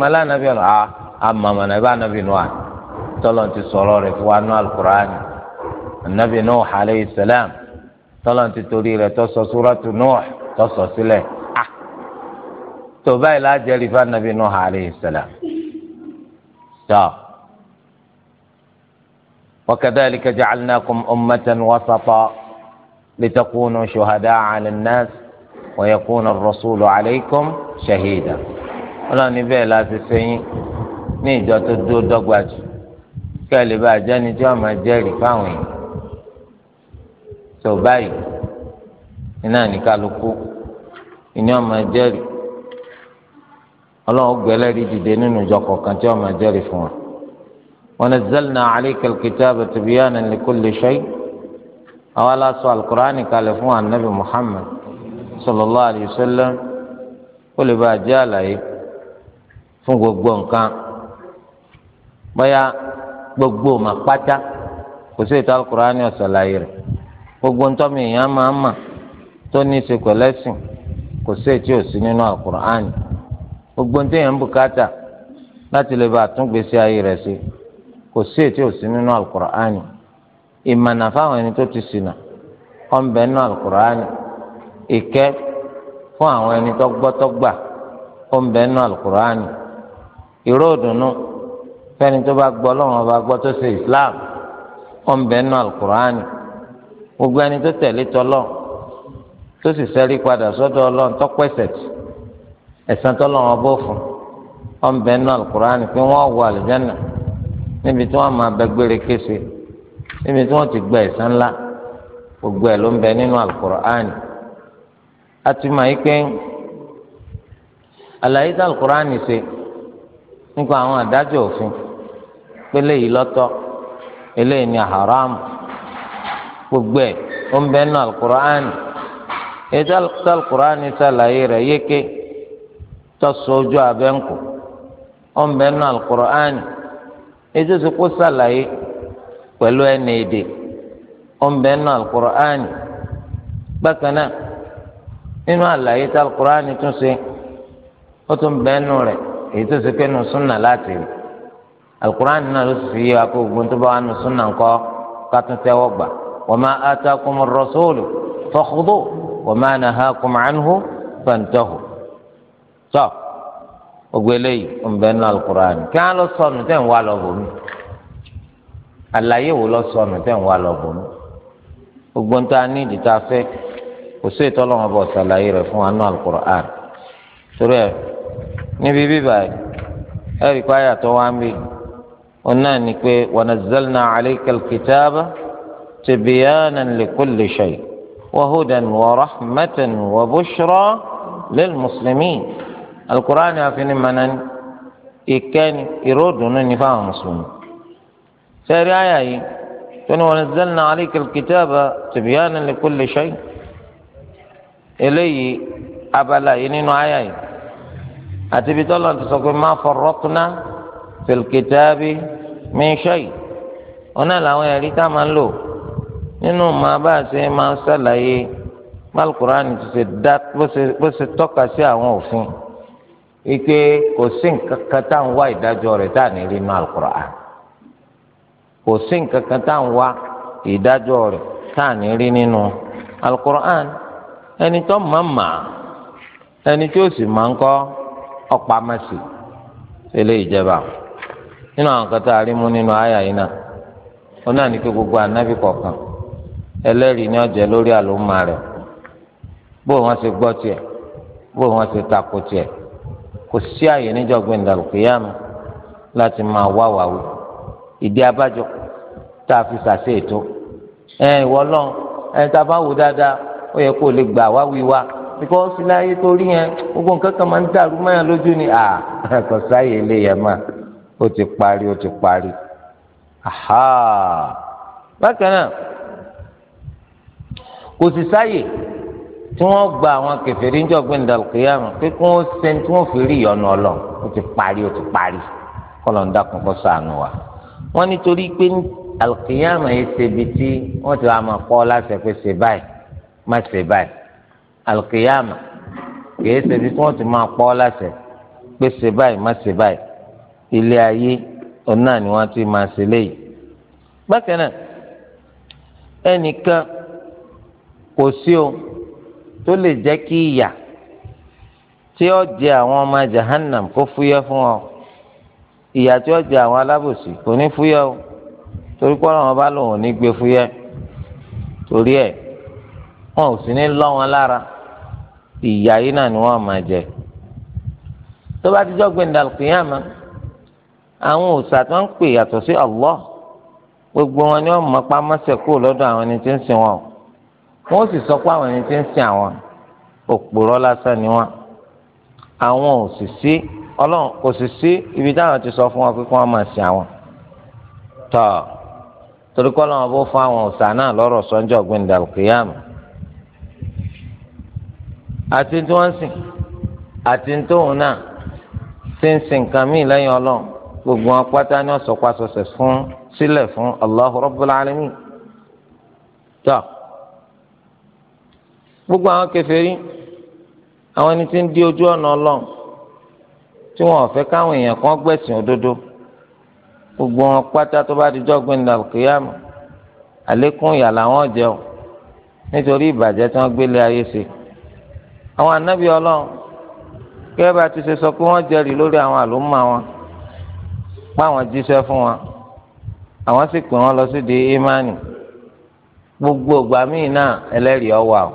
mà lánàbì ọ̀rọ̀ amamana ibà anabi nua tọ́lọ̀ ti sọ̀rọ̀ rẹ̀ fún wa nù alukur'ani anabi nuh alayhi salam tọ́lọ̀ ti torí rẹ̀ tọ́sọ suratu nuh tọ́sọ sílẹ̀ ah tó báyìí lájẹrìí fún anabi nuh alayhi salam tọ́ وكذلك جعلناكم أمة وسطا لتكونوا شهداء على الناس ويكون الرسول عليكم شهيدا ولا نبي لا تسيء ní ìjọ tó dúró dọ́gba jù kí ẹ lè bá àjẹni tí wọ́n máa jẹ́rìí fáwọn èèyàn tó báyìí iná ní kálukú ìní wọ́n máa jẹ́rìí ọlọ́run gbẹ́lẹ́rìí dìde nínú ìjọ kọ̀ọ̀kan tí wọ́n máa jẹ́rìí fún wa. ونزلنا عليك الكتاب تبيانا لكل شيء أولا سؤال القرآن قال فوها النبي محمد صلى الله عليه وسلم قل بقى جالا فوق كان bóyá gbogbo ma pátá kò sí ètò alukurani ọ̀sọ̀láyé rẹ̀ gbogbo ntọ́mi èèyàn ama ama tó ní í ṣe pẹ̀lú kò sí ètò òsì nínú alukurani gbogbo ntẹ̀yàn bùkátà láti lè bá àtúngbèsè ayé rẹ̀ sí kò sí ètò òsì nínú fáwọn ẹni tó ti ṣìnà ọ̀nbẹ nínú alukurani ìkẹ́ fún àwọn ẹni tó gbọ́ ọ̀nbẹ nínú fẹ́ni tó bá gbọ́ lọ́wọ́ bá gbọ́ tó ṣe islam ó ń bẹ nínú alukur'an gbogbo ẹni tó tẹ̀lé tọ́lọ́ tó sì sẹ́rí padà sọ́dọ̀ ọlọ́run tó pẹ̀sẹ̀ tì ẹ̀sán tọ́lọ́ wọn bó fún ó ń bẹ nínú alukur'an pé wọ́n wọ àlùjáná ti gba ẹ̀sán ńlá gbogbo ẹ̀ ló ń bẹ nínú a ti mọ̀ yí pé àlàyé tí alukur'an ṣe nípa àwọn pélé yìí lọ́tọ̀ eléyìí ni haram gbogbo ẹ̀ ó ń bẹ nínú alukur'an ètò alukur'an ṣàlàyé rẹ̀ yéké tọ́sọ ojú abẹ́ǹkù ó ń bẹ nínú alukur'an ètò ìsìnkú ṣàlàyé pẹ̀lú ẹni èdè ó ń bẹ nínú alukur'an bákan tún tún láti alukur'an náà ló sì fi yé wa kó gbogbo tó bá wà nù súnà ńkọ́ ká tún tẹ́wọ́ gbà wa ma atakumur rasulu fakhudhu wa ma nahakum anhu fantahu tọ́ gbogbo eléyìí ń bẹ nínú alukur'an kí wọ́n lọ sọnù tẹ̀ ń wá lọ bòmí àlàyé wo lọ sọnù tẹ̀ ń wá lọ bòmí gbogbo ń ta ní ìdíta fẹ́ kò sí ìtọ́lọ́wọ́n bọ̀ ṣàlàyé rẹ̀ fún anú alukur'an torí ẹ níbi bíbá ẹ ẹ rí i pé àyàtọ̀ wá ń bẹ yìí. ọ̀nà ni pé wanazzalna alayka alkitaba tibyanan likulli shay wa hudan wa rahmatan wa bushra lil muslimin alukuraani afini manani ìkẹni ìròdùnú ní fáwọn mùsùlùmí. sẹ́rí àyà yìí tó ní wanazzalna alayka alkitaba tibyanan likulli shay eléyìí abala yìí nínú àyà yìí àti ibi tó lọ́n ti sọ pé má farraqna. fìlkìtàbí mìíṣọ́yì ọ̀nà làwọn ẹ̀rí tá a máa ń lò nínú màá bá a ṣe máa ń ṣàlàyé malkuran ti ṣe dá bó ṣe tọ́ka sí àwọn òfin wípé kò sí nǹkan kan tá à ń wá ìdájọ́ rẹ̀ tá à ní rí malkuran kò sí nǹkan kan tá à ń wá ìdájọ́ rẹ̀ tá à ní rí nínú alukur'an ẹni tó máa mà ẹni tó sì máa ń kọ́ ọ̀pá mẹ́sì eléyìí jẹba nínú àwọn kan tá a rí mú nínú àyà yìí náà wọn náà ní kí gbogbo ànábì kọ̀ọ̀kan ẹlẹ́rìí ní ọ̀jẹ̀ lórí àlòmà rẹ̀ bó wọn ṣe gbọ́ tiẹ̀ bó wọn ṣe takò tiẹ̀ kò sí àyè níjọ́gbìn ìdàlùkìyàmù láti máa wá wàwí ìdí abájọ tá a fi ṣàṣe ètò ẹ ìwọ náà ẹ tá a bá wò dáadáa ó yẹ kó o lè gbà wá wíwá because láyé torí yẹn gbogbo nǹkan kan máa ń dàrú mọ́yàn lójú ni à kò sáyè lè yẹ máa ó ti parí ó ti parí aha bákan náà kò sì sáyè tí wọ́n gba àwọn kẹfìrí ń jọgbìn dàlùkìyàmù pé kí wọ́n sẹni tí wọ́n fi rí ìyọnu Ọlọ́run ó ti parí ó ti parí kọlọ ń dákun kó ṣàánú wa wọ́n nítorí pé alùkìyàmù yìí ṣe ibi tí wọ́n ti wá máa kọ láti pé ṣe báyìí má ṣe báyìí alùkìyàmù kìí ṣe ibi tí wọ́n ti máa kọ láti pé ṣe báyìí má ṣe báyìí ilé ayé ọ̀nà ni wọ́n ti máa ṣe léyìí. bákan náà ẹnìkan kò sí o tó lè jẹ́ kí ìyà tí ó jẹ àwọn ọmọ jahannam kó fúyẹ́ fún ọ ìyà tí ó jẹ àwọn alábòsí kò ní fúyẹ́ o torí pé ọlọ́run bá lòun ò ní gbé fúyẹ́ torí ẹ̀ wọn ò sì ní lọ́ wọn lára ìyà yìí náà ni wọ́n máa jẹ tó bá ti jọ́ gbẹ̀ndàlùkìyàmá àwọn òòṣà tó ń pè yàtọ̀ sí Allah gbogbo wọn ni wọn mọ pamọ́sẹ̀ kúrò lọ́dọ̀ àwọn ẹni tí ń sìn wọn wọn ó sì sọ pé àwọn ẹni tí ń sìn àwọn òpòrọ́ lásán ni wọn àwọn ò sì sí ọlọ́run kò sì sí ibi táwọn ti sọ fún wọn pé kí wọ́n máa sìn àwọn tọ́ torí kọ́ lọ́wọ́ bó fún àwọn òòṣà náà lọ́rọ̀ sọ́njọ́ ọ̀gbìn dàlùkìyàmù àti tí wọ́n sìn àti tóun náà ti ń sìn nǹkan míì lẹ́yìn ọlọ́run gbogbo wọn pátá ní ọ̀sọ̀pasọ̀sẹ̀ fún sílẹ̀ fún Allahu Rabbul Alamin tó gbogbo àwọn kèfèrí àwọn ẹni tí ń di ojú ọ̀nà ọlọ́run tí wọn ò fẹ́ káwọn èèyàn kan gbẹ̀sìn òdodo gbogbo wọn pátá tó bá di jọ́gbìn nàìjíríàmù àlékún ìyà làwọn jẹun nítorí ìbàjẹ́ tí wọ́n gbélé ayé ṣe àwọn anábì ọlọ́run kẹ́ẹ́ bá ti ṣe sọ pé wọ́n jẹ́rìí lórí àwọn àlùmọ́ wọn. páwọn jíṣẹ́ fún wọn àwọn sì pè wọ́n lọ sí di imani gbogbo ìgbà míì náà ẹlẹ́rìí ọwà o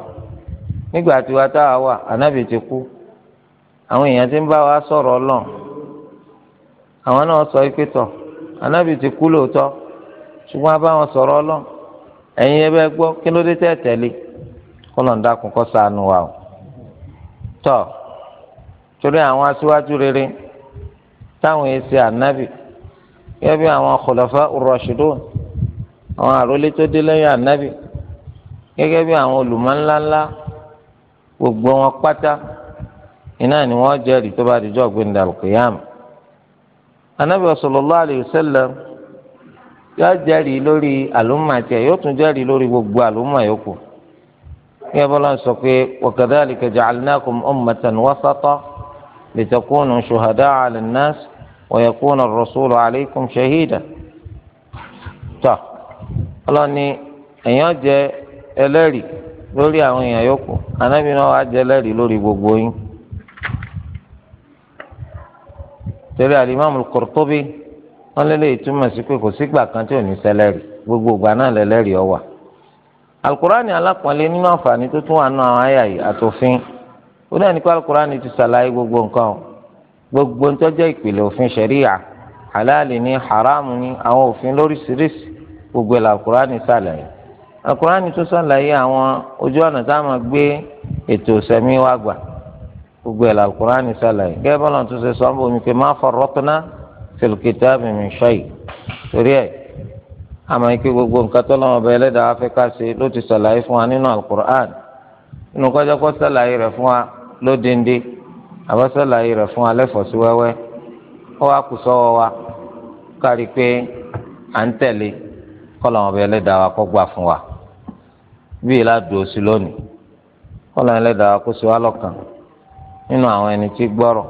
nígbà tí wa táwa wà ti kú àwọn èèyàn ti ń bá wa sọ̀rọ̀ ọlọ́run àwọn náà sọ pé tọ̀ ànábì ti kú lóòótọ́ ṣùgbọ́n a bá wọn sọ̀rọ̀ ọlọ́run ẹ̀yin ẹ bẹ́ gbọ́ kí ló dé tẹ̀lé o tọ̀ torí àwọn aṣíwájú gẹ́gẹ́ bí àwọn khulafa ar-rashidun àwọn àrólé tó dé lẹ́yìn ànábì gẹ́gẹ́ bí àwọn olùmọ̀ ńláńlá gbogbo wọn pátá iná ni wọ́n jẹ́rìí tó bá dijọ́ gbẹ̀ndà al-qiyam ànábì sallallahu alayhi wa sallam yóò jẹ́rìí lórí àlùmọ̀ àti ẹ̀ yóò tún jẹ́rìí lórí gbogbo àlùmọ̀ yòókù gẹ́gẹ́ bọ́lá sọ pé wa kadhalika ja'alnakum ummatan wasata litakunu shuhada'a ويكون الرسول عليكم شهيدا tọ ọlọ́ni èèyàn jẹ ẹlẹ́rìí lórí àwọn èèyàn yòókù anábì náà wàá jẹ lórí gbogbo yín torí alimami Qurtubi wọn lélẹ̀ ìtumọ̀ kò sígbà kan tí ò ní sẹlẹ́rì gbogbo ìgbà wà alukurani alápọ̀nlé nínú àǹfààní tó tún àwọn àyà yìí àtòfin ó náà gbogbo ntọ́jọ́ ìpìlẹ̀ òfin ṣẹ̀ríyà halal ni haram ni àwọn òfin lóríṣiríṣi gbogbo ẹ̀ làkúránì sàlàyé àkúránì tó sàlàyé àwọn ojú ọ̀nà tá a máa gbé ètò ìsẹ̀mí wa gbà gbogbo ẹ̀ làkúránì sàlàyé gẹ́gẹ́ bọ́lá tó ṣe sọ́nbó mi pé má farratna fil kitabi min shay torí ẹ̀ àmọ́ ike gbogbo nǹkan tó lọ́wọ́ bẹ ẹlẹ́dàá fẹ́ ká ṣe ló ti sàlàyé fún wa nínú àkúránì nínú kọjá kó sàlàyé rẹ̀ fún wa lódindi àbọ̀sọ̀làyé rẹ̀ fún alẹ́ fọ̀síwẹ́wẹ́ ó wá kù sọ́wọ́ wa kárí pé à ń tẹ̀lé kọ́lọ̀ wọn bẹ ẹlẹ́dàá wa kó gbà fún wa bíi ládùú sí lónìí kọ́lọ̀ ẹlẹ́dàá wa kó sí wa lọ́kàn nínú àwọn ẹni tí gbọ́rọ̀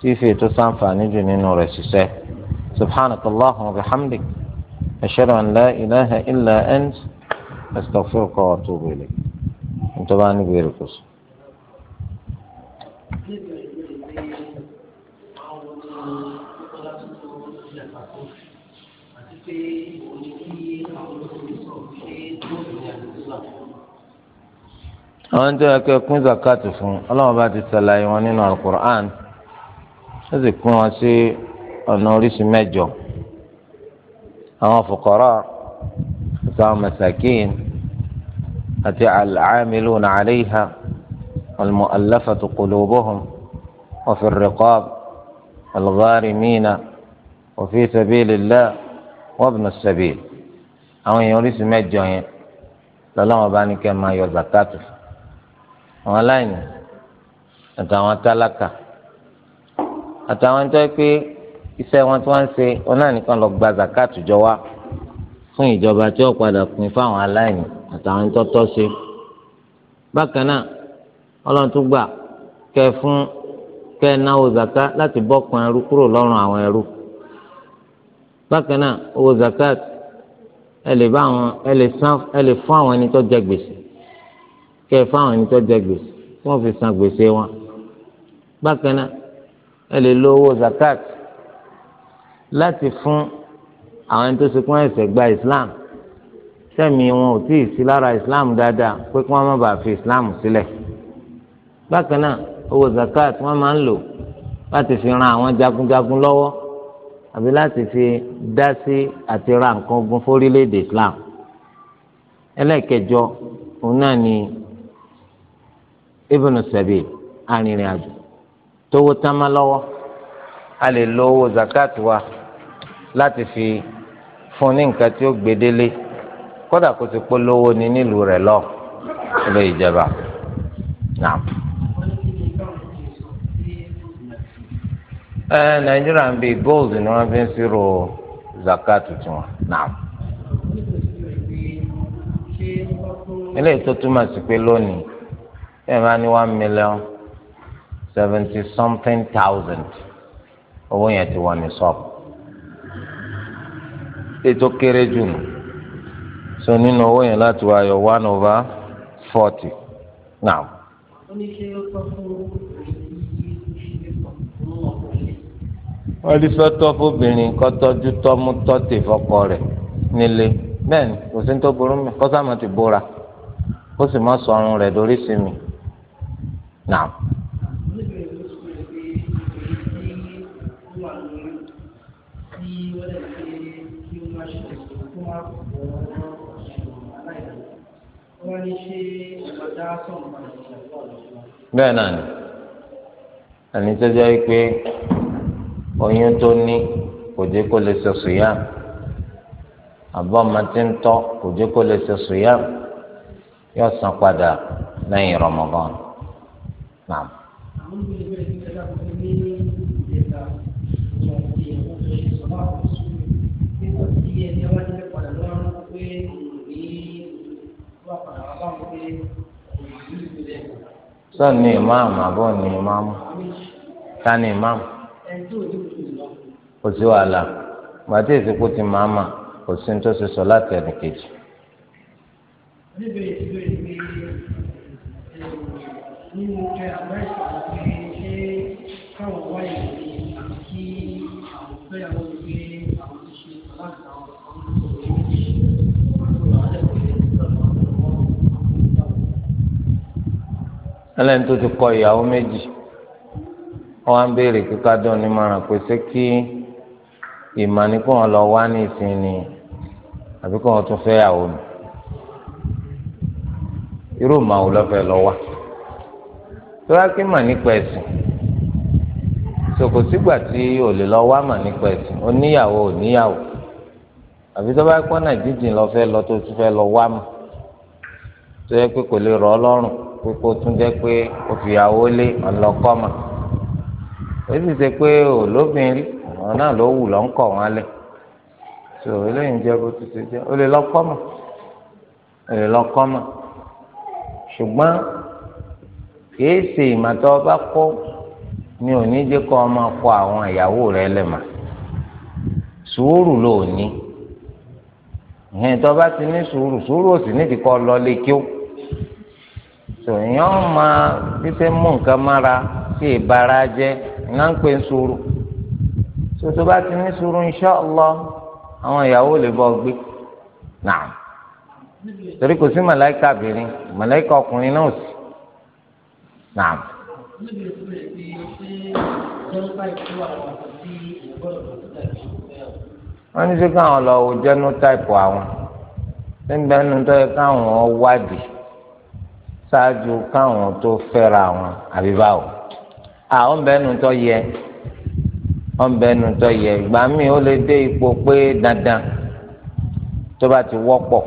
tí fi ètò sáǹfààní jù nínú rẹ̀ ṣiṣẹ́ subhanaka allahumma wa bihamdik ashhadu an la ilaha illa ant astaghfiruka wa atubu ilayk nítorí wọn á níbi èrè àwọn tó yẹ kó kún zakatu fún ọlọ́run bá ti ṣàlàyé wọn nínú alukur'an ó sì kún wọn sí ọ̀nà oríṣi mẹ́jọ àwọn fòkọ́rọ́ àti àwọn masakin àti al-amiluna alayha. المؤلفة قلوبهم وفي الرقاب الغارمين وفي سبيل الله وابن السبيل àwọn èèyàn oríṣi mẹ́jọ yẹn lọ́lọ́wọ́n bá ní kẹ́ máa yọ zakatu àwọn aláìní àtàwọn tálákà àtàwọn tó yẹ pé iṣẹ́ wọn tí wọ́n ń ṣe wọn náà nìkan lọ gba zakatu jọ wá fún ìjọba tí ó padà pín fáwọn aláìní àtàwọn tó tọ́ sí. bákan náà ọlọ́run tún gbà kẹ́ fún kẹ́ náwó zaka láti bọ́kùn ẹrú kúrò lọ́rùn àwọn ẹrú bákan náà owó zakat ẹ lè bá àwọn ẹ lè san ẹ lè fún àwọn ẹni tó jẹ gbèsè kẹ́ fún àwọn ẹni tó jẹ gbèsè kí wọ́n fi san gbèsè wọn bákan náà ẹ lè lo owó zakat láti fún àwọn ẹni tó ṣe kún ẹsẹ̀ gba islam sẹ́mi wọn ò tí ì sí lára islam dáadáa pé kí wọ́n má bàa fi islam sílẹ̀. Si bákan náà owó zakat wọn máa ń lò láti fi ran àwọn jagunjagun lọ́wọ́ àbí láti fi dá sí àti ra nǹkan ogun fórílẹ̀-èdè Islam ẹlẹ́ẹ̀kẹjọ òun náà ni ibùnú sẹ̀bi arìnrìn tówó támá lọ́wọ́ a lè lo owó zakat wa láti fi fún ní nǹkan tí ó gbedele kódà kó ti polówó ni nílùú rẹ̀ lọ ilé ìjọba náà. ẹ nàìjíríà ń bi gold ni wọn fi ń ṣírò zakat tiwọn náà. eléyìí tó túmọ̀ sí pé lónìí ẹ máa ní one million seventy something thousand owó yẹn ti wọ ní sọ́ọ̀bù. ètò kéré jù nù so nínú owó yẹn láti wá one over forty náà. wọ́n rí sọ́tọ̀ fóbìnrin kọ́ tọ́jú tọ́mú tọ́tì fọ́kọ rẹ̀ nílé bẹ́ẹ̀ ni kò sí ní tó burú mi kọ́ sáà má ti bóra ó sì má sọrun rẹ̀ dórí sí mi bẹ́ẹ̀ náà ni ẹni tó jẹ́ pé oyún tó ní kò jẹ́ kó lè ṣe sùyàm àbọ̀ ọmọ tí ń tọ́ kò jẹ́ kó lè ṣe sùyàm yóò san padà lẹ́yìn Ramadan náà. sọ́ọ̀nì ìmáàmù àbọ̀ ni ìmáàmù ta ni ìmáàmù kò sí wàhálà gbàtí ìsìnkú ti máa mà kò sí ní tó ṣe sọ láti ẹnì kejì. nínú ọjọ́ àbẹ́rẹ́ àti ṣé káwọn wáyé kí àwọn fẹ́yàwó gbé àwọn tó ṣe ẹlẹ́ni tó ti kọ ìyàwó méjì wọ́n á ń béèrè kíkádùn ní márùn-ún kí ìmọ̀ ni kó wọn lọ wá ní ìsinmi àbí kó wọn tún fẹ́ àwọn mi irú màá lọ́fẹ̀ẹ́ lọ wá tó wá kí mà nípa ẹ̀sìn sòkò sígbà tí ò lè lọ wá mà nípa ẹ̀sìn oníyàwó oníyàwó àbí tó bá pọ́n náà jíjìn lọ lọ tó tún fẹ́ lọ wá mà tó yẹ pé kò lè rọ̀ lọ́rùn pé kó tún jẹ́ pé òfìyàwó lé ọ̀lọ́kọ́ mà ó sì ṣe pé òlóbìnrin àwọn náà ló wù lọ wọn lẹ tó eléyìí jẹ bó ti ṣe jẹ ó lè lọkọ mọ ó lè lọkọ mọ ṣùgbọ́n kìí ṣe ìmọ̀tọ́ ọba kọ́ ni kọ àwọn ìyàwó rẹ lẹ́mà sùúrù ló ní ìyẹn tó bá ti ní sùúrù sùúrù ò sì kọ́ lọ lé kí ó máa títí mú nǹkan mára sí ìbára ń tòtò bá ti ní sùúrù insha Allah àwọn ìyàwó lè bọ́ gbé náà torí kò sí màláìka obìnrin màláìka ọkùnrin náà sì náà. wọ́n ní sí káwọn lọ wo genotype àwọn nígbà nínú tó yẹ káwọn wádìí ṣáájú káwọn tó fẹ́ra àwọn àbí àwọn bẹ́ẹ̀ nínú tó yẹ ọ̀nbẹ nu tọ́ yẹ ìgbà míì ó lè dé ipò pé dandan tó bá ti wọ́pọ̀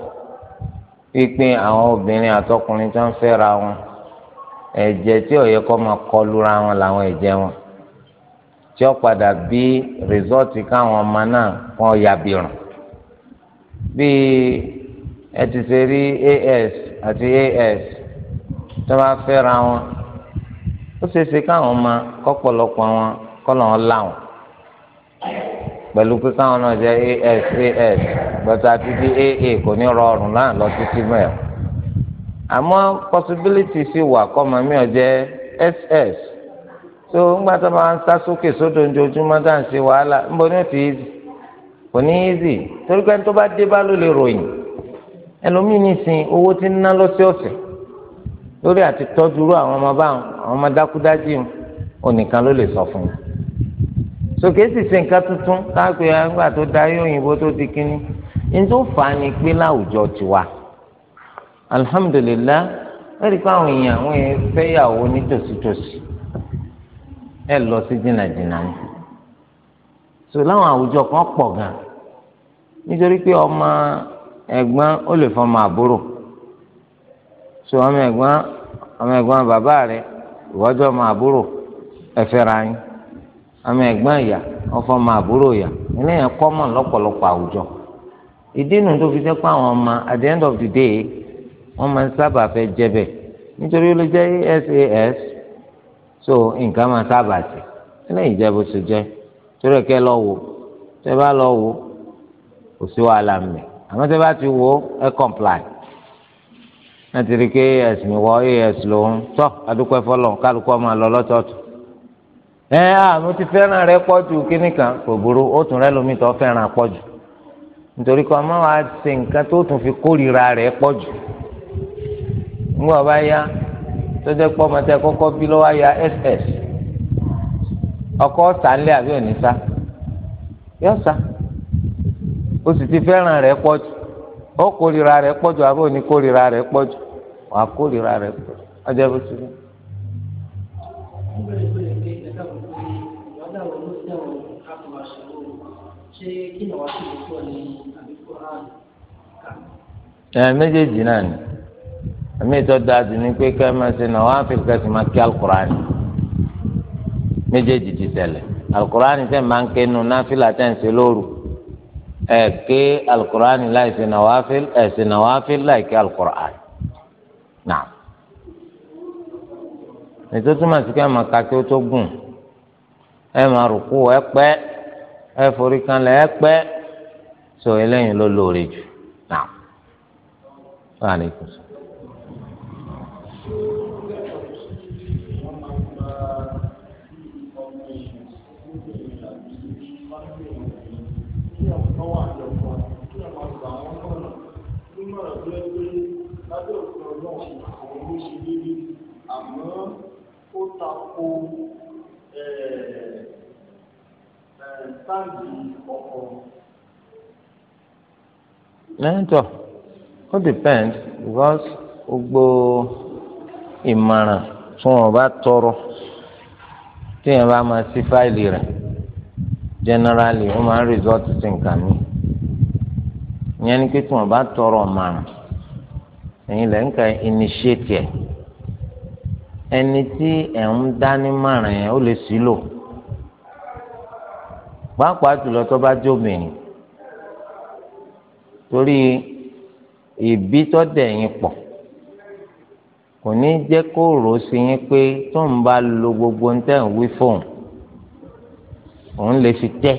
pípín àwọn obìnrin àtọkùnrin tó ń fẹ́ra wọn ẹ̀jẹ̀ tí ò yẹ kó máa kọlura wọn làwọn ẹ̀jẹ̀ wọn tí ó padà bí rìsọ́ọ̀tì káwọn ọmọ náà wọn yàbìrùn bí ẹ ti ṣe rí as àti as tó bá fẹ́ra wọn ó ṣeé káwọn ọmọ kọ́pọ̀lọpọ̀ wọn kọ́ lọ́n láwọn pẹ̀lú pé káwọn náà jẹ́ as as bàtà títí aa kò ní rọrùn láà lọ títí mẹ́ẹ̀. àmọ́ possibility sì wà kọ́ màmí ọ̀ jẹ́ ss so ńgbà tó máa ń sá sókè sódò ojoojúmọ́ dá ń ṣe wàhálà ńbọ ní òtí easy kò ní easy torí pé tó bá dé bá ló lè ròyìn ẹlòmíín nìsín owó ti ń ná lọ́sọ̀ọ̀sẹ̀ lórí àti tọ́jú irú àwọn ọmọ báwọn àwọn ọmọ dákúdájí òun nìkan ló lè sọ fún un sòkè sì ṣe nǹkan tuntun káàpẹ́ àgbà tó darí òyìnbó tó di kínní ní tó fà á ni pé láwùjọ tiwa alihamudulilayi lórí pé àwọn èèyàn àwọn èèyàn fẹ́yàwó ní tòsítòsí ẹ lọ sí jìnnàjìnnà ni sò láwọn àwùjọ kan pọ̀ gan nítorí pé ọmọ ẹ̀gbọ́n ó lè fọmọ àbúrò sò ọmọ ẹ̀gbọ́n ọmọ ẹ̀gbọ́n bàbá rẹ̀ ìwọ́jọ́ ọmọ àbúrò ẹ̀fẹ́ ra yín àmì ẹ̀gbọ́n ìyá ọfọ ọmọ àbúrò ìyá ilé yẹn kọ́mọ̀ lọ́pọ̀lọpọ̀ àwùjọ ìdí nu tó fi jẹ́ pé àwọn ọmọ at the end of the day wọ́n máa ń sábà fẹ́ jẹ́bẹ̀ nítorí ó lè jẹ́ sas so nǹkan máa sábà sí ilé ìjẹ́ bó ṣe jẹ́ torí ẹ̀kẹ́ lọ wò tẹ́ bá lọ wò kò sí wàhálà mi àmọ́ tẹ́ bá ti wò ẹ comply láti rí i pé ẹ̀sìn wọ as lòun tọ́ adúpẹ́ fọlọ́ kálukú ọmọ àlọ́ lọ́tọ̀ọ̀tọ̀. ẹ àmú ti fẹ́ràn rẹ pọ̀ ju kíní kan kò burú ó tún rẹ lómi tó fẹ́ràn pọ̀ jù nítorí kan má wàá ṣe nǹkan tó tún fi kórìíra rẹ pọ̀ jù ńgbà bá yá tọ́jọ́ pọ̀ mọ́tẹ́ ya ss ọkọ sàlẹ̀ àbí nisa sá yọ o sì ti fẹ́ràn rẹ pọ̀ jù ó kórìíra rẹ pọ̀ jù àbí òní kórìíra rẹ pọ̀ jù ẹ méjèèjì náà ni àmì ìtọ́ da jù ní pé ká máa ṣe náà wọ́n á fi kẹ́sì máa kí alukur'an méjèèjì ti tẹ̀lé alukur'an tẹ̀ máa ń ké nu náfìlà tẹ̀ ń ṣe lóru ẹ ké alukur'an láì ṣe náà wọ́n á fi ẹ̀ ṣe náà wọ́n á fi láì ké alukur'an náà ètò túmọ̀ sí ká máa ka kí ó tó gùn ẹ máa rùkú ẹ pẹ́ ẹ forí kan lẹ ẹ pẹ so eléyìí ló lóore jù náà wà á lè àmọ́ ó tako ẹ̀ẹ́. Eh, táǹkì ọkọ̀. lẹ́ńtọ̀ ó depend because gbogbo ìmọ̀ràn tí wọ́n bá tọrọ tí yẹn bá máa ṣí fáìlì rẹ̀ generally wọ́n máa ń resort sí nǹkan mi ìyẹn ni pé tí wọ́n bá tọrọ ọ̀mọ̀ràn ẹ̀yin lẹ́ ń initiate ẹ̀ ẹni tí ẹ̀ ń dá mọ̀ràn yẹn ó lè sílò pàápàá jùlọ tó bá jó obìnrin torí ìbí tó dẹ̀ yín pọ̀ kò ní jẹ́ kó rò ó sí yín pé tó ń bá lo gbogbo ń tẹ̀ ń wí fóun òun lè fi tẹ́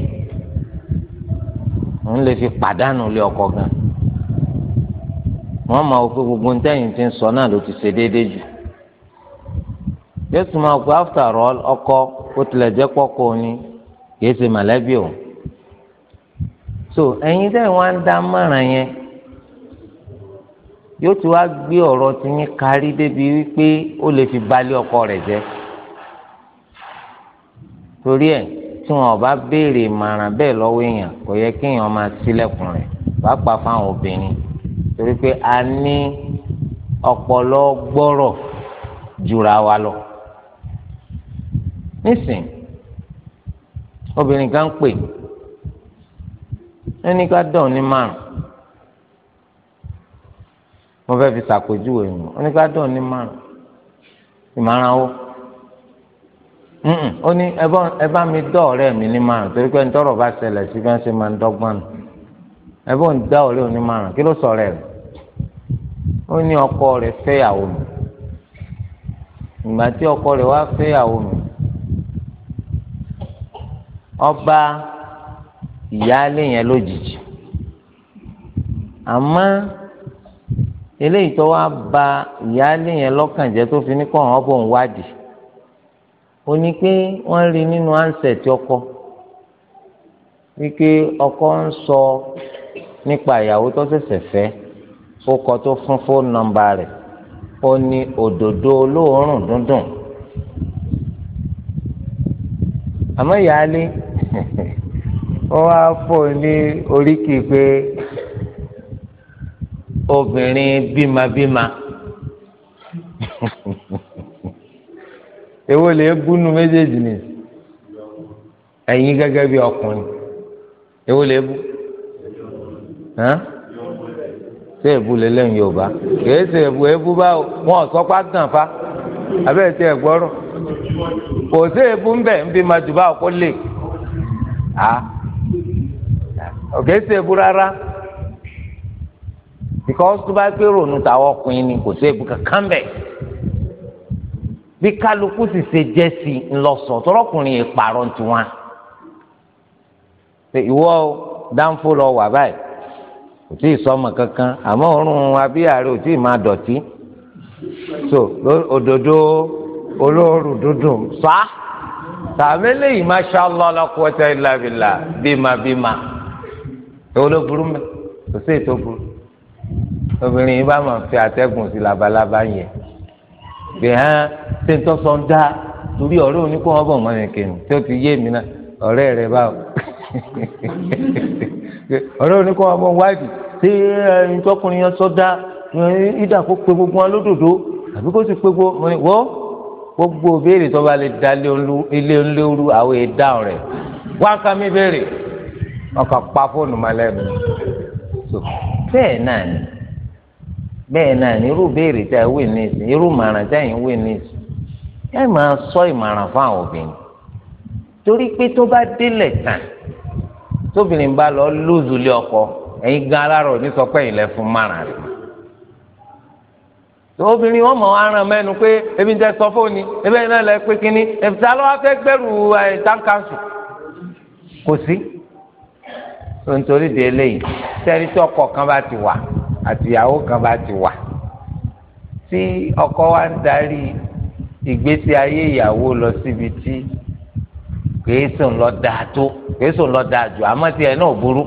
òun lè fi pàdánù lé ọkọ gan wọ́n máa wò pé gbogbo ń tẹ̀yìn ti ń sọ náà ló ti ṣe déédéé jù yóò tún máa pé after all ọkọ ó tilẹ̀ jẹ́ pọ́kọ ni kìí ṣe mọ̀lẹ́bí o so ẹ̀yin tẹ́ wọ́n á dá mọ́ràn yẹn yóò ti wá gbé ọ̀rọ̀ tiyín kárí débi wípé ó lè fi balẹ̀ ọkọ rẹ̀ jẹ́ torí ẹ̀ tí wọn ò bá béèrè ìmọ̀ràn bẹ́ẹ̀ lọ́wọ́ èèyàn kò yẹ kéèyàn máa ṣílẹ̀kùn rẹ̀ pàápàá fáwọn obìnrin torí pé a ní ọpọlọ gbọ́rọ̀ wa lọ nísìnyí obìnrin kan pè ẹni ká dán ní márùn mo fẹ́ fi ṣàpèjúwe nù ẹni ká dán ní márùn ìmọ̀ràn wo ó ní ẹ bá mi dán ọ̀rẹ́ mi ní márùn torí pé ntọ́rọ̀ bá ṣẹlẹ̀ sí fẹ́ ṣe máa ń dọ́gbọ́n nù ẹ bá ń dá ọ̀rẹ́ òní márùn kí ló sọ rẹ̀ ó ní ọkọ rẹ̀ fẹ́yàwó mi ìgbà tí ọkọ rẹ̀ wá fẹ́yàwó mi. ọba ìyáálé yẹn lójijì àmọ́ eléyìí tó wá ba ìyáálé yẹn lọ́kàn jẹ́ tó fi ní kọ́ ọ̀hún ọ̀bọ̀n wádìí ó ní pé wọ́n rí nínú ánsẹ̀tì ọkọ wípé ọkọ ń sọ nípa ìyàwó tó ṣẹ̀ṣẹ̀ fẹ́ ó kọ tó fún fóònù nọ́mbà rẹ̀ ó ní òdòdó olóòórùn dúndùn àmọ́ ìyáálé. wọ́n wá fò ní oríkì pé obìnrin bímabíma èwo lè búnú méjèèjì ni ẹ̀yin gẹ́gẹ́ bí ọkùnrin èwo lè bú ṣé èbú lélẹ́yìn yorùbá kìí ṣe èbú èbú báwo wọn ò sọpá gàn fa abẹ́ẹ̀ tí ẹ̀ gbọ́rọ̀ kò sí èbú ń bẹ̀ ń bí ma jù báwo kó lè. a ọ ga-esi ebu rárá because tó bá ronú ọkùnrin ni kò sí kankan bẹ bí kálukú sì ṣe jẹ́ sí ńlọsọ tọrọkùnrin yẹn pààrọ̀ tiwọn ìwọ dáńfó lọ wà báyìí kò tí ì sọmọ kankan àmọ́ òórùn abíyàrá ò tí ì máa so ododo oloru dúdùn sá. So, tàbẹ́lẹ̀ yìí masha allah la quwwata illa billah bímà bímà èwo ló burú mẹ́ kò sí ètò burú obìnrin yìí bá máa fi àtẹ́gùn sí labalábá yẹn bí hàn ṣe ń tọ́sọ ń dá torí ọ̀rẹ́ òní kó wọ́n yẹn kéwìn tó ti yé mi náà ọ̀rẹ́ rẹ̀ báwo (laughs) ọ̀rẹ́ òní kó wọ́n bọ̀ wáìbì tọkùnrin yẹn sọ dá ìdá kó gbogbo wọn lódòdó àbí kó sì pe gbogbo wọn gbogbo béèrè tó bá lè da ilé ńlẹ́rú àwọn ìdáhùn rẹ̀ wá ká mi béèrè wọn kà pa fóònù má lẹ́nu bẹ́ẹ̀ náà ni bẹ́ẹ̀ náà ni irú béèrè tá a wí ní ìsìn irú màrán tá a wí ní ìsìn ẹ máa sọ ìmàrán fún àwọn obìnrin torí pé tó bá délẹ̀ tán tóbìnrin bá lọ lóòzù ọkọ ẹ̀yin gan alárò ní sọ pé ìlẹ̀ fún màrán rẹ̀ obìnrin wọn mọ aràn mẹnu pé ebi ń tẹ sọ fóònù ebi náà lẹ pé kínní ẹ̀fìtà lọ́wọ́ fẹ́ gbẹ̀rù ẹ̀ táǹkàǹsù kò sí. nítorí de eléyìí sẹ́ni tí ọkọ kan bá ti wà àtìyàwó kan bá ti wà tí ọkọ wa ń darí ìgbésí ayé ìyàwó lọ síbi tí kìí sùn dáa tó kìí sùn dáa jù àmọ́ tiẹ̀ náà burú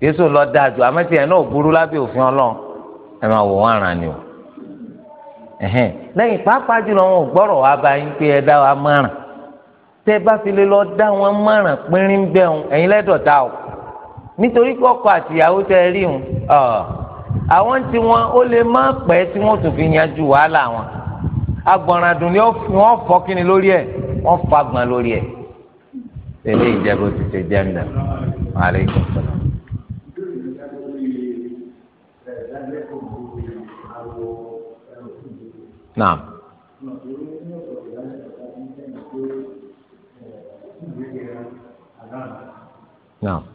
kìí sùn dáa jù àmọ́ tiẹ̀ náà burú lábẹ́ òfin ọlọ́run ẹ máa wò wọ́n aràn ni o ẹ̀hẹ́n lẹ́yìn pàápàá jùlọ wọn ò gbọ́rọ̀ wá bá yín pé ẹ dá wa márùn tẹ́ bá fi lè lọ dá wọn márùn pínrín bẹ́ẹ̀ ń ẹ̀yin lẹ́dọ̀ta o nítorí pé ọkọ àtìyàwó tẹ ẹ rí wọn àwọn tí wọn ó lè má pẹ́ tí wọ́n tún fi yanjú wàhálà wọn agbọ̀nràdùn ni wọ́n fọ́ kíni lórí ẹ̀ wọ́n fagbọ̀n lórí ẹ̀ tẹ̀lé ìjẹ́bù ti ṣe jẹ́ ń bẹ̀ wàhálà ìgbọ̀nsẹ̀. naam. naam.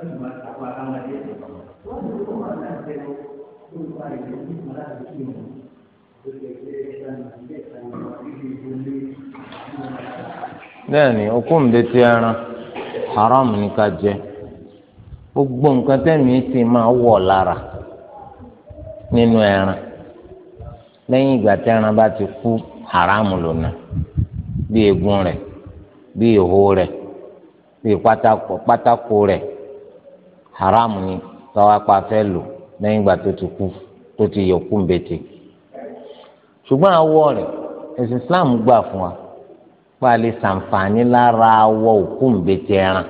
wọ́n ti máa takò ara wọn wọ́n ti kó ìlú ní ìmọ̀lá àti ẹran haram ká jẹ gbogbo nǹkan ti máa wọ̀ lára haram bí egun rẹ̀ bí ìhó rẹ̀ bí pátákó haram ni tọwa apá fẹ́ lò lẹ́yìn ìgbà tó ti kú tó ti yọ kú mbete awọ Islam gbà fún wa pa lè awọ òkú mbete ẹran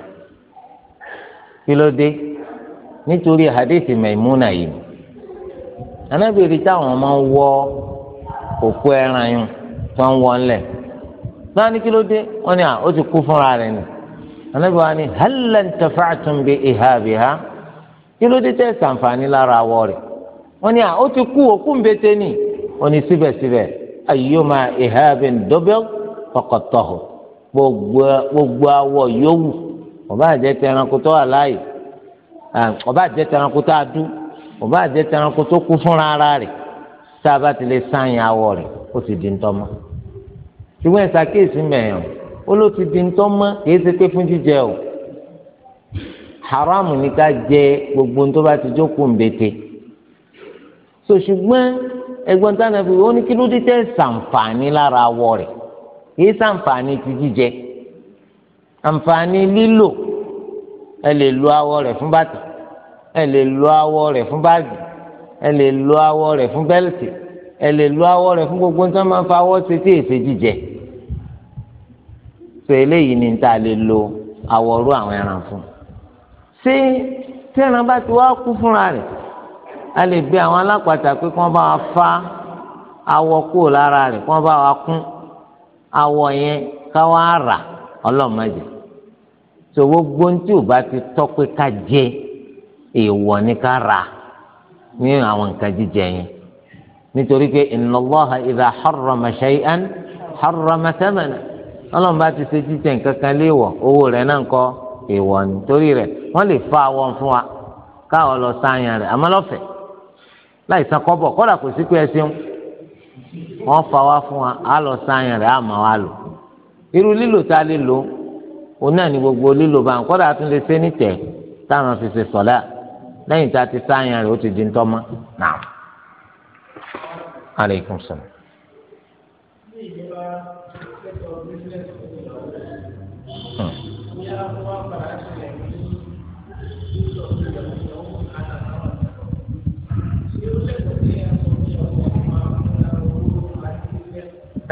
kí ló dé nítorí hadithi Maimuna yìí anábìrì táwọn máa ń wọ òkú ẹran yìí tó ń wọ ní kí ló dé anabi wa ni hàlẹ́ ntẹ̀fàtún bí ìhà bí ha kí ló dé tẹ́ sànfàní lára awọ rẹ̀ wọ́n ní à ó ti kú òkú nbẹ́tẹ́ ni wọ́n ní síbẹ̀síbẹ̀ ayọ́mà ìhà bí ndọ́bẹ́ kọ̀kọ̀tọ̀hù gbogbo gbogbo awọ yòówù ọba àjẹ tẹranko tó wà láàyè ọba àjẹ tẹranko tó adú ọba àjẹ tẹranko tó ara rẹ̀ tá a bá ti lè sáyìn ti di ntọ́mọ́ ṣùgbọ́n ẹ̀ ṣàkíyèsí mẹ́rin o ó ló ti di ńtọ́ mọ́ kì í ṣe pé fún jíjẹ o haramu ni ká jẹ gbogbo tó bá ti jókòó ńbete so ṣùgbọ́n ẹgbọ́n táwọn ẹbí ó ní kí ló dé tẹ́ ṣàǹfààní lára awọ rẹ̀ kì í ṣàǹfààní ti jíjẹ àǹfààní lílò ẹ lè lo awọ rẹ̀ fún bàtà ẹ lè lo awọ rẹ̀ fún báàgì ẹ lè lo awọ rẹ̀ fún bẹ́lìtì ẹ lè lo awọ rẹ̀ fún gbogbo nǹkan máa ń fa awọ ṣe tí èsè jíjẹ so eléyìí ni tá a lè lo àwọ̀rú àwọn ẹran fún ṣé tí ẹran bá ti wá kú fúnra rẹ̀ a lè gbé àwọn alápàtà pé kí wọ́n bá wa fá awọ kúrò lára rẹ̀ kí wọ́n bá wa kún awọ yẹn ká wá rà ọlọ́mọdé so gbogbo tí ò bá ti tọ́ pé ká jẹ èèwọ̀ ni ká rà ní àwọn nǹkan jíjẹ yẹn nítorí pé inna Allaha idha harrama shay'an harrama thamana ọlọ́run bá ti ṣe jíjẹ nǹkan kan léèwọ̀ owó rẹ̀ náà ń kọ́ èèwọ̀ nítorí rẹ̀ wọ́n lè fa àwọn fún wa káwọn lọ sáyàn rẹ̀ àmọ́ lọ́fẹ̀ẹ́ láì san kọ́bọ̀ kọ́dà kò sí pé ẹ ṣeun wọ́n fa wá fún wa á lọ sáyàn rẹ̀ àmọ́ wa lò irú lílò tá a lè lò òun náà ni gbogbo lílò bá ń kọ́dà tún lè ṣe nítẹ̀ táwọn fi ṣe sọ̀lá lẹ́yìn tá a ti sáyàn rẹ̀ ó ti di ntọ́mọ́ náà.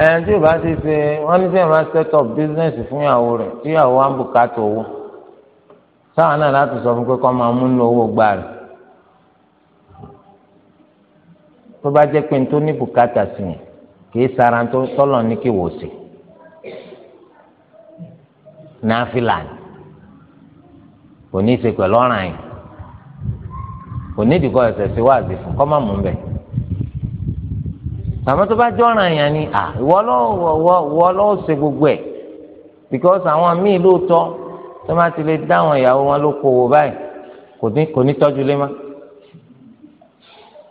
ẹn tí o bá ti ṣe wọ́n ní sẹ́yìn máa set up business fún ìyàwó rẹ̀ tí ìyàwó wa ń bùkátà owó sáwọn náà láti sọ fún pé kọ́ máa mú ní owó gbà rẹ̀ tó bá jẹ́ pé n tó ní bùkátà sí yẹn kì í sara tó tọ́lọ̀ ní kí wò sí náà kò ní í ṣe pẹ̀lú ọ̀ràn yìí kò ní ìdíkọ̀ ẹ̀sẹ̀ sí wáàzì fún kọ́ máa mú bẹ́ẹ̀ àmọ́ tó bá jọ́ràn yẹn ni à ìwọ lọ́wọ́ ṣe gbogbo ẹ̀ because àwọn míì lóòótọ́ tó má ti lè dá àwọn ìyàwó wọn ló kó wò báyìí kò ní tọ́jú lé má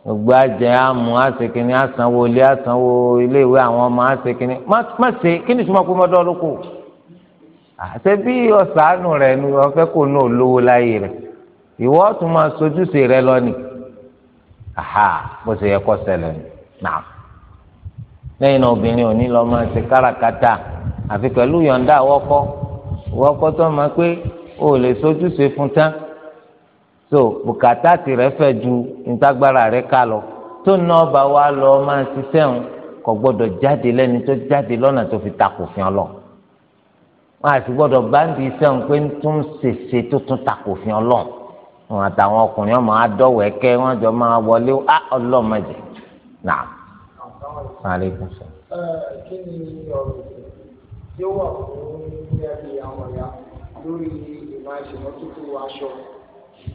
gbogbo àjẹ àmú àṣekínní àsanwó ilé àsanwó iléèwé àwọn ọmọ àṣekínní má ṣe kí ni ìtumọ̀ pé mo dọ́ ló kó àṣẹ bí ọ̀sánù rẹ̀ ni wọ́n fẹ́ kó náà lówó láyé rẹ̀ ìwọ tún máa sojúṣe rẹ lọ ni aha bó ṣe yẹ kó ṣẹlẹ̀ nù lẹ́yìn náà obìnrin ò ní lọ máa ṣe káràkátà àfi pẹ̀lú yọ̀ǹda wọ́kọ́ wọ́kọ́ tó máa pé o lè sojúṣe fún tán so bùkátà tirẹ̀ fẹ̀ ju ntagbára rẹ̀ ká lọ tó náà bá wa lọ máa ṣiṣẹ́ òun kò gbọ́dọ̀ jáde lẹ́ni tó jáde lọ́nà tó fi takò fi ọ lọ wọn àti gbọ́dọ̀ báńdì iṣẹ́ òun pé tó ń ṣèṣe tó tún takò fi ọ lọ wọn àtàwọn ọkùnrin ọmọ adọwọ ẹkẹ wọn jọ máa wọlé ah, ọlọmọdé náà. Aleykum sọ. kí ni ọ̀rọ̀ yóò wà fún ẹbí àwọn ọ̀yá lórí ìmọ̀ ìṣèmọ́tótó aṣọ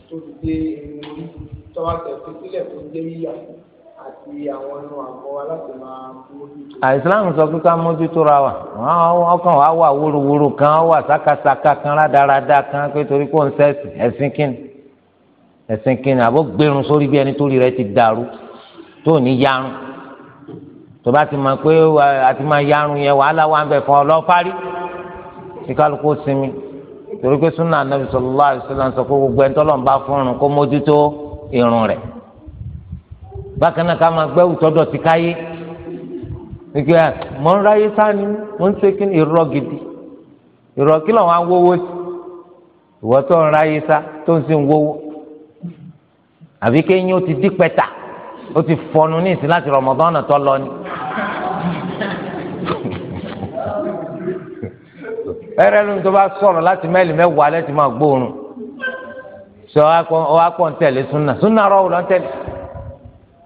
tó ti dé inú orí tọ́wọ́tẹ̀ pípílẹ̀ tó ń jẹ́ yíyà àti àwọn ẹnu àgọ́ aláṣẹ máa mójútó. àìsíláàmù ah, sọ pé ká mójútó ra wa ọkàn wa wà wúruwúru kan wà sákàsákà kan rádaràda kan pé torí kò ń sẹ́sì ẹ̀sìn kínní ẹ̀sìn kínní àbó gbẹrun sórí bí ẹni tó rí rẹ ti dàrú tó ní yarun tó bá ti mọ̀ pé àti máa yarun yẹn wàhálà wà ń bẹ fún ọ lọ parí kí kálukú sinmi torí pé súnà anabi sallallahu alaihi wasallam sọ pé gbogbo ẹni tọ́lọ̀ ń bá fún irun kó mójútó irun rẹ̀ bákan náà ká máa gbẹ́ ìtọ́jọ́ ti káyé wípé ah, mọ̀ ń ráyé sáni mọ̀ ń sekin irọ́ gidi irọ́ kí lọ́wọ́ á sí ìwọ́ ń ráyé sá tó ń sin wówó àbí kéyìn ó ti dí pẹ́ta. O ti fọnu ní ìsìn láti rọmọdọ́nà tó lọ ni. ẹrẹ ló ń tó bá sọ̀rọ̀ láti mẹ́lì mẹ́wàá lẹ́tì máa gbóòórùn sọ wá pọ̀ ń tẹ̀lé súnà súnà rọ̀ wọ́n tẹ̀lé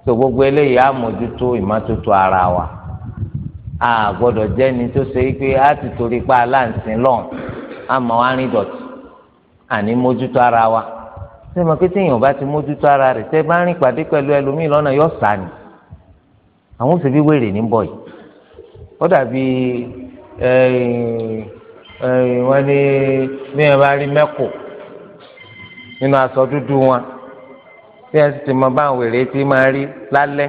tó gbogbo eléyìí ìmọ́tótó ara wa a gbọ́dọ̀ jẹ́ni tó ṣe pé a ti torí pa aláǹsìn lọ́n àmọ́ arìndọ̀tì àní mójútó ara wa. ṣé mo pé téèyàn bá ti mójútó ara rẹ̀ tẹ́ bá rìn pàdé pẹ̀lú ẹlòmíì lọ́nà yóò sá ni àwọn ò sì bí wèrè ní bọ̀ yìí ó dàbí wọ́n ní bí wọ́n bá rí mẹ́kù nínú aṣọ dúdú wọn bí wọ́n sì ti mọ báwọn wèrè tí máa rí lálẹ́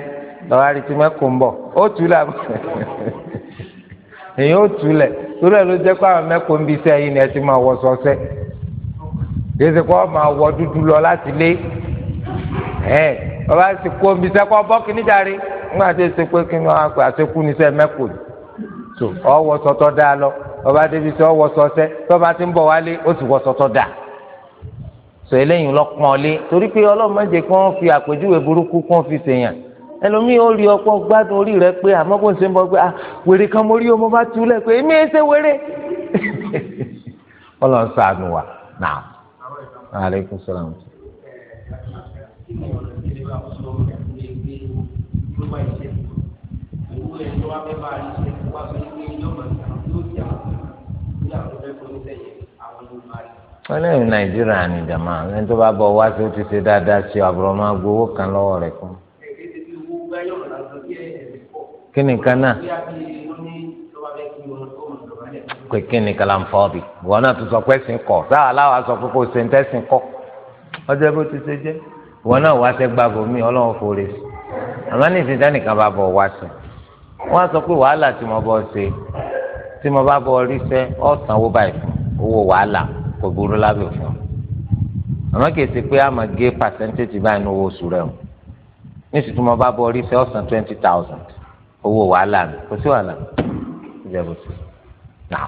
lọ́wọ́ rí tí mẹ́kù ń bọ̀ ó tù ú làbọ̀ (laughs) èyí ó tù ú lẹ̀ torí ẹ̀ ló jẹ́ pé àwọn mẹ́kù ń bí sẹ́yìn ni ti máa wọ sọ́sẹ́. yéésì kọ́ ma wọ dúdú lọ láti lé ẹ̀ ọba sì kó omi sẹ́kọ̀ bọ́ kíní jàre ńgbà tó ṣe pé kíní wọn so ọwọ́ sọtọ́ lọ ọba débi sọ ọwọ́ sọsẹ́ tọ́ba ti ń bọ̀ wálé ó sì wọ́ sọtọ́ so eléyìí lọ́pọ̀n lé torí pé kan fi àpèjúwe burúkú kan fi ẹlòmíì ó rí ọpọ gbádùn rẹ pé àmọ́ kò ń ṣe ń pé ah, wèrè kan mo pé èmi ẹ ṣe wèrè (laughs) ọlọ́run wa aleykum salaam. ọlẹ́yìn nàìjíríà ni jàmá ẹni tó bá bọ̀ wá sí ó ti ṣe dáadáa sí àbúrò máa gbowó kan lọ́wọ́ rẹ̀ kan. kí ni kan náà kékeré ní kàlàǹfọ̀ọ́bì wọn náà tún sọ pé ẹ̀sìn kọ̀ sáà aláwa sọ pé kò ṣe ń tẹ́sìn kọ̀ ọjọ́ bó ti ṣe jẹ́ wọn náà wá sẹ́ gbàgbọ́ mi ọlọ́run fòrè sí àmọ́ ní ìsìn dánìkan bá bọ̀ wá sí wọn á sọ pé wàhálà tí mo bọ̀ ṣe tí mo bá bọ̀ rí sẹ́ ọ̀sánwó báyìí fún owó wàhálà kò burú lábẹ́ òfin àmọ́ kì í ṣe pé a máa gé pàṣẹ́ntéèjì báyìí ní owó oṣù rẹ̀ o ní ìsìn tí mo bá bọ̀ rí sẹ́ ọ̀sán twenty thousand owó wàhálà mi kò sí wàhálà ìjẹ́bù sí náà.